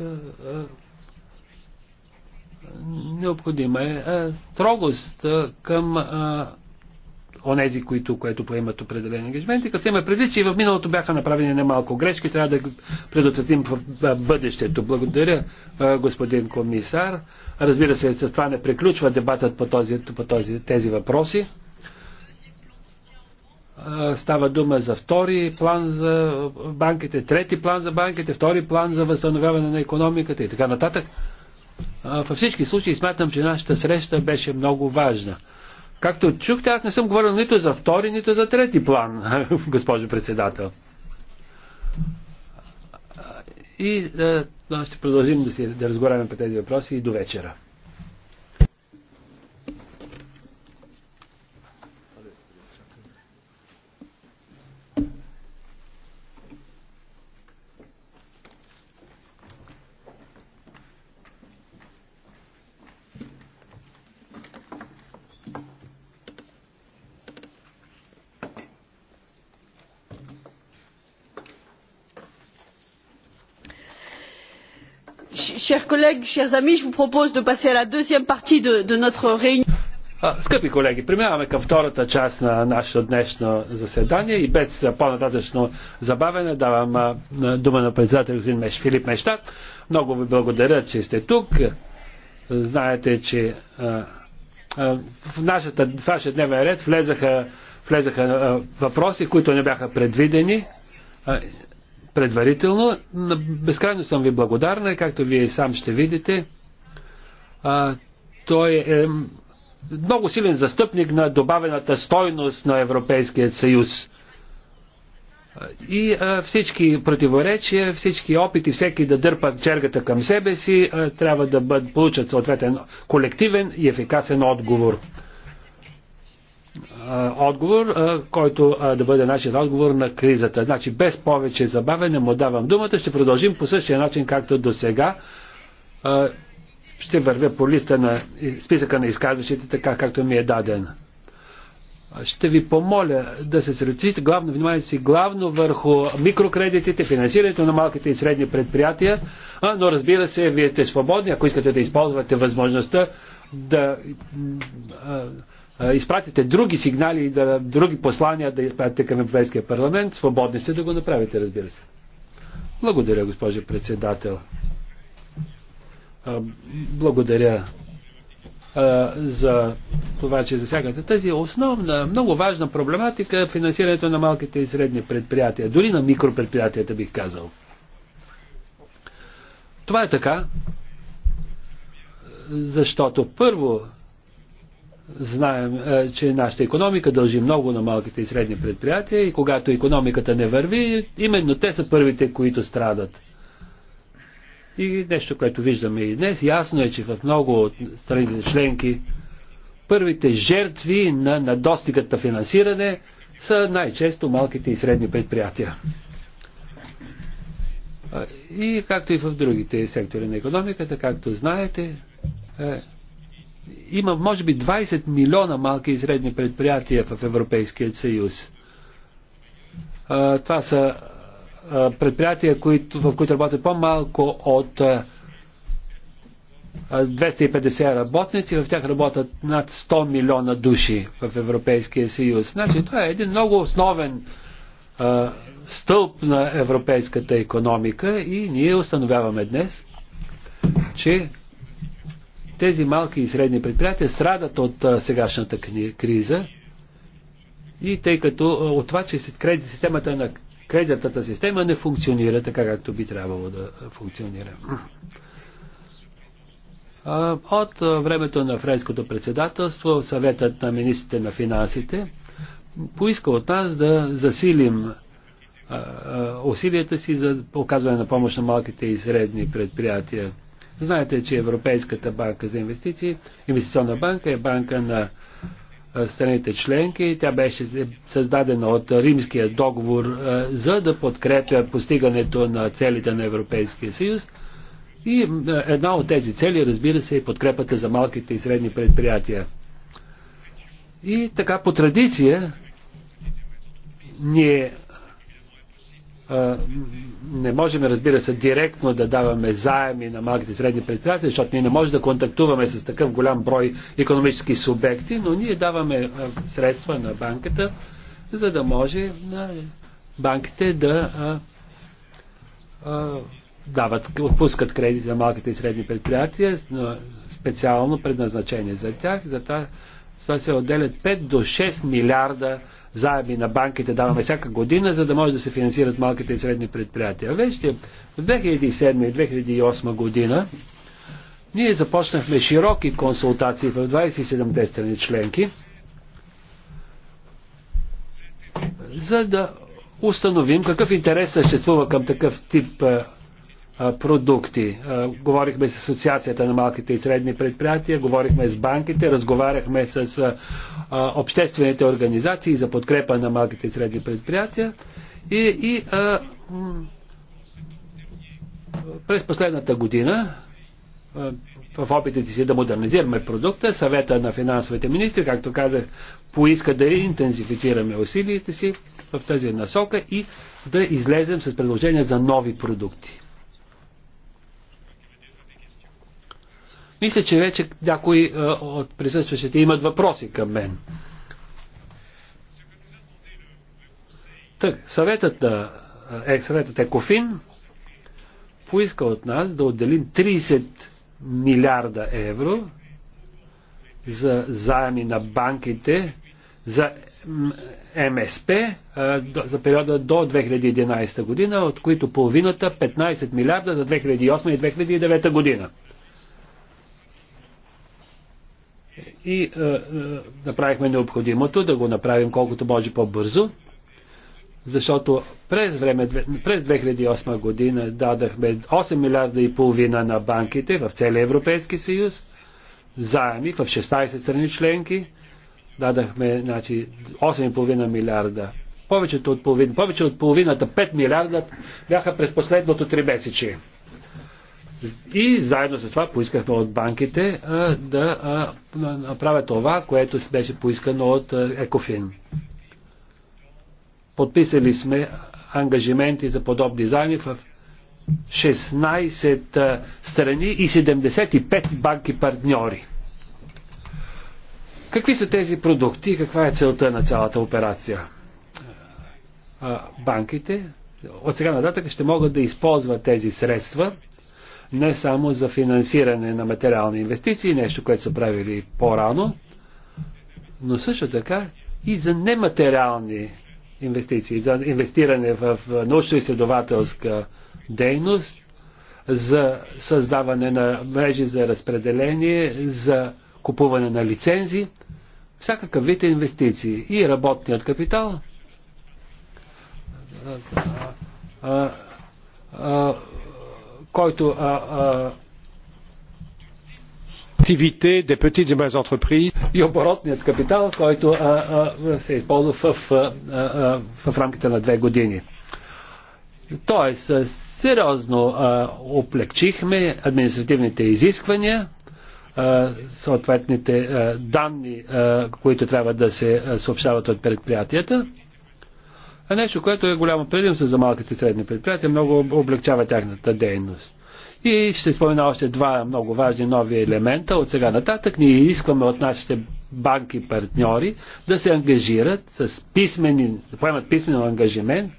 необходима е строгост към онези, които, което поемат определени ангажименти, като има предвид, че и в миналото бяха направени немалко грешки, трябва да предотвратим в бъдещето. Благодаря, господин комисар. Разбира се, с това не приключва дебатът по, този, по този, тези въпроси. Става дума за втори план за банките, трети план за банките, втори план за възстановяване на економиката и така нататък. Във всички случаи смятам, че нашата среща беше много важна. Както чухте, аз не съм говорил нито за втори, нито за трети план, *laughs* госпожо председател. И да, е, ще продължим да, си, да разговаряме по тези въпроси и до вечера. chers collègues chers amis je vous propose de passer à la deuxième partie de notre réunion. Скъпи колеги, преминаваме към втората част на нашето днешно заседание и без по-нататъчно забавене давам дума на председател господин Филип Мештат. Много ви благодаря, че сте тук. Знаете, че в, нашата, в нашия дневен ред влезаха, влезаха въпроси, които не бяха предвидени предварително. Безкрайно съм ви благодарна, както вие сам ще видите. А, той е много силен застъпник на добавената стойност на Европейския съюз. И а, всички противоречия, всички опити, всеки да дърпа чергата към себе си, а, трябва да бъд, получат съответен колективен и ефикасен отговор отговор, който да бъде нашия отговор на кризата. Значи без повече забавене му давам думата. Ще продължим по същия начин, както до сега. Ще вървя по листа на списъка на изказващите, така както ми е даден. Ще ви помоля да се средоточите главно внимание си главно върху микрокредитите, финансирането на малките и средни предприятия, но разбира се, вие сте свободни, ако искате да използвате възможността да изпратите други сигнали и да, други послания да изпратите към Европейския парламент, свободни сте да го направите, разбира се. Благодаря, госпожо председател. Благодаря за това, че засягате тази основна, много важна проблематика финансирането на малките и средни предприятия, дори на микропредприятията бих казал. Това е така, защото първо Знаем, е, че нашата економика дължи много на малките и средни предприятия и когато економиката не върви, именно те са първите, които страдат. И нещо, което виждаме и днес, ясно е, че в много от страните членки първите жертви на достигата финансиране са най-често малките и средни предприятия. И както и в другите сектори на економиката, както знаете, е, има може би 20 милиона малки и средни предприятия в Европейския съюз. това са предприятия, в които работят по-малко от 250 работници, в тях работят над 100 милиона души в Европейския съюз. Значи това е един много основен стълб на европейската економика и ние установяваме днес, че тези малки и средни предприятия страдат от сегашната криза и тъй като от това, че системата на кредитната система не функционира така, както би трябвало да функционира. От времето на френското председателство, съветът на министрите на финансите поиска от нас да засилим усилията си за оказване на помощ на малките и средни предприятия. Знаете, че Европейската банка за инвестиции, инвестиционна банка е банка на страните членки. Тя беше създадена от римския договор за да подкрепя постигането на целите на Европейския съюз. И една от тези цели, разбира се, е подкрепата за малките и средни предприятия. И така по традиция ние не можем, разбира се, директно да даваме заеми на малките и средни предприятия, защото ние не можем да контактуваме с такъв голям брой економически субекти, но ние даваме средства на банката, за да може банките да дават, отпускат кредити на малките и средни предприятия, специално предназначение за тях. За това се отделят 5 до 6 милиарда заеми на банките даваме всяка година, за да може да се финансират малките и средни предприятия. Вече в 2007 и 2008 година ние започнахме широки консултации в 27-те страни членки, за да установим какъв интерес съществува към такъв тип продукти. Говорихме с Асоциацията на малките и средни предприятия, говорихме с банките, разговаряхме с обществените организации за подкрепа на малките и средни предприятия и, и а, през последната година в опитите си да модернизираме продукта, съвета на финансовите министри, както казах, поиска да интензифицираме усилията си в тази насока и да излезем с предложения за нови продукти. Мисля, че вече някои е, от присъстващите имат въпроси към мен. Так, съветът на е, съветът Екофин поиска от нас да отделим 30 милиарда евро за заеми на банките за МСП е, за периода до 2011 година, от които половината 15 милиарда за 2008 и 2009 година. и е, е, направихме необходимото да го направим колкото може по-бързо, защото през, време, през 2008 година дадахме 8 милиарда и половина на банките в целия Европейски съюз, заеми в 16 страни членки, дадахме значи, 8,5 милиарда. Повечето от половин, повече от половината, 5 милиарда, бяха през последното три месече. И заедно с това поискахме от банките а, да а, направят това, което беше поискано от Екофин. Подписали сме ангажименти за подобни заеми в 16 страни и 75 банки партньори. Какви са тези продукти и каква е целта на цялата операция? Банките от сега нататък ще могат да използват тези средства не само за финансиране на материални инвестиции, нещо, което са правили по-рано, но също така и за нематериални инвестиции, за инвестиране в научно-изследователска дейност, за създаване на мрежи за разпределение, за купуване на лицензи, всякакъв вид инвестиции и работният капитал а, а, а, който а, активите des petites et moyennes и оборотният капитал, който а, а, се използва в, а, а, в рамките на две години. Тоест, сериозно а, облегчихме административните изисквания, а, съответните а, данни, а, които трябва да се съобщават от предприятията нещо, което е голямо предимство за малките и средни предприятия, много облегчава тяхната дейност. И ще спомена още два много важни нови елемента. От сега нататък ние искаме от нашите банки партньори да се ангажират с писмени, да поемат писмен ангажимент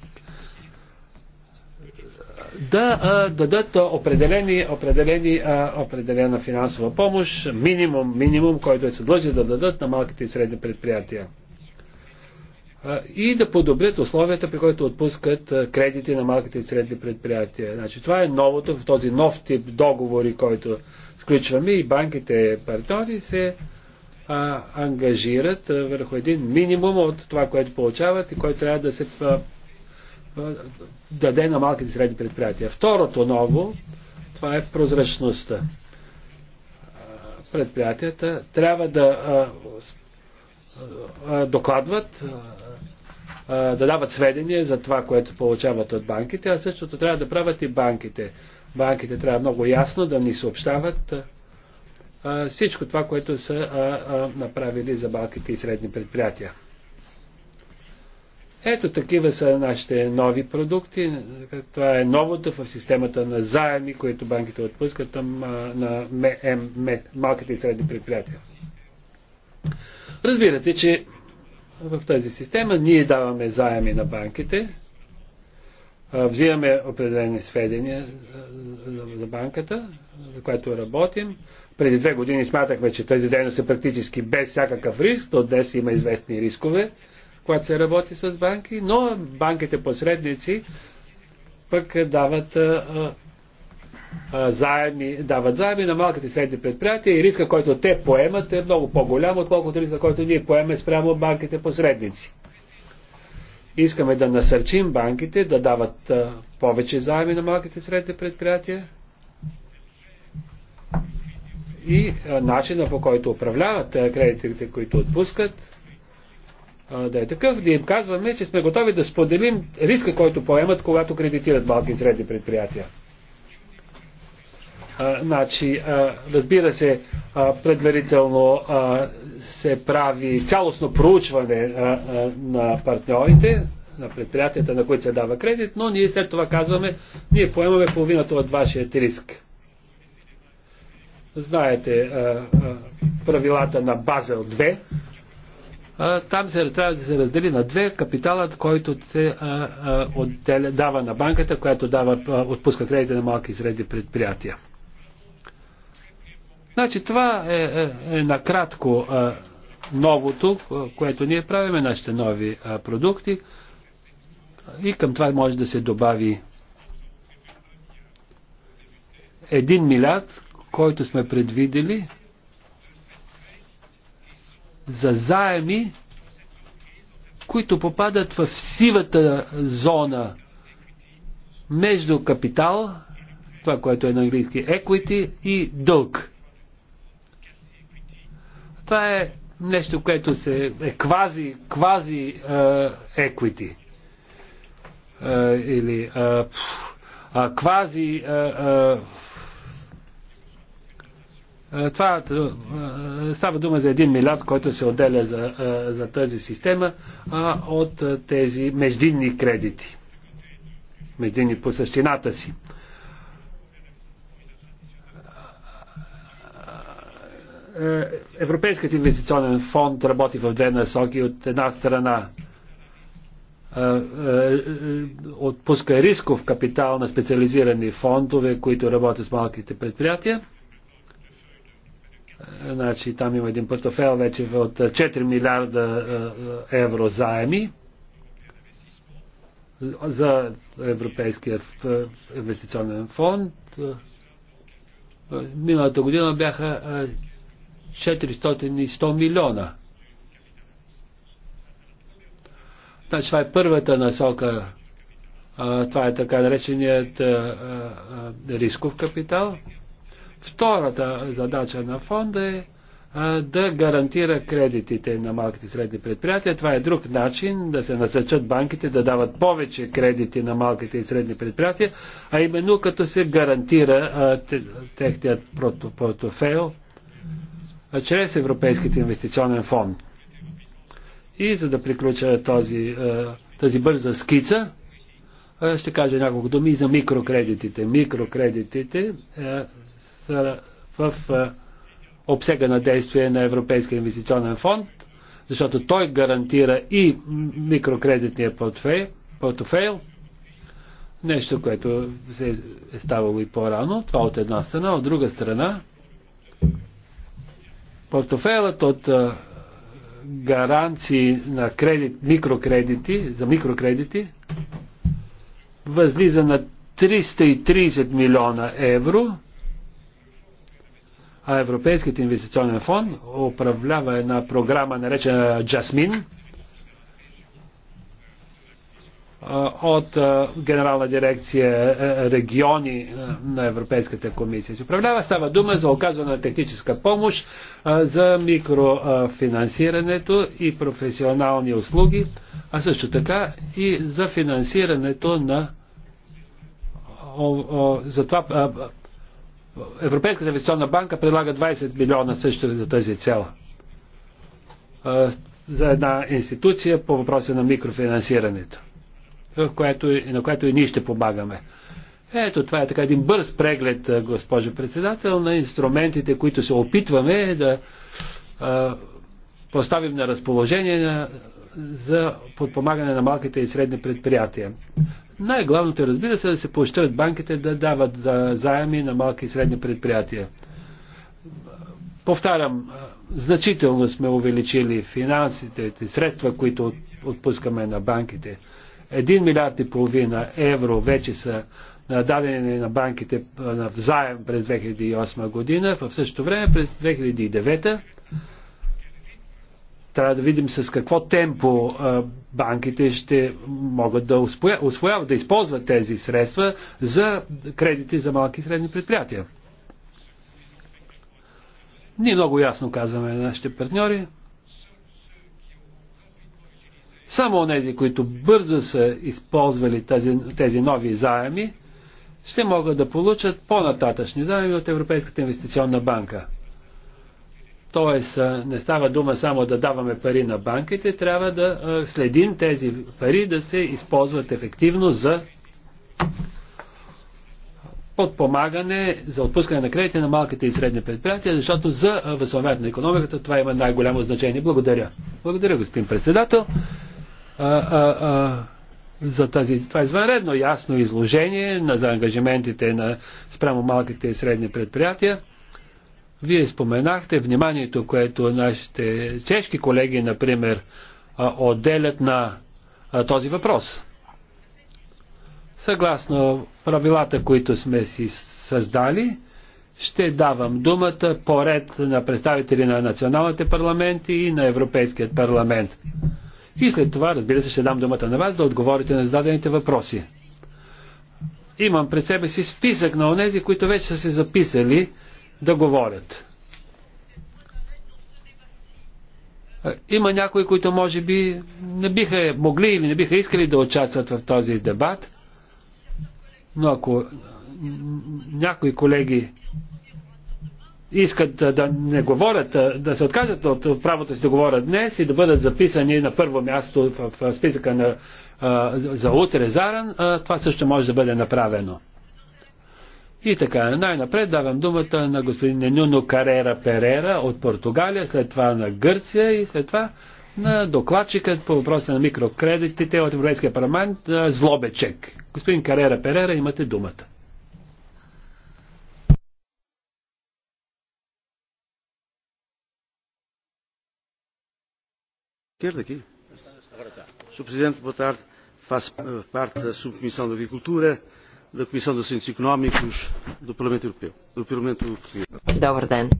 да а, дадат определени, определени, а, определена финансова помощ, минимум, минимум, който е съдължен да дадат на малките и средни предприятия и да подобрят условията, при които отпускат кредити на малките и средни предприятия. Значи, това е новото в този нов тип договори, който включваме и банките партньори се а, ангажират а, върху един минимум от това, което получават и което трябва да се а, а, даде на малките и средни предприятия. Второто ново, това е прозрачността. Предприятията трябва да а, докладват, да дават сведения за това, което получават от банките, а същото трябва да правят и банките. Банките трябва много ясно да ни съобщават всичко това, което са направили за малките и средни предприятия. Ето такива са нашите нови продукти. Това е новото в системата на заеми, които банките отпускат на малките и средни предприятия. Разбирате, че в тази система ние даваме заеми на банките, взимаме определени сведения за банката, за която работим. Преди две години смятахме, че тази дейност е практически без всякакъв риск, до днес има известни рискове, когато се работи с банки, но банките посредници пък дават заеми, дават заеми на малките и средни предприятия и риска, който те поемат е много по-голям, отколкото риска, който ние поемаме спрямо банките посредници. Искаме да насърчим банките да дават повече заеми на малките и средни предприятия и начина по който управляват кредитите, които отпускат, да е такъв, да им казваме, че сме готови да споделим риска, който поемат, когато кредитират малки и средни предприятия значи, разбира се, предварително се прави цялостно проучване на партньорите, на предприятията, на които се дава кредит, но ние след това казваме, ние поемаме половината от вашият риск. Знаете правилата на Базел 2. там се трябва да се раздели на две капиталът, който се а, а, отделя, дава на банката, която дава, а, отпуска кредити на малки и средни предприятия. Значи това е, е, е накратко е, новото, е, което ние правиме, нашите нови е, продукти. И към това може да се добави 1 милиард, който сме предвидели за заеми, които попадат в сивата зона между капитал, това, което е на английски equity и дълг. Това е нещо, което се е квази, квази еквити. Е, или а, е, а, е, квази а, а, това става дума за един милиард, който се отделя за, за тази система а, от тези междинни кредити. Междинни по същината си. Е, Европейският инвестиционен фонд работи в две насоки. От една страна е, е, отпуска рисков капитал на специализирани фондове, които работят с малките предприятия. Значи, там има един портофел вече от 4 милиарда евро заеми за Европейския инвестиционен фонд. Миналата година бяха 400 милиона. Значи това е първата насока. А, това е така нареченият а, а, рисков капитал. Втората задача на фонда е а, да гарантира кредитите на малките и средни предприятия. Това е друг начин да се насъчат банките да дават повече кредити на малките и средни предприятия, а именно като се гарантира а, техният портофейл чрез Европейските инвестиционен фонд. И за да приключа този, тази бърза скица, ще кажа няколко думи за микрокредитите. Микрокредитите са в обсега на действие на Европейския инвестиционен фонд, защото той гарантира и микрокредитния портфейл, портфейл нещо, което се е ставало и по-рано. Това от една страна. От друга страна, Портофелът от гаранции на кредит, микрокредити, за микрокредити възлиза на 330 милиона евро, а Европейският инвестиционен фонд управлява една програма наречена Jasmine, от Генерална дирекция региони на Европейската комисия. Се управлява става дума за оказване на техническа помощ за микрофинансирането и професионални услуги, а също така и за финансирането на за това Европейската инвестиционна банка предлага 20 милиона също за тази цел за една институция по въпроса на микрофинансирането което, на което и ние ще помагаме. Ето, това е така един бърз преглед, госпожо председател, на инструментите, които се опитваме да а, поставим на разположение на, за подпомагане на малките и средни предприятия. Най-главното, е, разбира се, да се поощрят банките да дават за заеми на малки и средни предприятия. Повтарям, значително сме увеличили финансите, средства, които отпускаме на банките. 1 милиард и половина евро вече са дадени на банките на заем през 2008 година. В същото време през 2009 трябва да видим с какво темпо банките ще могат да освояват, да използват тези средства за кредити за малки и средни предприятия. Ние много ясно казваме на нашите партньори, само онези, които бързо са използвали тези, тези нови заеми, ще могат да получат по-нататъчни заеми от Европейската инвестиционна банка. Тоест, не става дума само да даваме пари на банките, трябва да следим тези пари да се използват ефективно за подпомагане за отпускане на кредити на малките и средни предприятия, защото за възстановяването на економиката това има най-голямо значение. Благодаря. Благодаря, господин председател а, за тази, това извънредно ясно изложение на, за ангажиментите на спрямо малките и средни предприятия. Вие споменахте вниманието, което нашите чешки колеги, например, отделят на този въпрос. Съгласно правилата, които сме си създали, ще давам думата поред на представители на националните парламенти и на Европейският парламент. И след това, разбира се, ще дам думата на вас да отговорите на зададените въпроси. Имам пред себе си списък на онези, които вече са се записали да говорят. Има някои, които може би не биха могли или не биха искали да участват в този дебат, но ако някои колеги искат да не говорят, да се откажат от правото си да говорят днес и да бъдат записани на първо място в списъка на, за утре заран, това също може да бъде направено. И така, най-напред давам думата на господин Нюно Карера Перера от Португалия, след това на Гърция и след това на докладчикът по въпроса на микрокредитите от Европейския парламент Злобечек. Господин Карера Перера, имате думата. Esquerda aqui. Sr. Presidente, boa tarde. Faço parte da Subcomissão da Agricultura, da Comissão dos Assuntos Económicos do Parlamento Europeu, do Parlamento Português. Добър ден.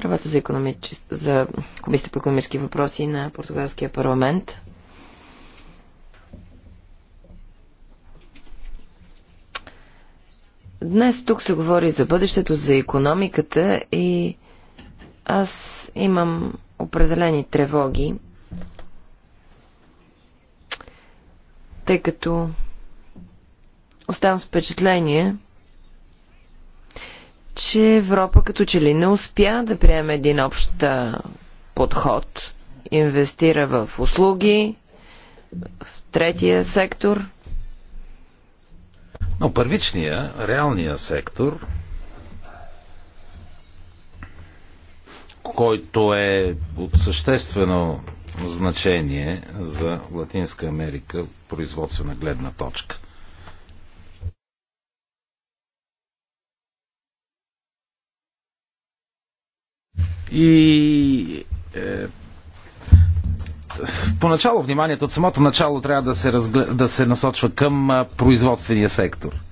Правата за, економичес... за Комисията по економически въпроси на Португалския парламент. Днес тук се говори за бъдещето, за економиката и аз имам определени тревоги, тъй като оставам с впечатление, че Европа като че ли не успя да приеме един общ подход, инвестира в услуги, в третия сектор. Но първичния, реалния сектор който е от съществено значение за Латинска Америка производствена гледна точка. И е, поначало вниманието от самото начало трябва да се, разглед, да се насочва към производствения сектор –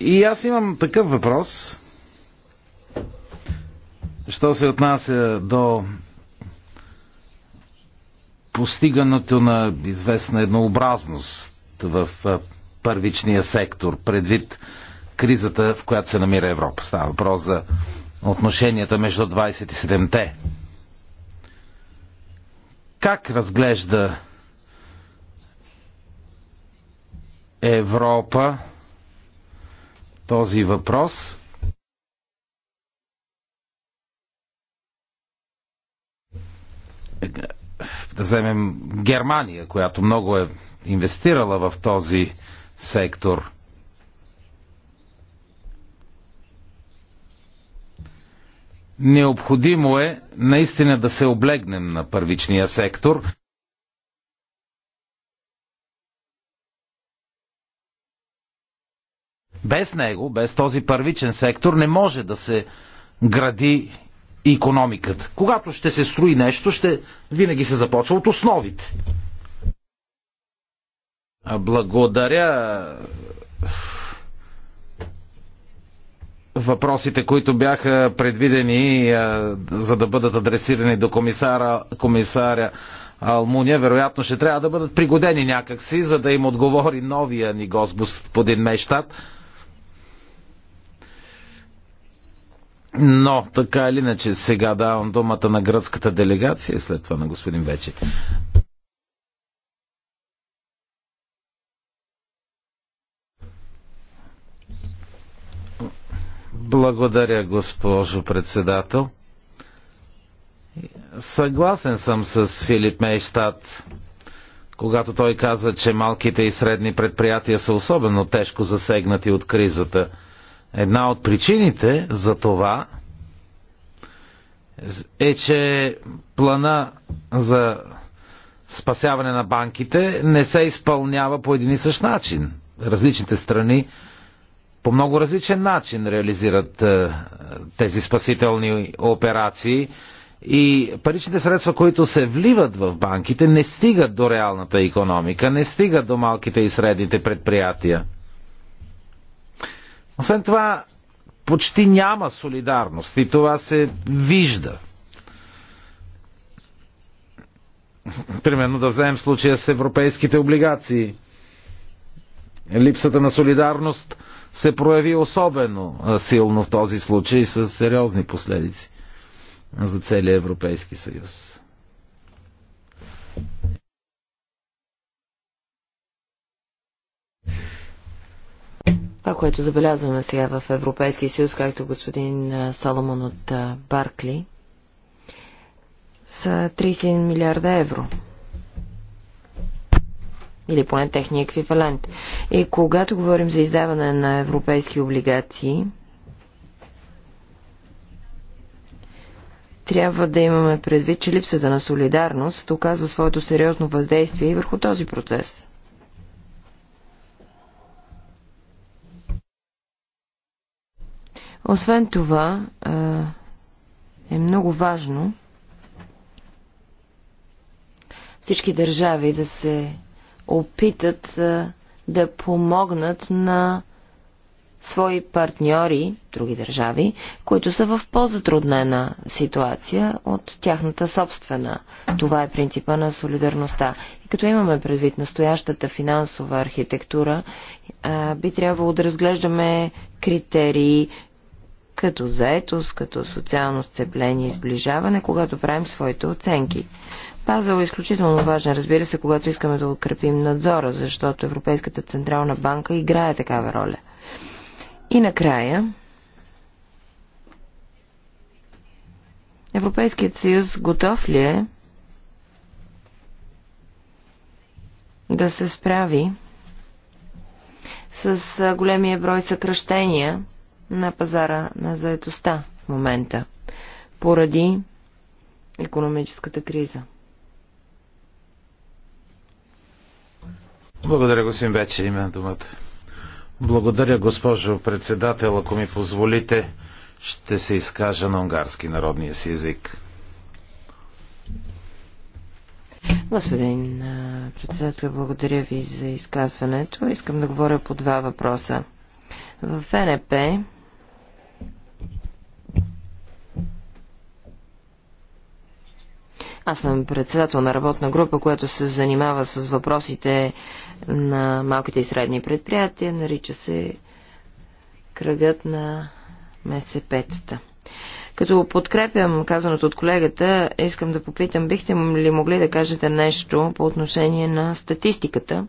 И аз имам такъв въпрос, що се отнася до постигането на известна еднообразност в първичния сектор, предвид кризата, в която се намира Европа. Става въпрос за отношенията между 27-те. Как разглежда Европа този въпрос. Да вземем Германия, която много е инвестирала в този сектор. Необходимо е наистина да се облегнем на първичния сектор. Без него, без този първичен сектор, не може да се гради економиката. Когато ще се строи нещо, ще винаги се започва от основите. Благодаря въпросите, които бяха предвидени за да бъдат адресирани до комисара, комисаря Алмуния, вероятно ще трябва да бъдат пригодени някакси, за да им отговори новия ни господин Мещат. Но, така или иначе, сега давам думата на гръцката делегация, след това на господин Вече. Благодаря, госпожо председател. Съгласен съм с Филип Мейстат, когато той каза, че малките и средни предприятия са особено тежко засегнати от кризата – Една от причините за това е, че плана за спасяване на банките не се изпълнява по един и същ начин. Различните страни по много различен начин реализират е, тези спасителни операции и паричните средства, които се вливат в банките, не стигат до реалната економика, не стигат до малките и средните предприятия. Освен това, почти няма солидарност и това се вижда. Примерно да вземем случая с европейските облигации. Липсата на солидарност се прояви особено силно в този случай с сериозни последици за целия Европейски съюз. Това, което забелязваме сега в Европейския съюз, както господин Соломон от Баркли, са 31 милиарда евро. Или поне техния еквивалент. И когато говорим за издаване на европейски облигации, трябва да имаме предвид, че липсата на солидарност оказва своето сериозно въздействие и върху този процес. Освен това, е много важно всички държави да се опитат да помогнат на свои партньори, други държави, които са в по-затруднена ситуация от тяхната собствена. Това е принципа на солидарността. И като имаме предвид настоящата финансова архитектура, би трябвало да разглеждаме критерии, като заетост, като социално сцепление и сближаване, когато правим своите оценки. Пазъл е изключително важен, разбира се, когато искаме да укрепим надзора, защото Европейската Централна банка играе такава роля. И накрая, Европейският съюз готов ли е да се справи с големия брой съкръщения, на пазара на заедостта в момента, поради економическата криза. Благодаря, господин Вече. Има думата. Благодаря, госпожо председател. Ако ми позволите, ще се изкажа на унгарски народния си език. Господин председател, благодаря ви за изказването. Искам да говоря по два въпроса. В НП Аз съм председател на работна група, която се занимава с въпросите на малките и средни предприятия. Нарича се кръгът на МСП-тата. Като подкрепям казаното от колегата, искам да попитам, бихте ли могли да кажете нещо по отношение на статистиката?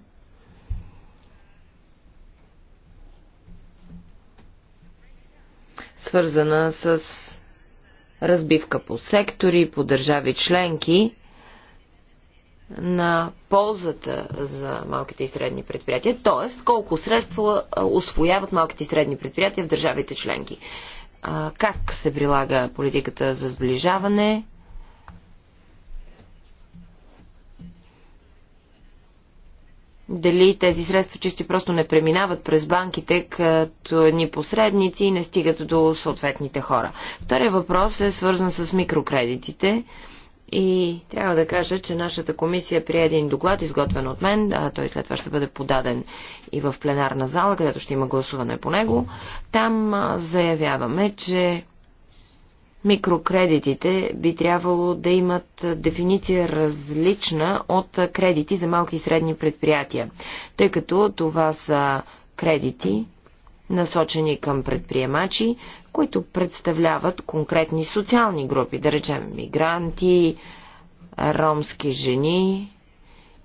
Свързана с разбивка по сектори, по държави членки на ползата за малките и средни предприятия, т.е. колко средства освояват малките и средни предприятия в държавите членки. Как се прилага политиката за сближаване? дали тези средства чисто и просто не преминават през банките като едни посредници и не стигат до съответните хора. Втория въпрос е свързан с микрокредитите. И трябва да кажа, че нашата комисия прие един доклад, изготвен от мен, а той след това ще бъде подаден и в пленарна зала, където ще има гласуване по него. Там заявяваме, че микрокредитите би трябвало да имат дефиниция различна от кредити за малки и средни предприятия, тъй като това са кредити, насочени към предприемачи, които представляват конкретни социални групи, да речем мигранти, ромски жени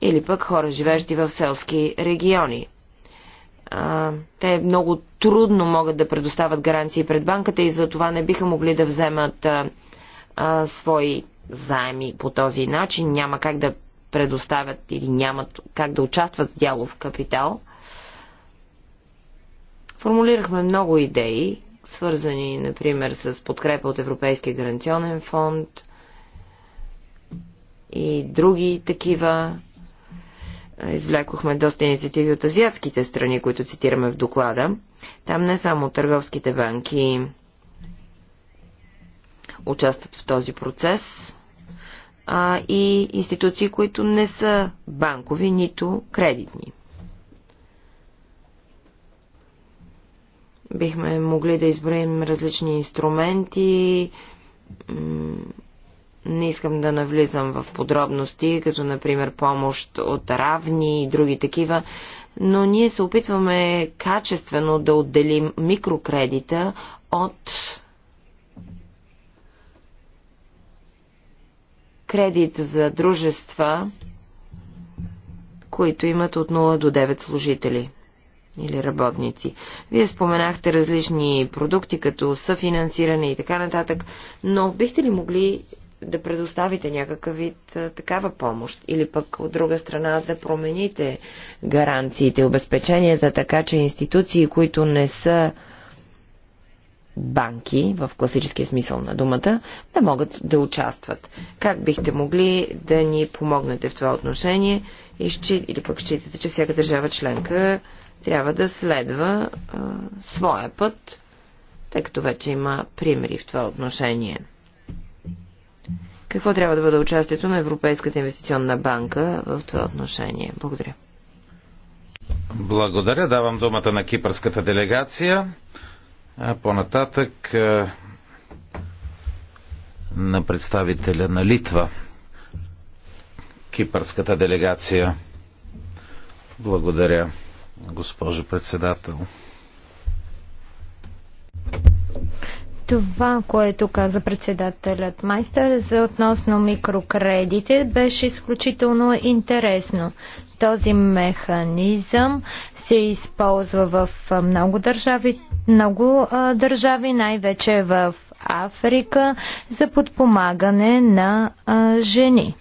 или пък хора, живещи в селски региони а, те много трудно могат да предоставят гаранции пред банката и за това не биха могли да вземат а, а, свои заеми по този начин. Няма как да предоставят или нямат как да участват с дялов капитал. Формулирахме много идеи, свързани, например, с подкрепа от Европейския гаранционен фонд и други такива Извлякохме доста инициативи от азиатските страни, които цитираме в доклада. Там не само търговските банки участват в този процес, а и институции, които не са банкови, нито кредитни. Бихме могли да изброим различни инструменти, не искам да навлизам в подробности, като например помощ от равни и други такива, но ние се опитваме качествено да отделим микрокредита от кредит за дружества, които имат от 0 до 9 служители или работници. Вие споменахте различни продукти, като съфинансиране и така нататък, но бихте ли могли да предоставите някакъв вид а, такава помощ. Или пък от друга страна да промените гаранциите, обезпеченията, така че институции, които не са банки, в класическия смисъл на думата, да могат да участват. Как бихте могли да ни помогнете в това отношение и или пък считате, че всяка държава членка трябва да следва а, своя път, тъй като вече има примери в това отношение. Какво трябва да бъде участието на Европейската инвестиционна банка в това отношение? Благодаря. Благодаря. Давам думата на кипърската делегация. А по-нататък на представителя на Литва. Кипърската делегация. Благодаря, госпожо председател. Това, което каза председателят майстър за относно микрокредите, беше изключително интересно. Този механизъм се използва в много държави, много а, държави най-вече в Африка, за подпомагане на а, жени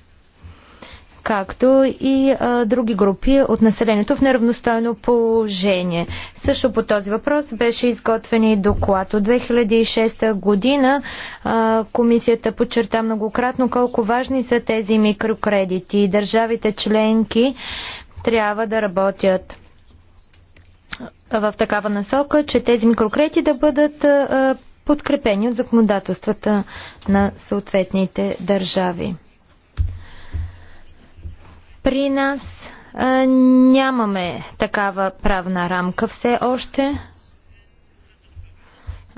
както и а, други групи от населението в неравностойно положение. Също по този въпрос беше изготвен и доклад. От 2006 година а, комисията подчерта многократно колко важни са тези микрокредити. Държавите членки трябва да работят в такава насока, че тези микрокредити да бъдат а, подкрепени от законодателствата на съответните държави. При нас а, нямаме такава правна рамка все още,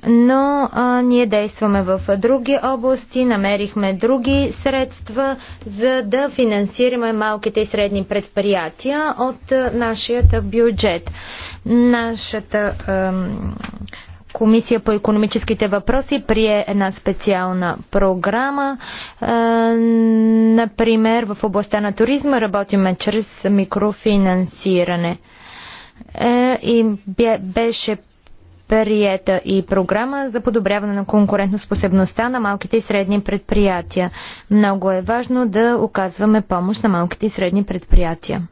но а, ние действаме в други области, намерихме други средства, за да финансираме малките и средни предприятия от а, бюджет. Нашата а, Комисия по економическите въпроси прие една специална програма. Е, например, в областта на туризма работиме чрез микрофинансиране. Е, и беше приета и програма за подобряване на конкурентоспособността на малките и средни предприятия. Много е важно да оказваме помощ на малките и средни предприятия.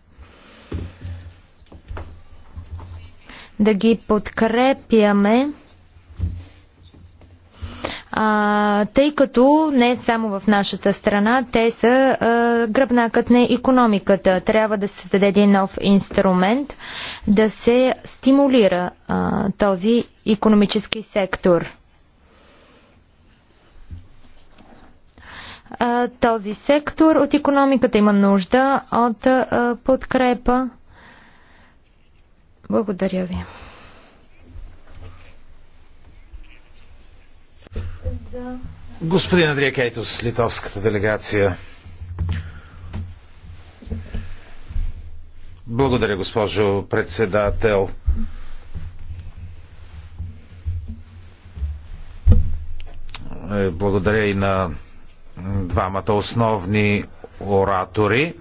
Да ги подкрепяме а, тъй като не само в нашата страна, те са а, гръбнакът на економиката. Трябва да се даде един нов инструмент, да се стимулира а, този економически сектор. този сектор от економиката има нужда от подкрепа. Благодаря ви. Господин Андрия Кейтос, литовската делегация. Благодаря, госпожо председател. Е, благодаря и на двамата основни оратори.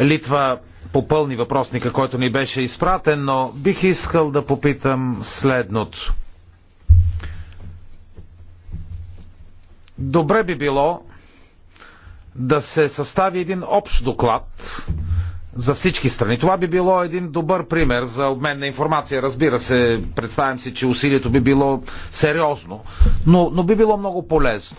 Литва попълни въпросника, който ни беше изпратен, но бих искал да попитам следното. добре би било да се състави един общ доклад за всички страни. Това би било един добър пример за обмен на информация. Разбира се, представям си, че усилието би било сериозно, но, но би било много полезно.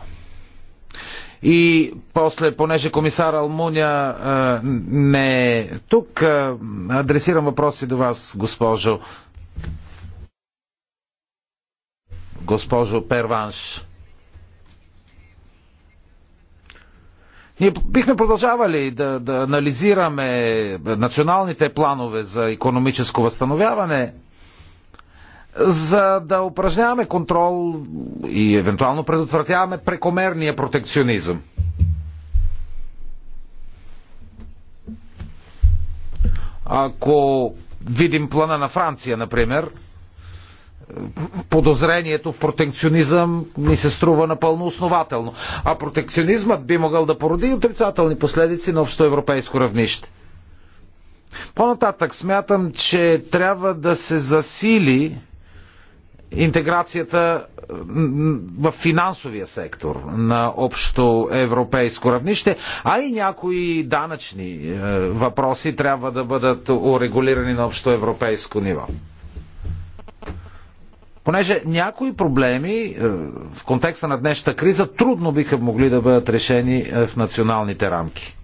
И после, понеже комисар Алмуня е, не е тук, е, адресирам въпроси до вас, госпожо. Госпожо Перванш. Ние бихме продължавали да, да анализираме националните планове за економическо възстановяване, за да упражняваме контрол и евентуално предотвратяваме прекомерния протекционизъм. Ако видим плана на Франция, например, подозрението в протекционизъм ми се струва напълно основателно. А протекционизмът би могъл да породи отрицателни последици на общоевропейско равнище. По-нататък смятам, че трябва да се засили интеграцията в финансовия сектор на общо европейско равнище, а и някои данъчни е, въпроси трябва да бъдат урегулирани на общо европейско ниво. Понеже някои проблеми е, в контекста на днешната криза трудно биха могли да бъдат решени е, в националните рамки.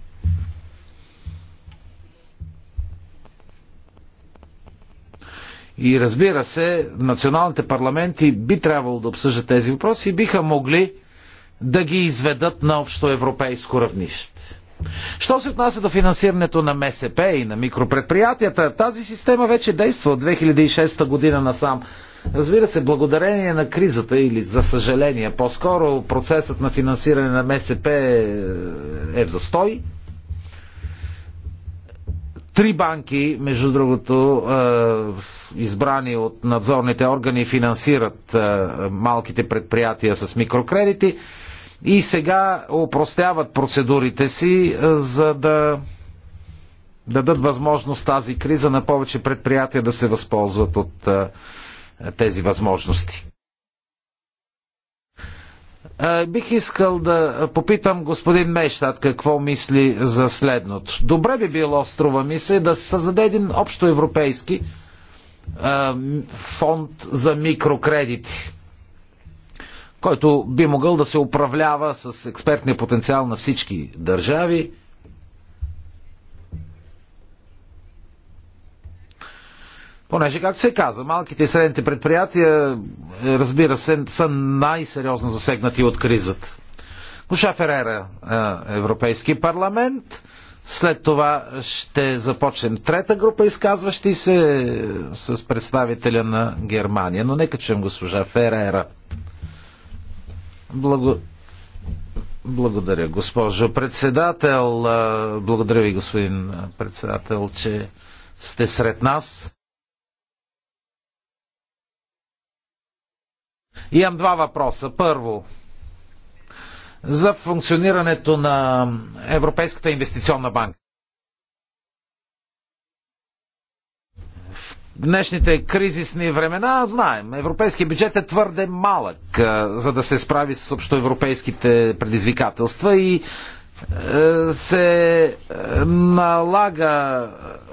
И разбира се, националните парламенти би трябвало да обсъждат тези въпроси и биха могли да ги изведат на общо европейско равнище. Що се отнася до финансирането на МСП и на микропредприятията, тази система вече действа от 2006 година насам. Разбира се, благодарение на кризата или за съжаление, по-скоро процесът на финансиране на МСП е, е в застой. Три банки, между другото, е, избрани от надзорните органи, финансират е, малките предприятия с микрокредити и сега опростяват процедурите си, за да дадат възможност тази криза на повече предприятия да се възползват от тези възможности. Бих искал да попитам господин Мейштад какво мисли за следното. Добре би било, струва ми се, да се създаде един общо европейски фонд за микрокредити, който би могъл да се управлява с експертния потенциал на всички държави Понеже, както се каза, малките и средните предприятия, е, разбира се, са най-сериозно засегнати от кризата. Коша Ферера, е, Европейски парламент. След това ще започнем трета група изказващи се е, с представителя на Германия. Но нека чуем госпожа Ферера. Благо... Благодаря, госпожо председател. Благодаря ви, господин председател, че сте сред нас. Имам два въпроса. Първо, за функционирането на Европейската инвестиционна банка. В днешните кризисни времена, знаем, европейския бюджет е твърде малък, за да се справи с общоевропейските предизвикателства и се налага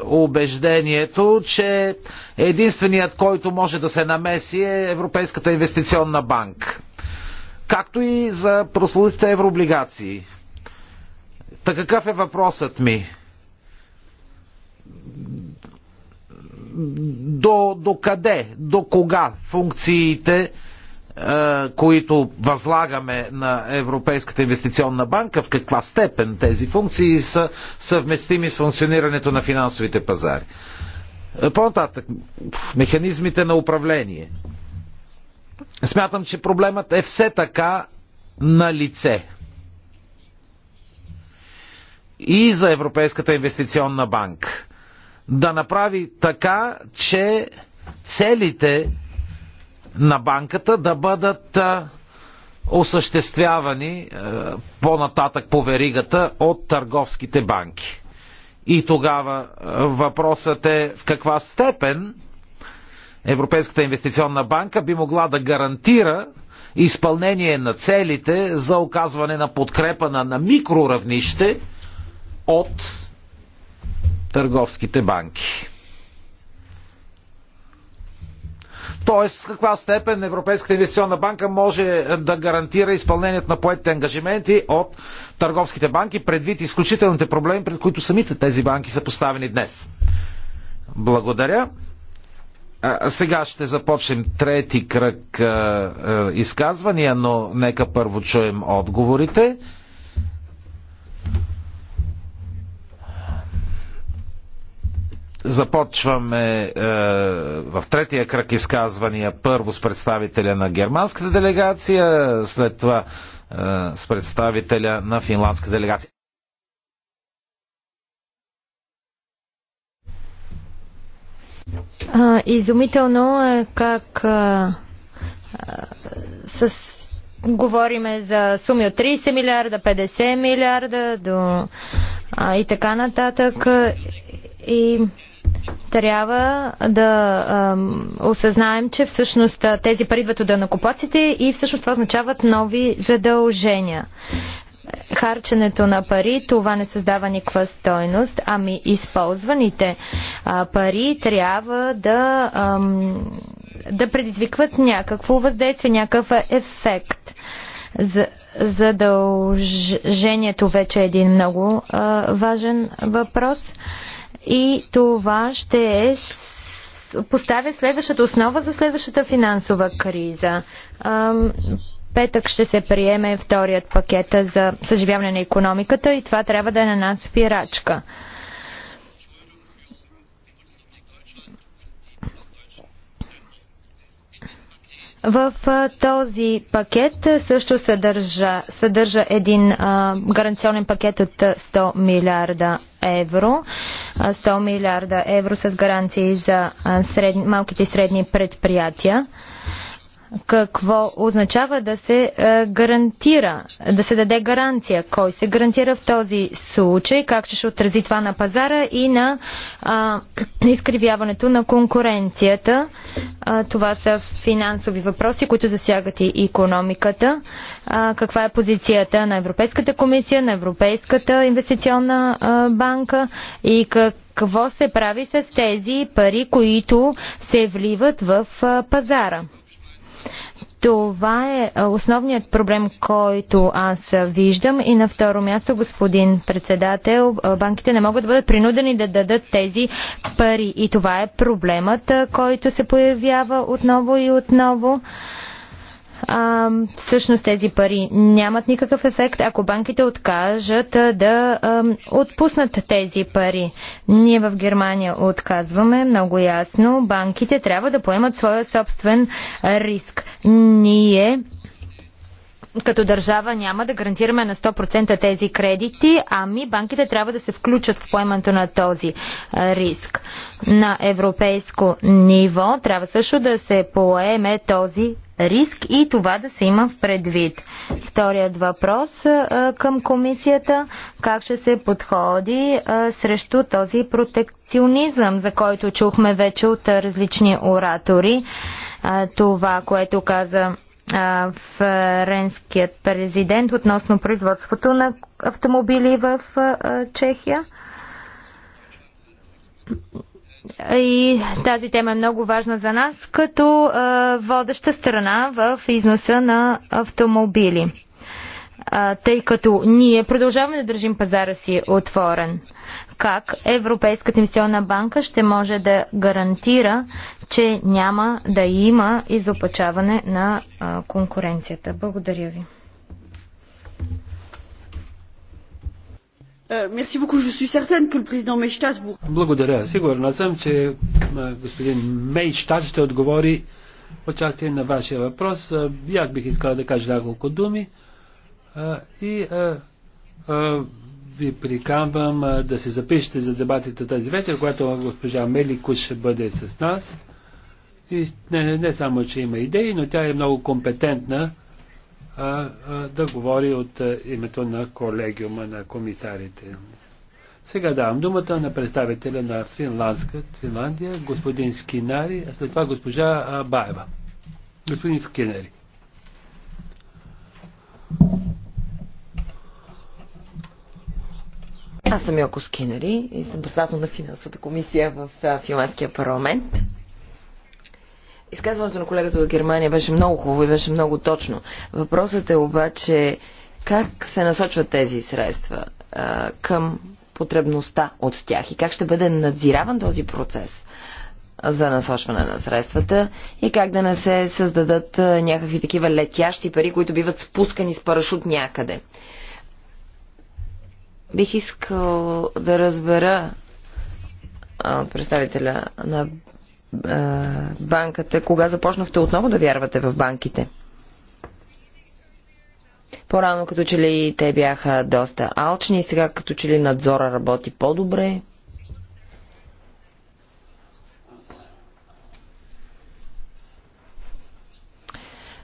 убеждението, че единственият, който може да се намеси е Европейската инвестиционна банка. Както и за прослудите еврооблигации. Та какъв е въпросът ми? До, до къде, до кога функциите е, които възлагаме на Европейската инвестиционна банка, в каква степен тези функции са съвместими с функционирането на финансовите пазари. Е, по-нататък, механизмите на управление. Смятам, че проблемът е все така на лице. И за Европейската инвестиционна банка. Да направи така, че целите на банката да бъдат осъществявани по-нататък по веригата от търговските банки. И тогава въпросът е в каква степен Европейската инвестиционна банка би могла да гарантира изпълнение на целите за оказване на подкрепа на, на микроравнище от търговските банки. Тоест, в каква степен Европейската инвестиционна банка може да гарантира изпълнението на поетите ангажименти от търговските банки, предвид изключителните проблеми, пред които самите тези банки са поставени днес. Благодаря. А, сега ще започнем трети кръг а, а, изказвания, но нека първо чуем отговорите. Започваме е, в третия кръг изказвания първо с представителя на германската делегация, след това е, с представителя на финландска делегация. А, изумително е как а, е, а, е, с говориме за суми от 30 милиарда, 50 милиарда до, а, и така нататък. И трябва да ам, осъзнаем, че всъщност тези пари идват от данакоплаците и всъщност това означават нови задължения. Харченето на пари, това не създава никаква стойност, ами използваните а, пари трябва да, ам, да предизвикват някакво въздействие, някакъв ефект. За, задължението вече е един много а, важен въпрос. И това ще е поставя следващата основа за следващата финансова криза. Петък ще се приеме вторият пакет за съживяване на економиката и това трябва да е на нас спирачка. В този пакет също съдържа, съдържа един а, гаранционен пакет от 100 милиарда евро. 100 милиарда евро с гаранции за сред, малките и средни предприятия какво означава да се е, гарантира, да се даде гаранция. Кой се гарантира в този случай, как ще ще отрази това на пазара и на а, *clears throat* изкривяването на конкуренцията. А, това са финансови въпроси, които засягат и економиката. А, каква е позицията на Европейската комисия, на Европейската инвестиционна а, банка и как какво се прави с тези пари, които се вливат в пазара? Това е основният проблем, който аз виждам. И на второ място, господин председател, банките не могат да бъдат принудени да дадат тези пари. И това е проблемът, който се появява отново и отново а, всъщност тези пари нямат никакъв ефект, ако банките откажат да а, отпуснат тези пари. Ние в Германия отказваме много ясно. Банките трябва да поемат своя собствен риск. Ние като държава няма да гарантираме на 100% тези кредити, ами банките трябва да се включат в поемането на този риск. На европейско ниво трябва също да се поеме този риск и това да се има в предвид. Вторият въпрос към комисията как ще се подходи срещу този протекционизъм, за който чухме вече от различни оратори. Това, което каза френският президент относно производството на автомобили в Чехия. И тази тема е много важна за нас като водеща страна в износа на автомобили, тъй като ние продължаваме да държим пазара си отворен. Как Европейската инвестиционна банка ще може да гарантира, че няма да има изопачаване на конкуренцията? Благодаря ви. Euh, Благодаря. Сигурна съм, че господин Мейштад ще отговори участие на вашия въпрос. И аз бих искал да кажа няколко думи и ви приканвам да се запишете за дебатите тази вечер, когато госпожа Мели ще бъде с нас. И не, не само, че има идеи, но тя е много компетентна да говори от името на колегиума на комисарите. Сега давам думата на представителя на Финландска, Финландия, господин Скинари, а след това госпожа Баева. Господин Скинари. Аз съм Йоко Скинари и съм председател на финансовата комисия в Финландския парламент. Изказването на колегата от Германия беше много хубаво и беше много точно. Въпросът е обаче как се насочват тези средства а, към потребността от тях и как ще бъде надзираван този процес за насочване на средствата и как да не се създадат някакви такива летящи пари, които биват спускани с парашут някъде. Бих искал да разбера от представителя на банката, кога започнахте отново да вярвате в банките? По-рано като че ли те бяха доста алчни, сега като че ли надзора работи по-добре.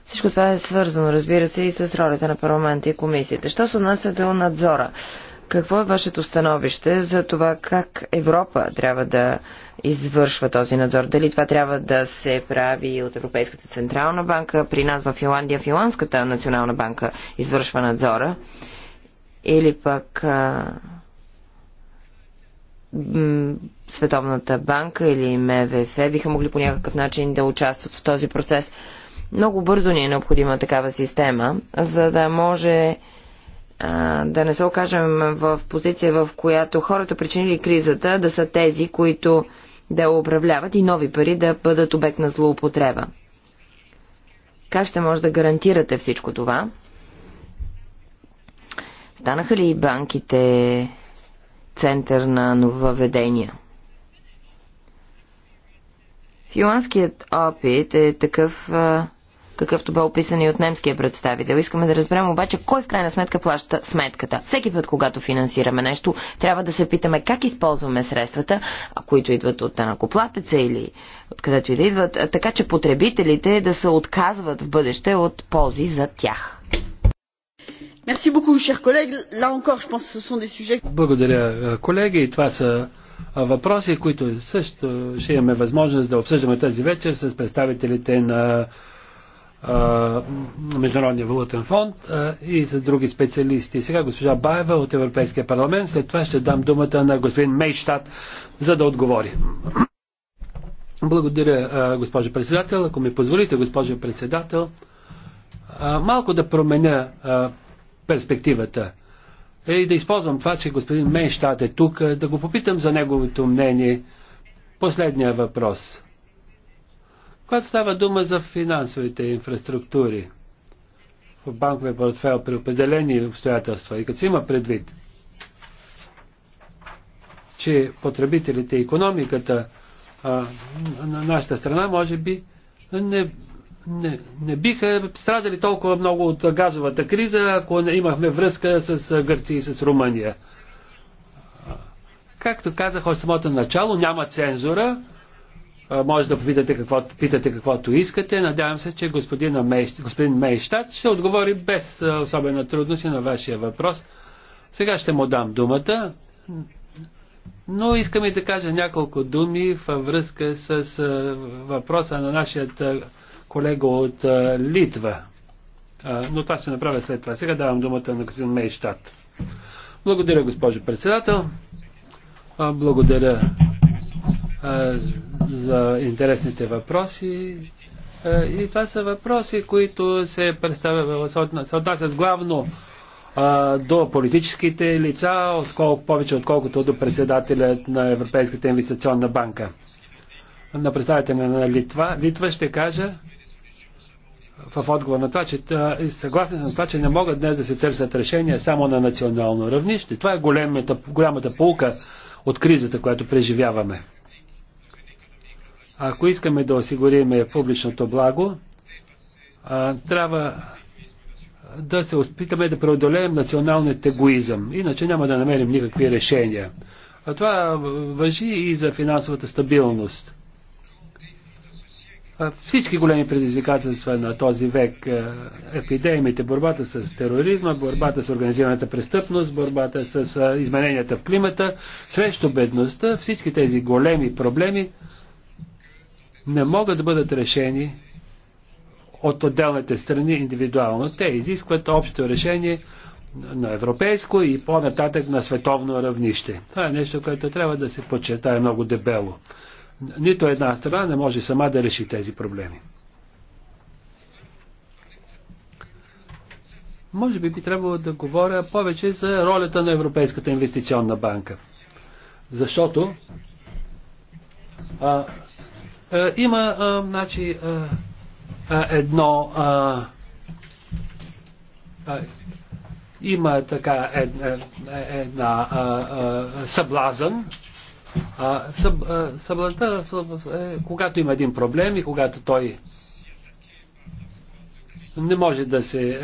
Всичко това е свързано, разбира се, и с ролята на парламента и комисията. Що се отнася до надзора? Какво е вашето становище за това как Европа трябва да извършва този надзор. Дали това трябва да се прави от Европейската централна банка, при нас в Финландия Финландската национална банка извършва надзора, или пък а, Световната банка или МВФ биха могли по някакъв начин да участват в този процес. Много бързо ни е необходима такава система, за да може да не се окажем в позиция, в която хората причинили кризата да са тези, които да управляват и нови пари да бъдат обект на злоупотреба. Как ще може да гарантирате всичко това? Станаха ли банките център на нововведения? Филанският опит е такъв, какъвто бе описан и от немския представител. Искаме да разберем обаче кой в крайна сметка плаща сметката. Всеки път, когато финансираме нещо, трябва да се питаме как използваме средствата, които идват от накоплатеца или откъдето и да идват, така че потребителите да се отказват в бъдеще от ползи за тях. Благодаря, колеги. Това са е, въпроси, които също ще имаме възможност да обсъждаме тази вечер с представителите на Международния валутен фонд и за други специалисти. Сега госпожа Баева от Европейския парламент, след това ще дам думата на господин Мейштат, за да отговори. Благодаря, госпожо председател. Ако ми позволите, госпожо председател, малко да променя перспективата е, и да използвам това, че господин Мейштат е тук, да го попитам за неговото мнение. Последния въпрос когато става дума за финансовите инфраструктури в банковия портфел при определени обстоятелства и като се има предвид, че потребителите и економиката а, на нашата страна може би не, не, не биха страдали толкова много от газовата криза, ако не имахме връзка с Гърция и с Румъния. Както казах от самото начало, няма цензура, може да попитате какво, питате каквото искате. Надявам се, че господин, Мейш, Мейштад ще отговори без особена трудност на вашия въпрос. Сега ще му дам думата, но искаме да кажа няколко думи във връзка с въпроса на нашия колега от Литва. Но това ще направя след това. Сега давам думата на господин Мейштад. Благодаря, госпожо председател. Благодаря за интересните въпроси. И това са въпроси, които се представят, се отнасят главно до политическите лица, отколко, повече отколкото до председателя на Европейската инвестиционна банка. На представителя на Литва, Литва ще кажа в отговор на това, че съгласен съм с това, че не могат днес да се търсят решения само на национално равнище. Това е голямата, голямата полука от кризата, която преживяваме. Ако искаме да осигуриме публичното благо, трябва да се опитаме да преодолеем националният егоизъм. Иначе няма да намерим никакви решения. А това въжи и за финансовата стабилност. Всички големи предизвикателства на този век, епидемиите, борбата с тероризма, борбата с организираната престъпност, борбата с измененията в климата, срещу бедността, всички тези големи проблеми не могат да бъдат решени от отделните страни индивидуално. Те изискват общо решение на европейско и по-нататък на световно равнище. Това е нещо, което трябва да се подчертае много дебело. Нито една страна не може сама да реши тези проблеми. Може би би трябвало да говоря повече за ролята на Европейската инвестиционна банка. Защото а, е, има, е, значи, е, едно. Има така една, една съблазън. Съб, когато има един проблем и когато той не може да се е,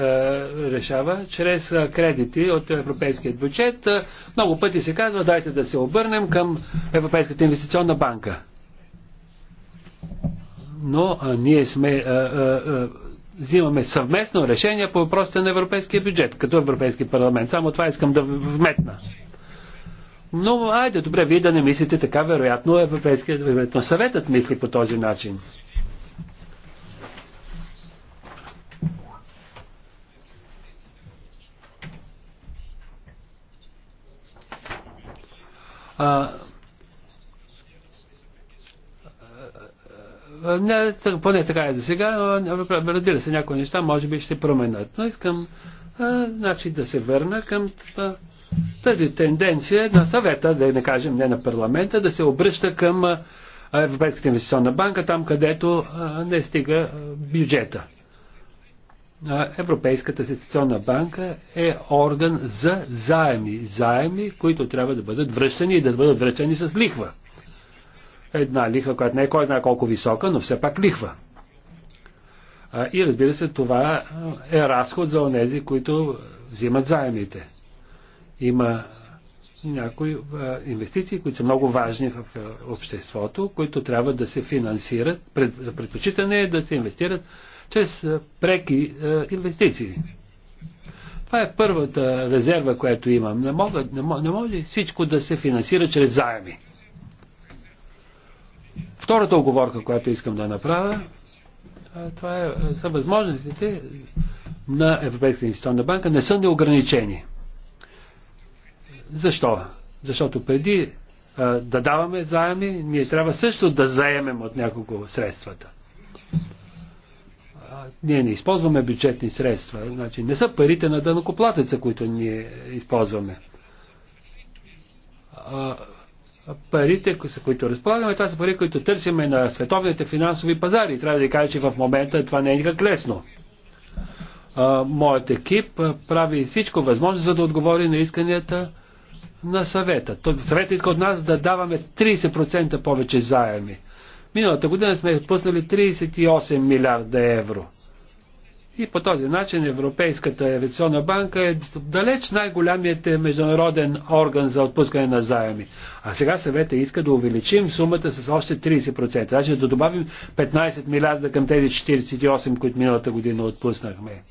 решава чрез е, кредити от европейския бюджет. Е, много пъти се казва, дайте да се обърнем към Европейската инвестиционна банка но а, ние сме, а, а, а, взимаме съвместно решение по въпросите на европейския бюджет, като Европейски парламент. Само това искам да вметна. Но, айде, добре, вие да не мислите така, вероятно Европейският вероятно съветът мисли по този начин. А, Е, не, поне така е за сега. Е, разбира се, някои неща може би ще променят. Но искам а, е, значи, да се върна към тази тенденция на съвета, да не кажем не на парламента, да се обръща към Европейската инвестиционна банка, там където а, не стига бюджета. Европейската инвестиционна банка е орган за заеми. Заеми, които трябва да бъдат връщани и да бъдат връщани с лихва. Една лихва, която не е кой знае колко висока, но все пак лихва. И разбира се, това е разход за онези, които взимат заемите. Има някои инвестиции, които са много важни в обществото, които трябва да се финансират. За предпочитане е да се инвестират чрез преки инвестиции. Това е първата резерва, която имам. Не, мога, не, може, не може всичко да се финансира чрез заеми. Втората оговорка, която искам да направя, това е, са възможностите на Европейската инвестиционна банка не са неограничени. Защо? Защото преди а, да даваме заеми, ние трябва също да заемем от някого средствата. А, ние не използваме бюджетни средства. Значи не са парите на дънокоплатеца, които ние използваме. А, парите, с които разполагаме, това са пари, които търсиме на световните финансови пазари. Трябва да кажа, че в момента това не е никак лесно. Моят екип прави всичко възможно, за да отговори на исканията на съвета. Съвета иска от нас да даваме 30% повече заеми. Миналата година сме отпуснали 38 милиарда евро. И по този начин Европейската авиационна банка е далеч най-голямият международен орган за отпускане на заеми. А сега съвета иска да увеличим сумата с още 30%. Значи да добавим 15 милиарда към тези 48, които миналата година отпуснахме.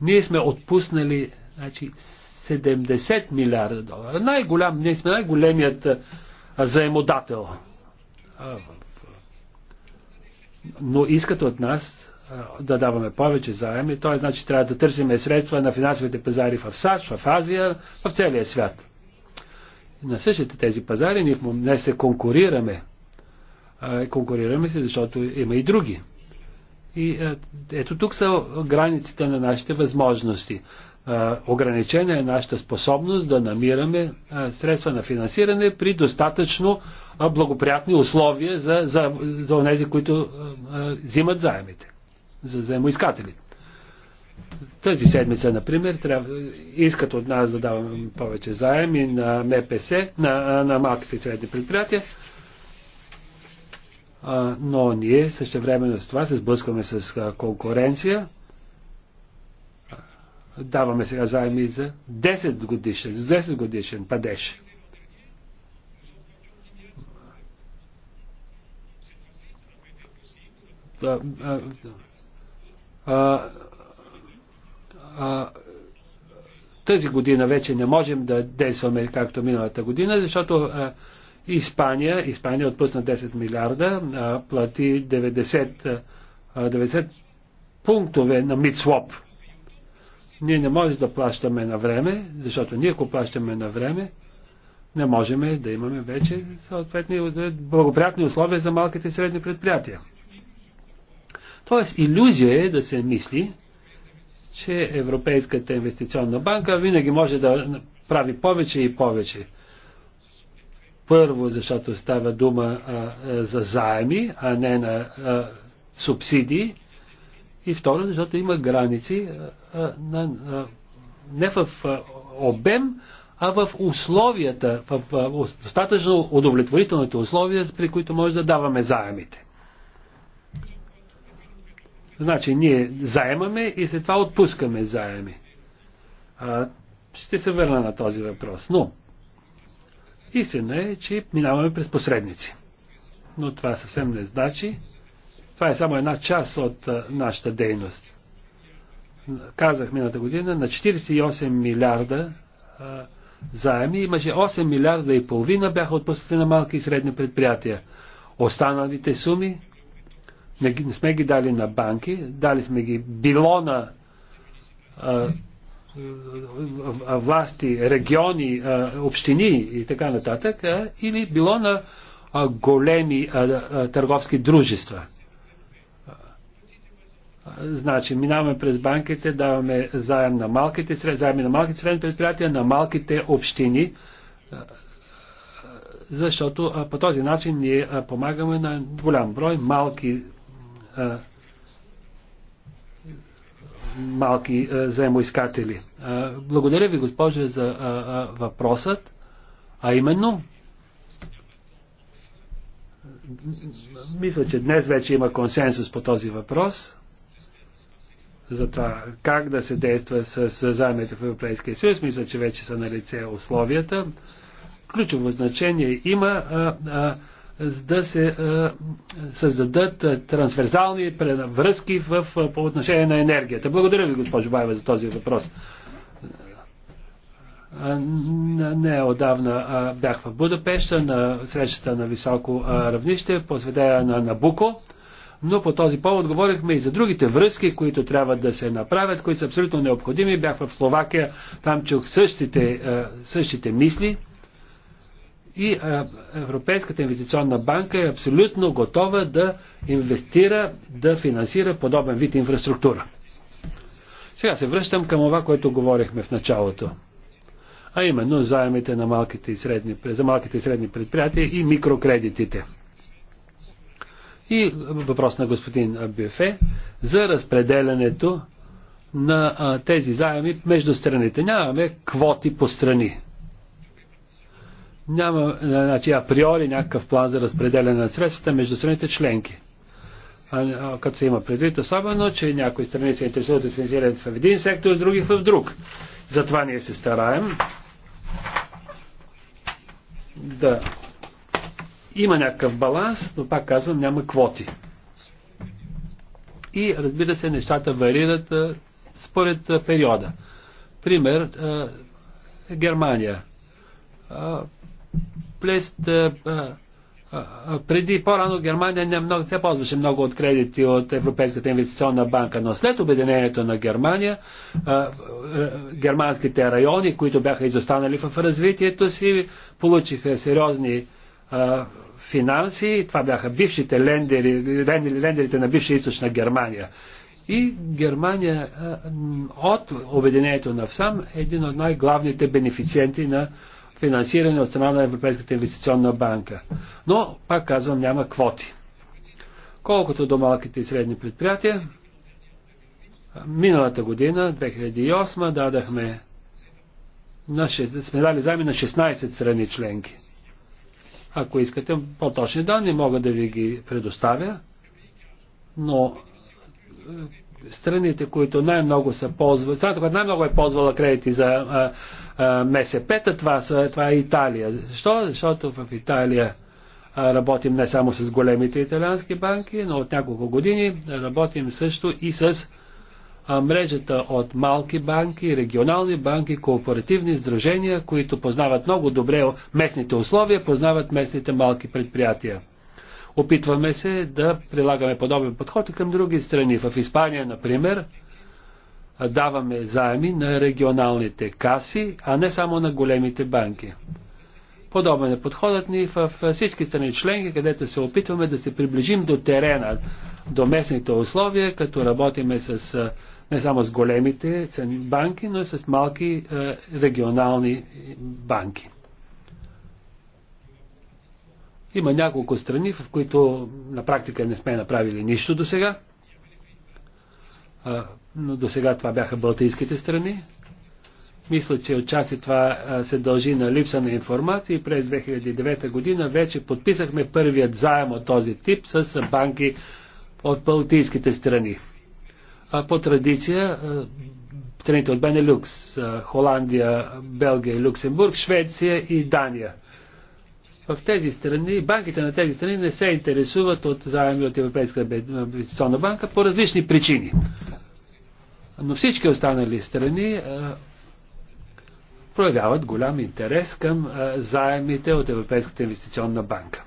Ние сме отпуснали значи, 70 милиарда долара. Най-голям, ние сме най-големият заемодател. Но искат от нас да даваме повече заеми, т.е. значи трябва да търсиме средства на финансовите пазари в САЩ, в Азия, в целия свят. На същите тези пазари ние не се конкурираме. Конкурираме се, защото има и други. И ето тук са границите на нашите възможности. Ограничена е нашата способност да намираме средства на финансиране при достатъчно благоприятни условия за, за, за тези, които взимат заемите за заемоискатели. Тази седмица, например, трябва, искат от нас да даваме повече заеми на МПС, на, на малките и средни предприятия, а, но ние същевременно с това се сблъскваме с а, конкуренция. Даваме сега заеми за 10 годишен, за 10 годишен падеж. А, да а, а, тази година вече не можем да действаме както миналата година, защото а, Испания, Испания отпусна 10 милиарда, а, плати 90, а, 90 пунктове на Митслоп. Ние не можем да плащаме на време, защото ние ако плащаме на време, не можем да имаме вече съответни благоприятни условия за малките и средни предприятия. Тоест, иллюзия е да се мисли, че Европейската инвестиционна банка винаги може да прави повече и повече. Първо, защото става дума а, а, за заеми, а не на а, субсидии. И второ, защото има граници а, на, а, не в а, обем, а в условията, в, в достатъчно удовлетворителните условия, при които може да даваме заемите. Значи ние заемаме и след това отпускаме заеми. А, ще се върна на този въпрос. Но истина е, че минаваме през посредници. Но това съвсем не значи. Това е само една част от а, нашата дейност. Казах миналата година, на 48 милиарда а, заеми имаше 8 милиарда и половина бяха отпуснати на малки и средни предприятия. Останалите суми не, не сме ги дали на банки, дали сме ги било на а, власти, региони, а, общини и така нататък, а, или било на а, големи а, а, търговски дружества. Значи, минаваме през банките, даваме заем на малките, заем на малките средни предприятия, на малките общини, защото по този начин ние помагаме на голям брой малки малки заемоискатели. благодаря ви, госпожа, за въпросът, а именно. Мисля, че днес вече има консенсус по този въпрос за това как да се действа с, с заемите в Европейския съюз. Мисля, че вече са на лице условията. Ключово значение има а, а, за да се създадат трансверзални връзки в, по отношение на енергията. Благодаря ви, госпожо Баева, за този въпрос. Не отдавна бях в Будапешта на срещата на високо равнище, посветена на Набуко, но по този повод говорихме и за другите връзки, които трябва да се направят, които са абсолютно необходими. Бях в Словакия, там чух същите, същите мисли. И Европейската инвестиционна банка е абсолютно готова да инвестира, да финансира подобен вид инфраструктура. Сега се връщам към това, което говорихме в началото. А именно заемите на малките и средни, за малките и средни предприятия и микрокредитите. И въпрос на господин Бюфе за разпределянето на тези заеми между страните. Нямаме квоти по страни. Няма е, значи, априори някакъв план за разпределяне на средствата между страните членки. А, а, като се има предвид особено, че някои страни се интересуват от финансиране в един сектор, други в друг. Затова ние се стараем да има някакъв баланс, но пак казвам, няма квоти. И разбира се, нещата варират а, според а, периода. Пример, а, Германия през, преди по-рано Германия не много, се ползваше много от кредити от Европейската инвестиционна банка, но след обединението на Германия, германските райони, които бяха изостанали в развитието си, получиха сериозни финанси. Това бяха бившите лендери, лендерите на бивша източна Германия. И Германия от обединението на ВСАМ е един от най-главните бенефициенти на финансиране от страна на Европейската инвестиционна банка. Но, пак казвам, няма квоти. Колкото до малките и средни предприятия, миналата година, 2008, дадахме на 6, сме дали заеми на 16 страни членки. Ако искате по-точни данни, мога да ви ги предоставя, но страните, които най-много са ползвали, страната, която най-много е ползвала кредити за МСП-та, това, това е Италия. Защо? Защото в Италия работим не само с големите италиански банки, но от няколко години работим също и с мрежата от малки банки, регионални банки, кооперативни сдружения, които познават много добре местните условия, познават местните малки предприятия. Опитваме се да прилагаме подобен подход и към други страни. В Испания, например, даваме заеми на регионалните каси, а не само на големите банки. Подобен е подходът ни в всички страни членки, където се опитваме да се приближим до терена, до местните условия, като работиме с, не само с големите банки, но и с малки регионални банки. Има няколко страни, в които на практика не сме направили нищо до сега. Но до сега това бяха балтийските страни. Мисля, че отчасти това се дължи на липса на информация и през 2009 година вече подписахме първият заем от този тип с банки от балтийските страни. А по традиция страните от Бенелюкс, Холандия, Белгия, Люксембург, Швеция и Дания – в тези страни, банките на тези страни не се интересуват от заеми от Европейска инвестиционна банка по различни причини. Но всички останали страни а, проявяват голям интерес към а, заемите от Европейската инвестиционна банка.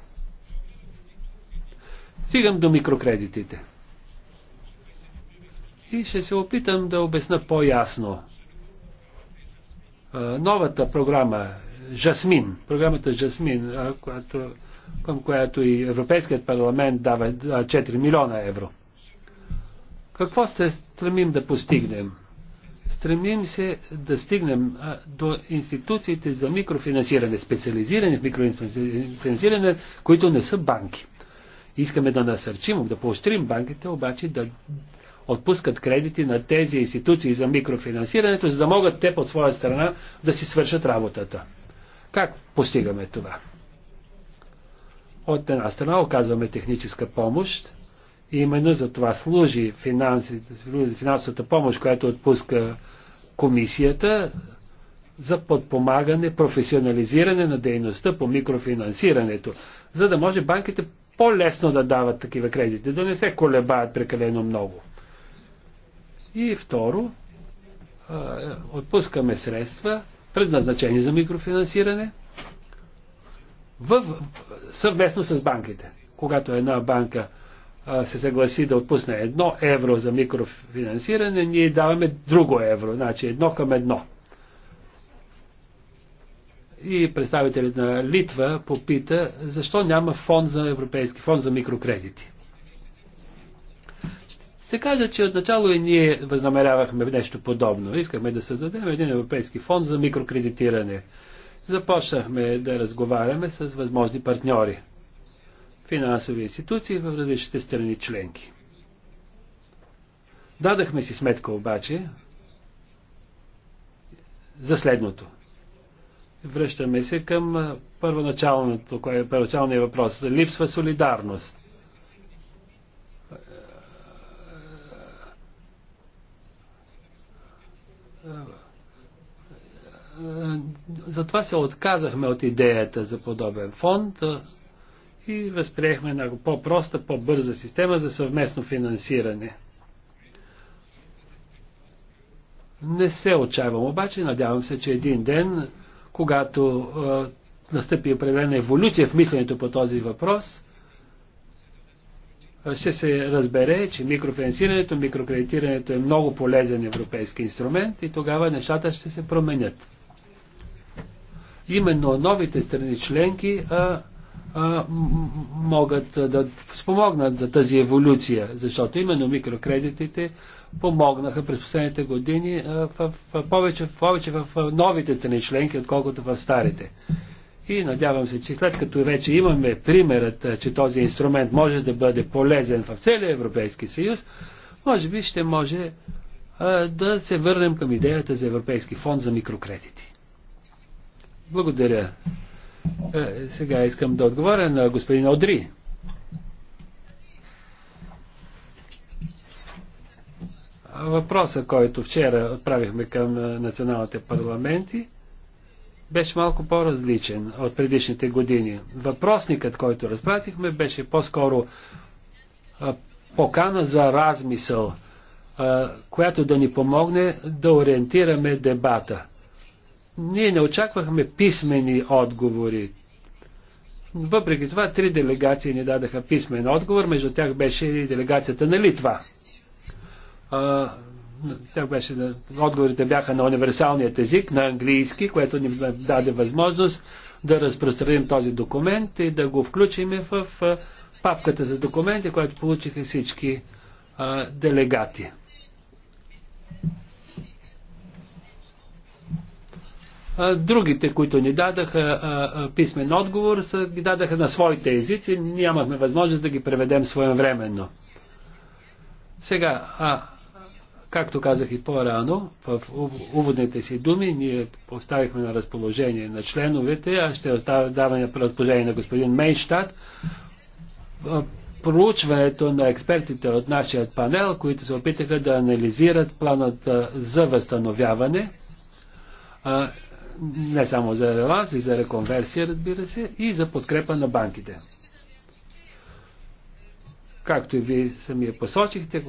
Стигам до микрокредитите. И ще се опитам да обясна по-ясно. Новата програма Жасмин, програмата Жасмин, която, към която и Европейският парламент дава 4 милиона евро. Какво се стремим да постигнем? Стремим се да стигнем до институциите за микрофинансиране, специализирани в микрофинансиране, които не са банки. Искаме да насърчим, да поощрим банките, обаче да отпускат кредити на тези институции за микрофинансирането, за да могат те под своя страна да си свършат работата. Как постигаме това? От една страна оказваме техническа помощ и именно за това служи финансовата помощ, която отпуска комисията за подпомагане, професионализиране на дейността по микрофинансирането, за да може банките по-лесно да дават такива кредити, да не се колебаят прекалено много. И второ, отпускаме средства предназначени за микрофинансиране, в, съвместно с банките. Когато една банка а, се съгласи да отпусне едно евро за микрофинансиране, ние даваме друго евро, значи едно към едно. И представителят на Литва попита защо няма фонд за европейски фонд за микрокредити се кажа, че отначало и ние възнамерявахме нещо подобно. Искахме да създадем един европейски фонд за микрокредитиране. Започнахме да разговаряме с възможни партньори, финансови институции в различните страни членки. Дадахме си сметка обаче за следното. Връщаме се към първоначалният въпрос. Липсва солидарност затова се отказахме от идеята за подобен фонд и възприехме една по-проста, по-бърза система за съвместно финансиране. Не се отчаивам обаче, надявам се, че един ден, когато настъпи определена еволюция в мисленето по този въпрос, ще се разбере, че микрофинансирането, микрокредитирането е много полезен европейски инструмент и тогава нещата ще се променят. Именно новите страни членки а, а, могат да спомогнат за тази еволюция, защото именно микрокредитите помогнаха през последните години а, в, в, повече, повече в новите страни членки, отколкото в старите. И надявам се, че след като вече имаме примерът, че този инструмент може да бъде полезен в целия Европейски съюз, може би ще може а, да се върнем към идеята за Европейски фонд за микрокредити. Благодаря. А, сега искам да отговоря на господин Одри. Въпроса, който вчера отправихме към националните парламенти, беше малко по-различен от предишните години. Въпросникът, който разпратихме, беше по-скоро покана за размисъл, а, която да ни помогне да ориентираме дебата. Ние не очаквахме писмени отговори. Въпреки това, три делегации ни дадаха писмен отговор, между тях беше и делегацията на Литва. А, тя беше на, отговорите бяха на универсалният език, на английски, което ни даде възможност да разпространим този документ и да го включим в папката за документи, която получиха всички а, делегати. А, другите, които ни дадаха а, а, писмен отговор, са, ги дадаха на своите езици. Нямахме възможност да ги преведем своевременно. Сега, а, Както казах и по-рано, в уводните си думи ние оставихме на разположение на членовете, а ще даваме на разположение на господин Мейнштад. Проучването на експертите от нашия панел, които се опитаха да анализират планът за възстановяване, не само за реланс и за реконверсия, разбира се, и за подкрепа на банките. Както и вие самия посочихте,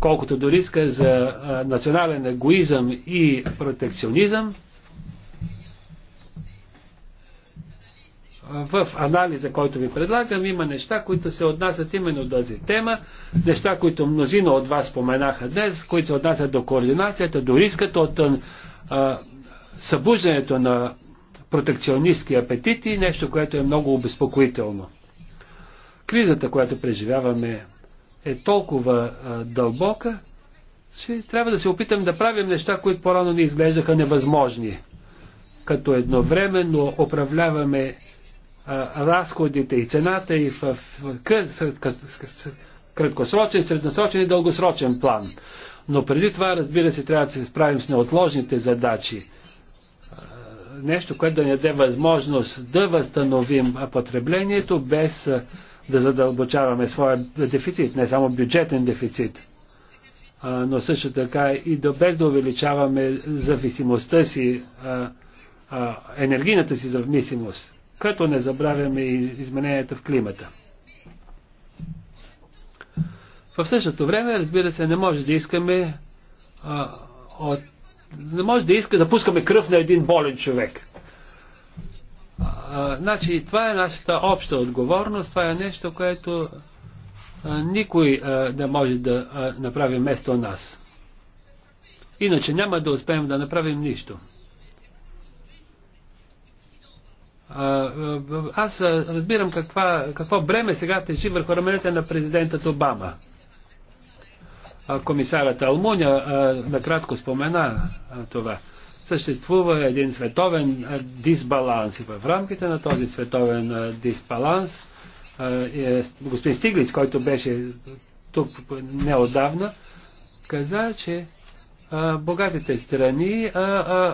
колкото до риска за национален егоизъм и протекционизъм, в анализа, който ви предлагам, има неща, които се отнасят именно до тази тема, неща, които мнозина от вас споменаха днес, които се отнасят до координацията, до риската от а, събуждането на протекционистски апетити, нещо, което е много обезпокоително. Кризата, която преживяваме е толкова а, дълбока, че трябва да се опитам да правим неща, които по-рано ни изглеждаха невъзможни. Като едновременно управляваме а, разходите и цената и в, в, в кръ, краткосрочен, средносрочен и дългосрочен план. Но преди това, разбира се, трябва да се справим с неотложните задачи. Нещо, което да ни даде възможност да възстановим потреблението без да задълбочаваме своя дефицит, не само бюджетен дефицит, но също така и да без да увеличаваме зависимостта си, енергийната си зависимост, като не забравяме и измененията в климата. В същото време, разбира се, не може да искаме а, от, не може да иска да пускаме кръв на един болен човек значи, това е нашата обща отговорност, това е нещо, което а, никой а, не може да а, направи вместо нас. Иначе няма да успеем да направим нищо. аз разбирам каква, какво бреме сега тежи върху раменете на президентът Обама. Комисарът Алмуня накратко спомена това съществува един световен дисбаланс. И в рамките на този световен дисбаланс е, господин Стиглиц, който беше тук неодавна, каза, че богатите страни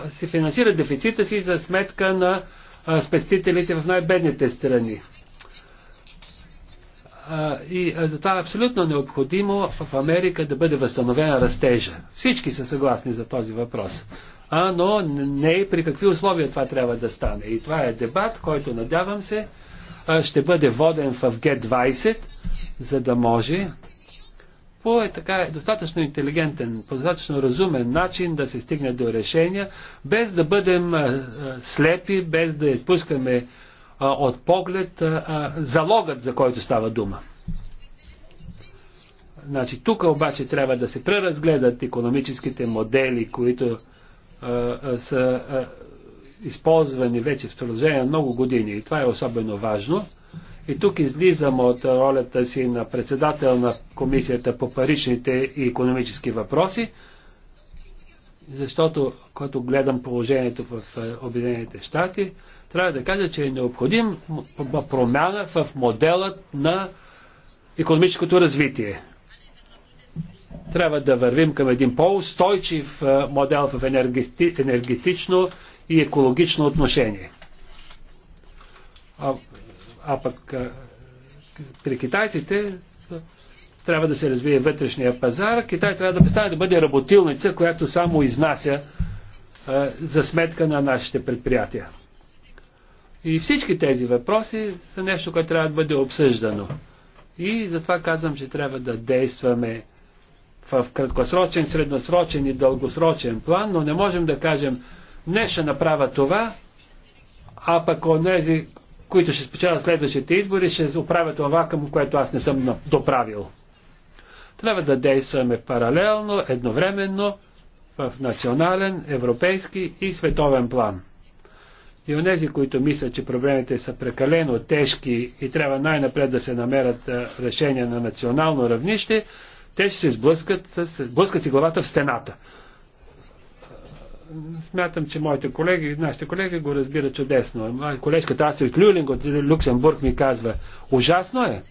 се финансират дефицита си за сметка на спестителите в най-бедните страни. и за затова е абсолютно необходимо в Америка да бъде възстановена растежа. Всички са съгласни за този въпрос а, но не при какви условия това трябва да стане. И това е дебат, който надявам се ще бъде воден в Г20, за да може по е така достатъчно интелигентен, по достатъчно разумен начин да се стигне до решения, без да бъдем слепи, без да изпускаме от поглед залогът, за който става дума. Значи, тук обаче трябва да се преразгледат економическите модели, които са използвани вече в продължение много години и това е особено важно. И тук излизам от ролята си на председател на Комисията по паричните и економически въпроси, защото като гледам положението в Обединените щати, трябва да кажа, че е необходим промяна в моделът на економическото развитие. Трябва да вървим към един по-устойчив модел в енергетично и екологично отношение. А, а пък при китайците трябва да се развие вътрешния пазар, Китай трябва да престане да бъде работилница, която само изнася а, за сметка на нашите предприятия. И всички тези въпроси са нещо, което трябва да бъде обсъждано. И затова казвам, че трябва да действаме в краткосрочен, средносрочен и дългосрочен план, но не можем да кажем не ще направя това, а пък онези, които ще спечелят следващите избори, ще оправят това, към което аз не съм доправил. Трябва да действаме паралелно, едновременно, в национален, европейски и световен план. И онези, които мислят, че проблемите са прекалено тежки и трябва най-напред да се намерят решения на национално равнище, те ще се сблъскат, с, блъскат си главата в стената. Смятам, че моите колеги, нашите колеги го разбират чудесно. Колежката Астрид Люлинг от Люксембург ми казва, ужасно е.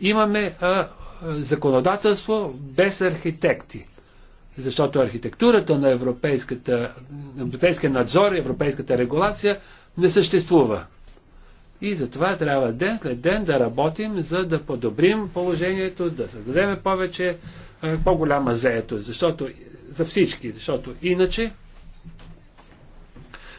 Имаме а, законодателство без архитекти защото архитектурата на европейската, европейския надзор, европейската регулация не съществува. И затова трябва ден след ден да работим, за да подобрим положението, да създадем повече, е, по-голяма заетост, защото за всички, защото иначе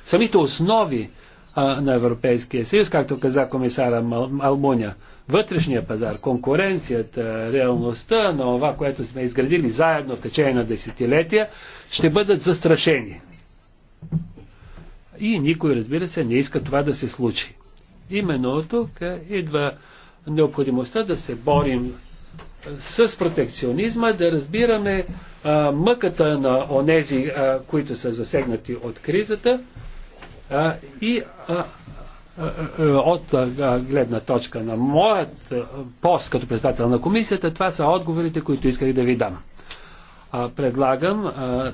самите основи а, на Европейския съюз, както каза комисара Мал, Алмуня, вътрешния пазар, конкуренцията, реалността на това, което сме изградили заедно в течение на десетилетия, ще бъдат застрашени. И никой, разбира се, не иска това да се случи. Именно тук идва необходимостта да се борим с протекционизма, да разбираме а, мъката на онези, а, които са засегнати от кризата а, и а, от гледна точка на моят пост като председател на комисията, това са отговорите, които исках да ви дам. Предлагам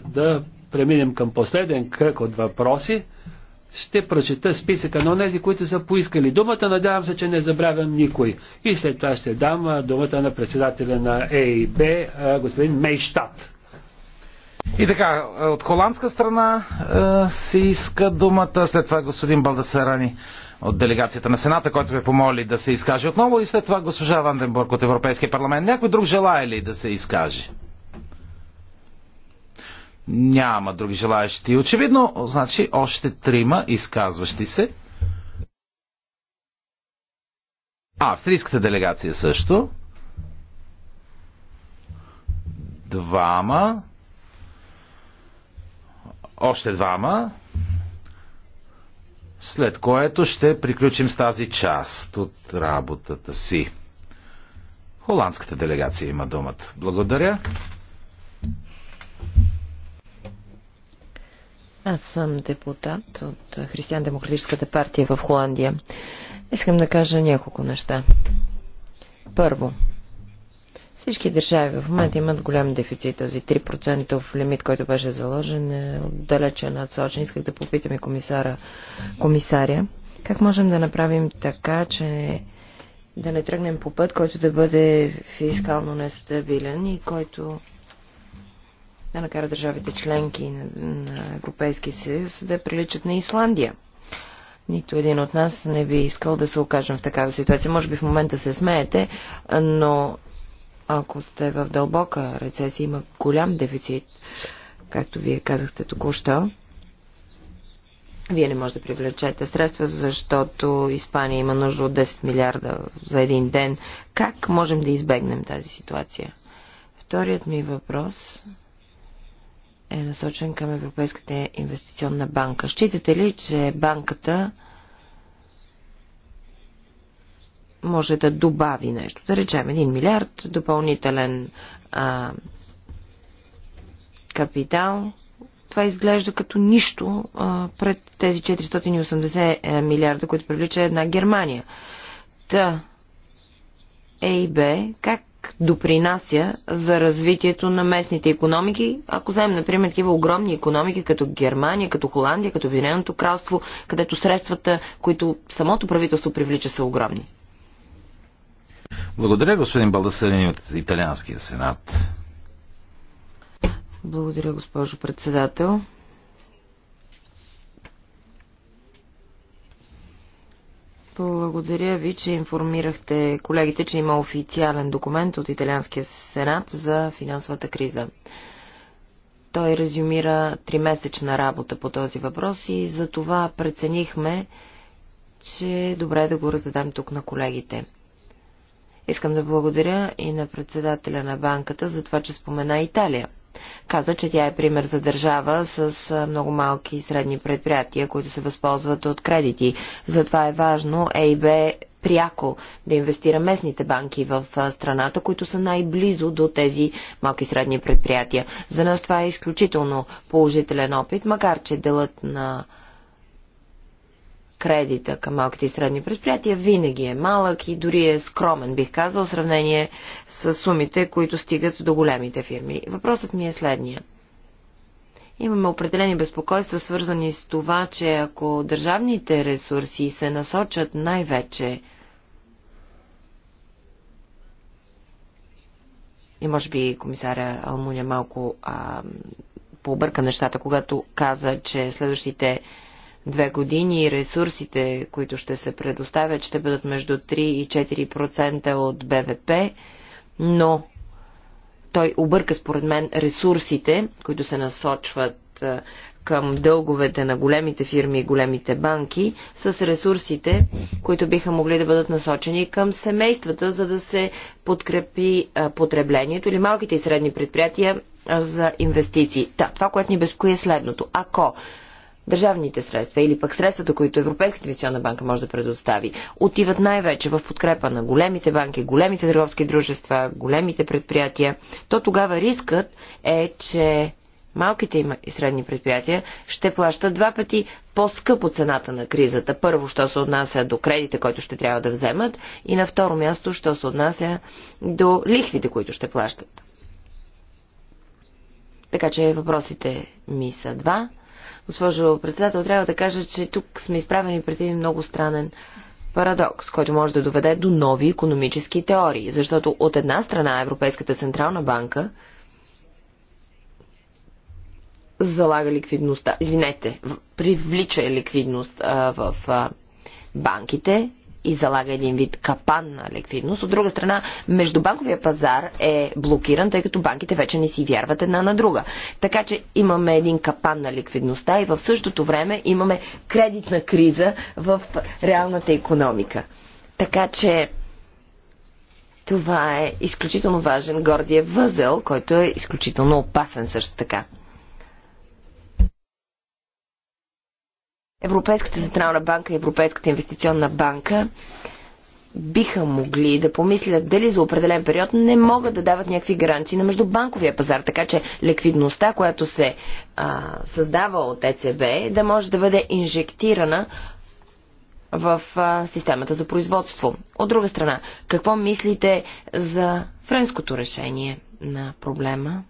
да преминем към последен кръг от въпроси ще прочета списъка на тези, които са поискали думата. Надявам се, че не забравям никой. И след това ще дам думата на председателя на ЕИБ, господин Мейштат. И така, от холандска страна се иска думата, след това господин Балдасарани от делегацията на Сената, който ме помоли да се изкаже отново и след това госпожа Ванденбург от Европейския парламент. Някой друг желая ли да се изкаже? Няма други желаящи. Очевидно, значи още трима изказващи се. А, австрийската делегация също. Двама. Още двама. След което ще приключим с тази част от работата си. Холандската делегация има думата. Благодаря. Аз съм депутат от Християн-демократическата партия в Холандия. Искам да кажа няколко неща. Първо, всички държави в момента имат голям дефицит. Този 3% лимит, който беше заложен, е отдалечен надсочен. Исках да попитам и комисара, комисаря, как можем да направим така, че да не тръгнем по път, който да бъде фискално нестабилен и който да накара държавите членки на, на Европейския съюз да приличат на Исландия. Нито един от нас не би искал да се окажем в такава ситуация. Може би в момента се смеете, но ако сте в дълбока рецесия, има голям дефицит, както вие казахте току-що. Вие не можете да привлечете средства, защото Испания има нужда от 10 милиарда за един ден. Как можем да избегнем тази ситуация? Вторият ми въпрос е насочен към Европейската инвестиционна банка. Считате ли, че банката може да добави нещо? Да речем 1 милиард допълнителен а, капитал. Това изглежда като нищо а, пред тези 480 е, милиарда, които привлича една Германия. Та, Е Б, как допринася за развитието на местните економики. Ако вземем, например, такива огромни економики, като Германия, като Холандия, като Обединеното кралство, където средствата, които самото правителство привлича, са огромни. Благодаря, господин Балдасарин от Италианския сенат. Благодаря, госпожо председател. Благодаря ви, че информирахте колегите, че има официален документ от Италианския сенат за финансовата криза. Той резюмира тримесечна работа по този въпрос и за това преценихме, че е добре да го раздадем тук на колегите. Искам да благодаря и на председателя на банката за това, че спомена Италия – каза, че тя е пример за държава с много малки и средни предприятия, които се възползват от кредити. Затова е важно ЕИБ пряко да инвестира местните банки в страната, които са най-близо до тези малки и средни предприятия. За нас това е изключително положителен опит, макар че делът на кредита към малките и средни предприятия винаги е малък и дори е скромен, бих казал, в сравнение с сумите, които стигат до големите фирми. Въпросът ми е следния. Имаме определени безпокойства, свързани с това, че ако държавните ресурси се насочат най-вече и може би комисаря Алмуня малко а, пообърка нещата, когато каза, че следващите две години и ресурсите, които ще се предоставят, ще бъдат между 3 и 4% от БВП, но той обърка според мен ресурсите, които се насочват към дълговете на големите фирми и големите банки, с ресурсите, които биха могли да бъдат насочени към семействата, за да се подкрепи потреблението или малките и средни предприятия за инвестиции. Та, това, което ни безпокои е следното. Ако държавните средства или пък средствата, които Европейската инвестиционна банка може да предостави, отиват най-вече в подкрепа на големите банки, големите търговски дружества, големите предприятия, то тогава рискът е, че малките и средни предприятия ще плащат два пъти по-скъпо цената на кризата. Първо, що се отнася до кредита, който ще трябва да вземат и на второ място, що се отнася до лихвите, които ще плащат. Така че въпросите ми са два. Госпожо председател, трябва да кажа, че тук сме изправени пред един много странен парадокс, който може да доведе до нови економически теории, защото от една страна Европейската централна банка залага ликвидността, извинете, привлича ликвидност а, в а, банките, и залага един вид капан на ликвидност. От друга страна, междубанковия пазар е блокиран, тъй като банките вече не си вярват една на друга. Така че имаме един капан на ликвидността и в същото време имаме кредитна криза в реалната економика. Така че това е изключително важен гордия възел, който е изключително опасен също така. Европейската централна банка и Европейската инвестиционна банка биха могли да помислят дали за определен период не могат да дават някакви гаранции на междубанковия пазар, така че ликвидността, която се а, създава от ЕЦБ, да може да бъде инжектирана в а, системата за производство. От друга страна, какво мислите за френското решение на проблема?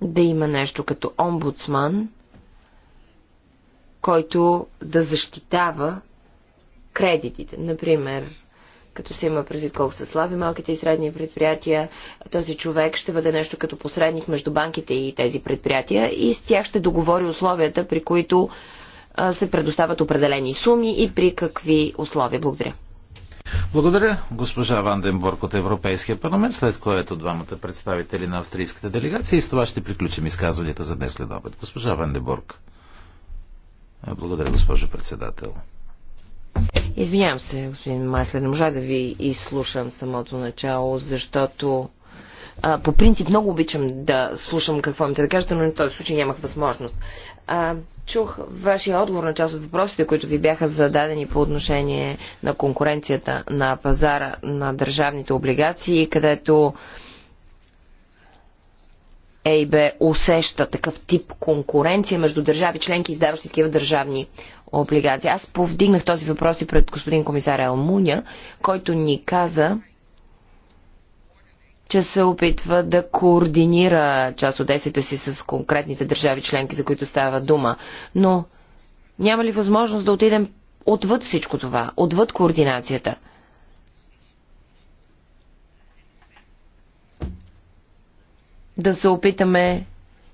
Да има нещо като омбудсман, който да защитава кредитите. Например, като се има предвид колко са слаби малките и средни предприятия, този човек ще бъде нещо като посредник между банките и тези предприятия и с тях ще договори условията, при които се предоставят определени суми и при какви условия. Благодаря. Благодаря, госпожа Ванденбург от Европейския парламент, след което двамата представители на австрийската делегация и с това ще приключим изказванията за днес след обед. Госпожа Ванденбург. Е, благодаря, госпожо председател. Извинявам се, господин Маслер, не можа да ви изслушам самото начало, защото а, по принцип много обичам да слушам какво имате да кажете, но на този случай нямах възможност. А, чух вашия отговор на част от въпросите, които ви бяха зададени по отношение на конкуренцията на пазара на държавните облигации, където ЕИБ усеща такъв тип конкуренция между държави членки, издаващи такива държавни облигации. Аз повдигнах този въпрос и пред господин комисар Елмуня, който ни каза, че се опитва да координира част от действията си с конкретните държави членки, за които става дума. Но няма ли възможност да отидем отвъд всичко това, отвъд координацията? да се опитаме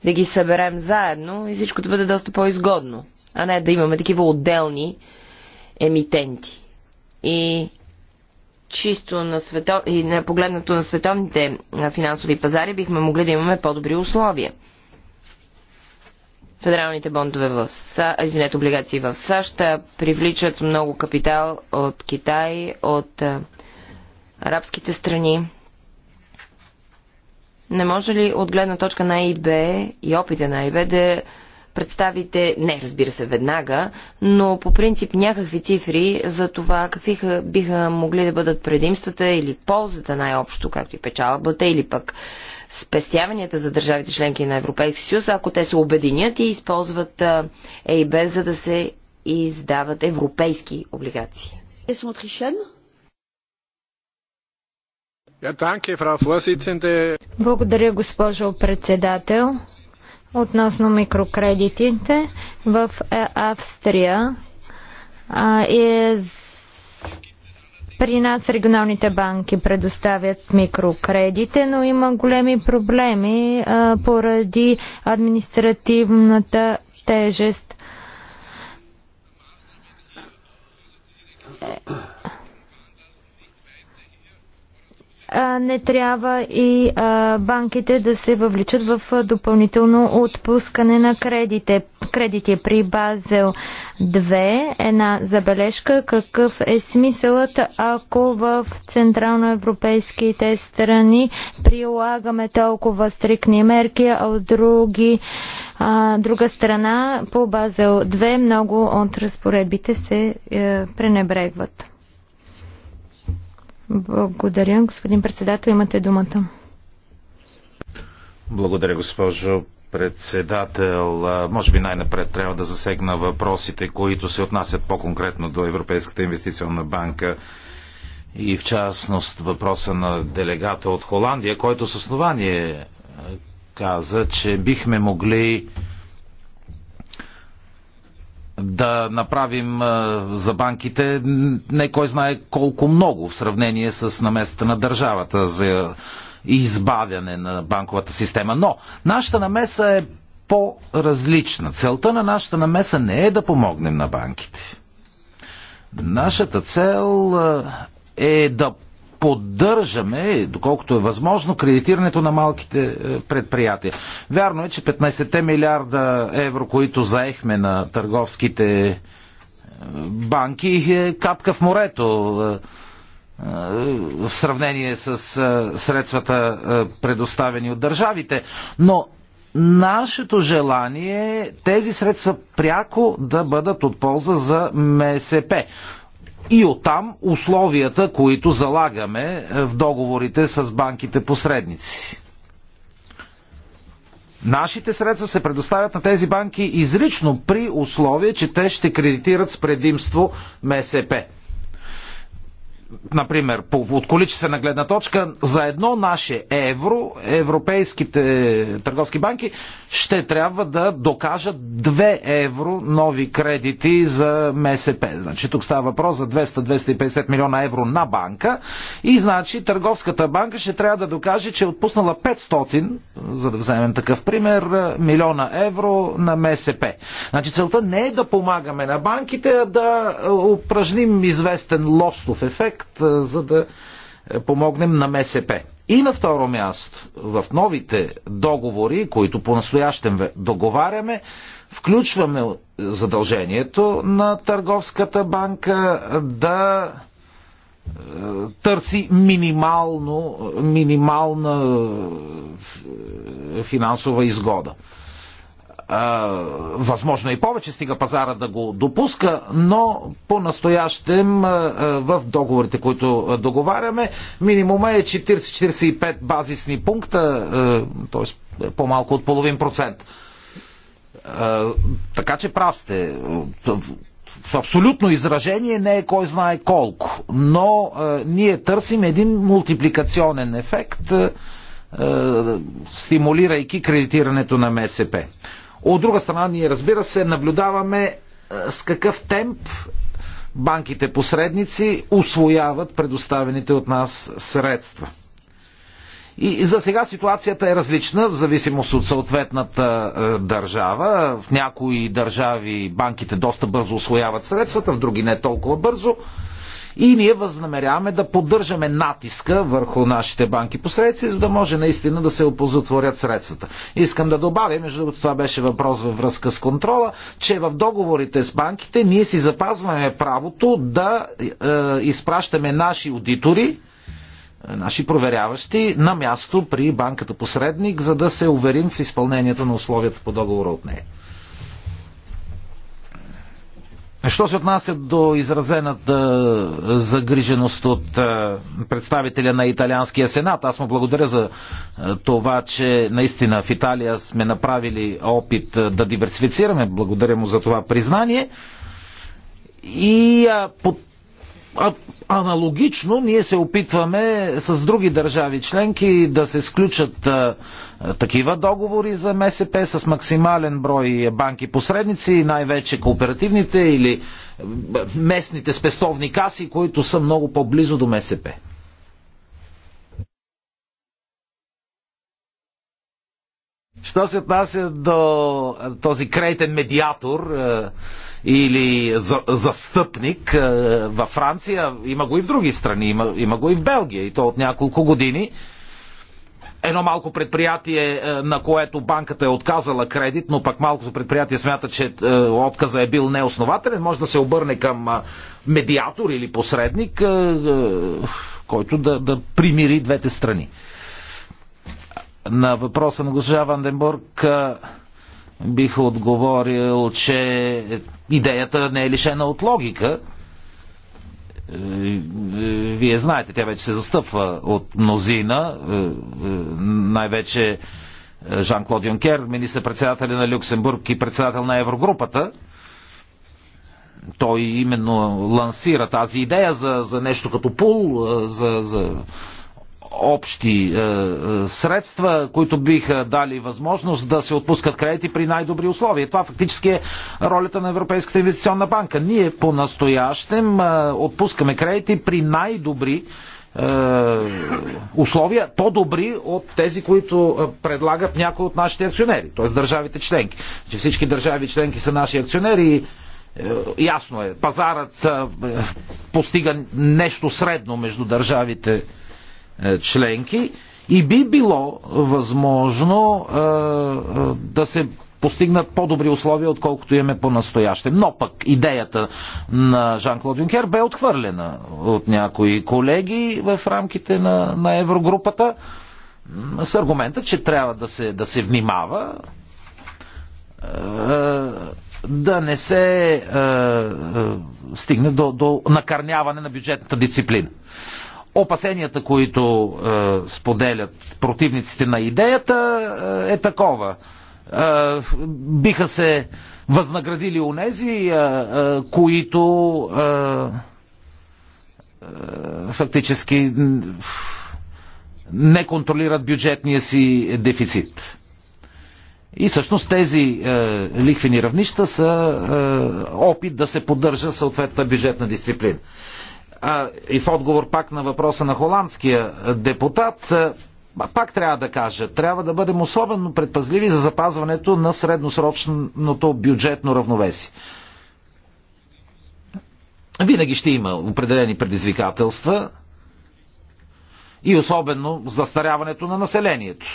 да ги съберем заедно и всичко да бъде доста по-изгодно, а не да имаме такива отделни емитенти. И чисто на свето... и на погледнато на световните финансови пазари бихме могли да имаме по-добри условия. Федералните бондове в СА... извинете, облигации в САЩ привличат много капитал от Китай, от арабските страни. Не може ли от гледна точка на АИБ и опита на АИБ да представите, не разбира се веднага, но по принцип някакви цифри за това какви биха могли да бъдат предимствата или ползата най-общо, както и печалбата, или пък спестяванията за държавите членки на Европейския съюз, ако те се обединят и използват ЕИБ, за да се издават европейски облигации. Е, благодаря, госпожо председател. Относно микрокредитите, в е, Австрия и при нас регионалните банки предоставят микрокредите, но има големи проблеми а, поради административната тежест. не трябва и банките да се въвличат в допълнително отпускане на кредите. кредити. При Базел 2 една забележка какъв е смисълът, ако в централноевропейските страни прилагаме толкова стрикни мерки, а от други, а, друга страна по Базел 2 много от разпоредбите се е, пренебрегват. Благодаря. Господин председател, имате думата. Благодаря, госпожо председател. Може би най-напред трябва да засегна въпросите, които се отнасят по-конкретно до Европейската инвестиционна банка и в частност въпроса на делегата от Холандия, който с основание каза, че бихме могли да направим за банките не кой знае колко много в сравнение с наместата на държавата за избавяне на банковата система. Но нашата намеса е по-различна. Целта на нашата намеса не е да помогнем на банките. Нашата цел е да поддържаме, доколкото е възможно, кредитирането на малките е, предприятия. Вярно е, че 15 милиарда евро, които заехме на търговските е, банки, е капка в морето е, в сравнение с средствата предоставени от държавите. Но нашето желание е тези средства пряко да бъдат от полза за МСП и оттам условията, които залагаме е, в договорите с банките посредници. Нашите средства се предоставят на тези банки изрично при условие, че те ще кредитират с предимство МСП например, по, от количествена гледна точка, за едно наше евро европейските търговски банки ще трябва да докажат 2 евро нови кредити за МСП. Значи тук става въпрос за 200-250 милиона евро на банка и значи търговската банка ще трябва да докаже, че е отпуснала 500, за да вземем такъв пример, милиона евро на МСП. Значи целта не е да помагаме на банките, а да упражним известен лостов ефект проект, за да е, помогнем на МСП. И на второ място, в новите договори, които по-настоящем договаряме, включваме задължението на Търговската банка да е, търси минимално, минимална е, финансова изгода възможно и повече, стига пазара да го допуска, но по-настоящем в договорите, които договаряме, минимума е 40-45 базисни пункта, т.е. по-малко от половин процент. Така че прав сте. В абсолютно изражение не е кой знае колко, но ние търсим един мултипликационен ефект, стимулирайки кредитирането на МСП. От друга страна, ние разбира се, наблюдаваме е, с какъв темп банките посредници освояват предоставените от нас средства. И за сега ситуацията е различна в зависимост от съответната е, държава. В някои държави банките доста бързо освояват средствата, в други не толкова бързо. Е, и ние възнамеряваме да поддържаме натиска върху нашите банки посредци, за да може наистина да се опозотворят средствата. Искам да добавя, между другото това беше въпрос във връзка с контрола, че в договорите с банките ние си запазваме правото да е, изпращаме наши аудитори, наши проверяващи на място при банката посредник, за да се уверим в изпълнението на условията по договора от нея. Що се отнася до изразената загриженост от е, представителя на Италианския сенат, аз му благодаря за е, това, че наистина в Италия сме направили опит е, да диверсифицираме. Благодаря му за това признание. И а, по, а, аналогично ние се опитваме с други държави членки да се сключат а, такива договори за МСП с максимален брой банки посредници, най-вече кооперативните или е, местните спестовни каси, които са много по-близо до МСП. Що се отнася до е, този крейтен медиатор е, или застъпник във Франция, има го и в други страни, има, има го и в Белгия, и то от няколко години едно малко предприятие, е, на което банката е отказала кредит, но пък малкото предприятие смята, че е, отказа е бил неоснователен, може да се обърне към е, медиатор или посредник, който да, да примири двете страни. На въпроса на госпожа Ванденбург бих отговорил, че идеята не е лишена от логика е, е, вие знаете, тя вече се застъпва от мнозина, е, най-вече Жан-Клод Юнкер, министър-председателя на Люксембург и председател на Еврогрупата. Той именно лансира тази идея за, за нещо като пул, за, за общи е, е, средства, които биха дали възможност да се отпускат кредити при най-добри условия. Това фактически е ролята на Европейската инвестиционна банка. Ние по-настоящем е, отпускаме кредити при най-добри условия, по-добри от тези, които предлагат някои от нашите акционери, т.е. държавите членки. Че всички държави членки са наши акционери и ясно е, пазарът постига нещо средно между държавите е, членки и би било възможно е, е, да се постигнат по-добри условия, отколкото имаме по-настояще. Но пък идеята на Жан-Клод Юнкер бе отхвърлена от някои колеги в рамките на, на Еврогрупата с аргумента, че трябва да се, да се внимава да не се е, стигне до, до накърняване на бюджетната дисциплина опасенията, които е, споделят противниците на идеята, е, е такова. Е, биха се възнаградили онези, е, е, които е, е, фактически не контролират бюджетния си дефицит. И всъщност тези е, лихвени равнища са е, опит да се поддържа съответна бюджетна дисциплина и в отговор пак на въпроса на холандския депутат, пак трябва да кажа, трябва да бъдем особено предпазливи за запазването на средносрочното бюджетно равновесие. Винаги ще има определени предизвикателства и особено застаряването на населението.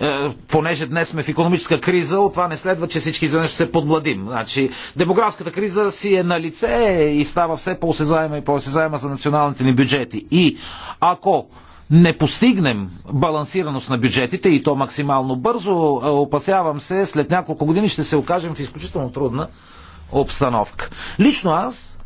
Е, понеже днес сме в економическа криза, от това не следва, че всички изведнъж се подбладим. Значи, демографската криза си е на лице и става все по-осезаема и по-осезаема за националните ни бюджети. И ако не постигнем балансираност на бюджетите и то максимално бързо, е, опасявам се, след няколко години ще се окажем в изключително трудна обстановка. Лично аз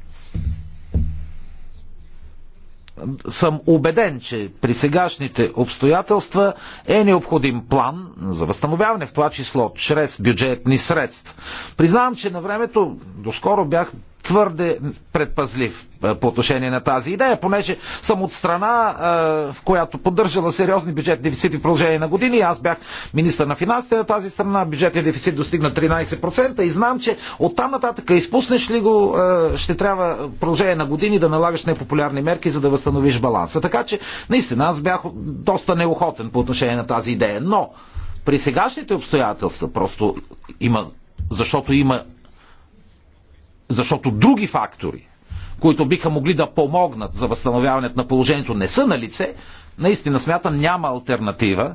съм убеден, че при сегашните обстоятелства е необходим план за възстановяване, в това число чрез бюджетни средства. Признавам, че на времето доскоро бях твърде предпазлив е, по отношение на тази идея, понеже съм от страна, е, в която поддържала сериозни бюджетни дефицити в продължение на години. Аз бях министър на финансите на тази страна, бюджетният дефицит достигна 13% и знам, че оттам нататък е, изпуснеш ли го, ще трябва в продължение на години да налагаш непопулярни мерки, за да възстановиш баланса. Така че, наистина, аз бях доста неохотен по отношение на тази идея. Но, при сегашните обстоятелства, просто има, защото има защото други фактори, които биха могли да помогнат за възстановяването на положението, не са на лице, наистина смятам няма альтернатива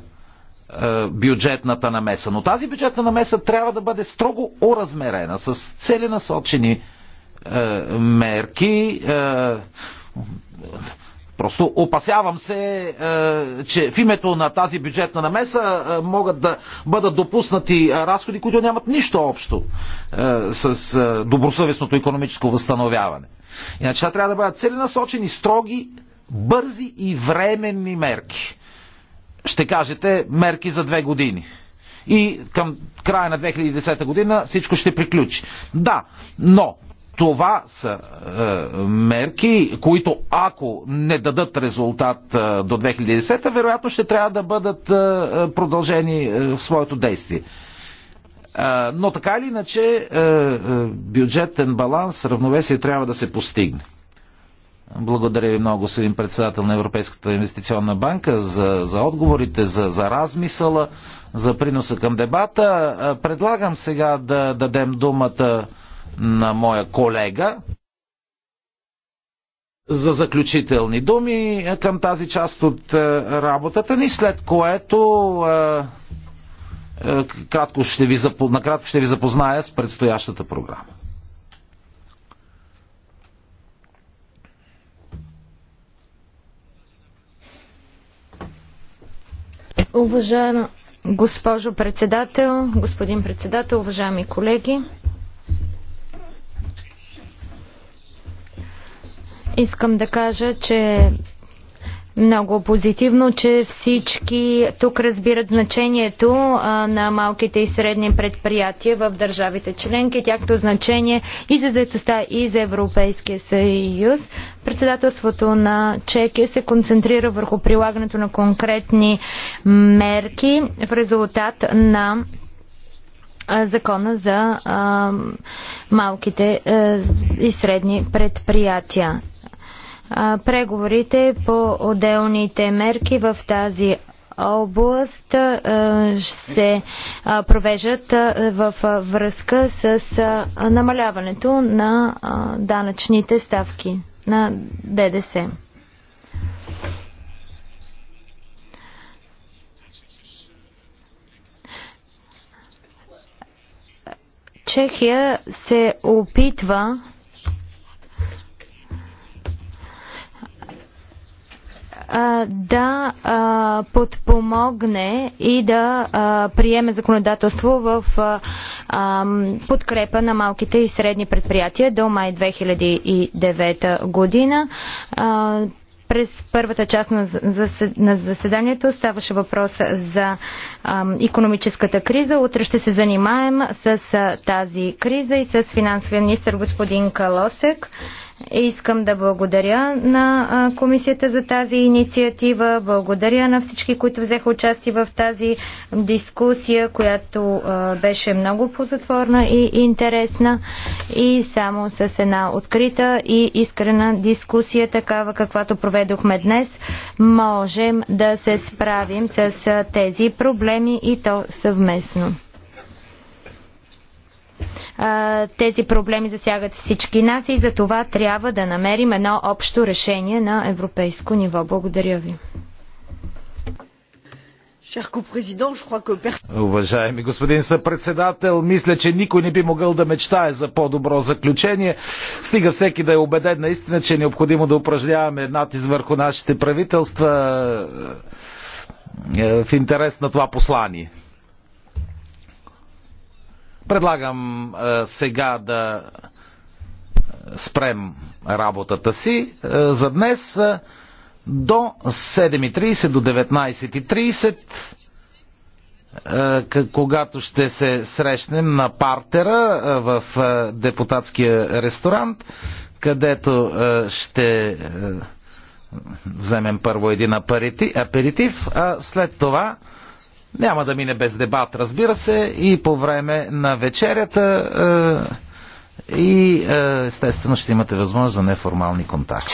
е, бюджетната намеса. Но тази бюджетна намеса трябва да бъде строго оразмерена, с целенасочени е, мерки. Е, Просто опасявам се, е, че в името на тази бюджетна намеса е, могат да бъдат допуснати разходи, които нямат нищо общо е, с добросъвестното економическо възстановяване. Иначе това трябва да бъдат целенасочени, строги, бързи и временни мерки. Ще кажете мерки за две години и към края на 2010 година всичко ще приключи. Да, но това са е, мерки, които ако не дадат резултат е, до 2010, вероятно ще трябва да бъдат е, продължени е, в своето действие. Е, но така или иначе, е, е, бюджетен баланс, равновесие трябва да се постигне. Благодаря ви много, господин председател на Европейската инвестиционна банка, за, за отговорите, за, за размисъла, за приноса към дебата. Е, предлагам сега да дадем думата на моя колега за заключителни думи е към тази част от е, работата ни, след което е, кратко ще ви, накратко ще ви запозная с предстоящата програма. Уважаема госпожо председател, господин председател, уважаеми колеги, Искам да кажа, че много позитивно, че всички тук разбират значението а, на малките и средни предприятия в държавите членки, тяхто значение и за заедостта, и за Европейския съюз. Председателството на Чехия се концентрира върху прилагането на конкретни мерки в резултат на закона за а, малките а, и средни предприятия преговорите по отделните мерки в тази област се провеждат в връзка с намаляването на данъчните ставки на ДДС. Чехия се опитва да подпомогне и да приеме законодателство в подкрепа на малките и средни предприятия до май 2009 година. През първата част на заседанието ставаше въпрос за економическата криза. Утре ще се занимаем с тази криза и с финансовия министр господин Калосек. Искам да благодаря на комисията за тази инициатива. Благодаря на всички, които взеха участие в тази дискусия, която беше много позатворна и интересна. И само с една открита и искрена дискусия, такава каквато проведохме днес, можем да се справим с тези проблеми и то съвместно. Тези проблеми засягат всички нас и за това трябва да намерим едно общо решение на европейско ниво. Благодаря ви. Уважаеми господин съпредседател, мисля, че никой не би могъл да мечтае за по-добро заключение. Стига всеки да е убеден наистина, че е необходимо да упражняваме натиск върху нашите правителства е, в интерес на това послание. Предлагам е, сега да е, спрем работата си е, за днес до 7.30, до 19.30, когато ще се срещнем на партера в депутатския ресторант, където ще вземем първо един аперитив, а след това няма да мине без дебат, разбира се, и по време на вечерята е, и е, естествено ще имате възможност за неформални контакти.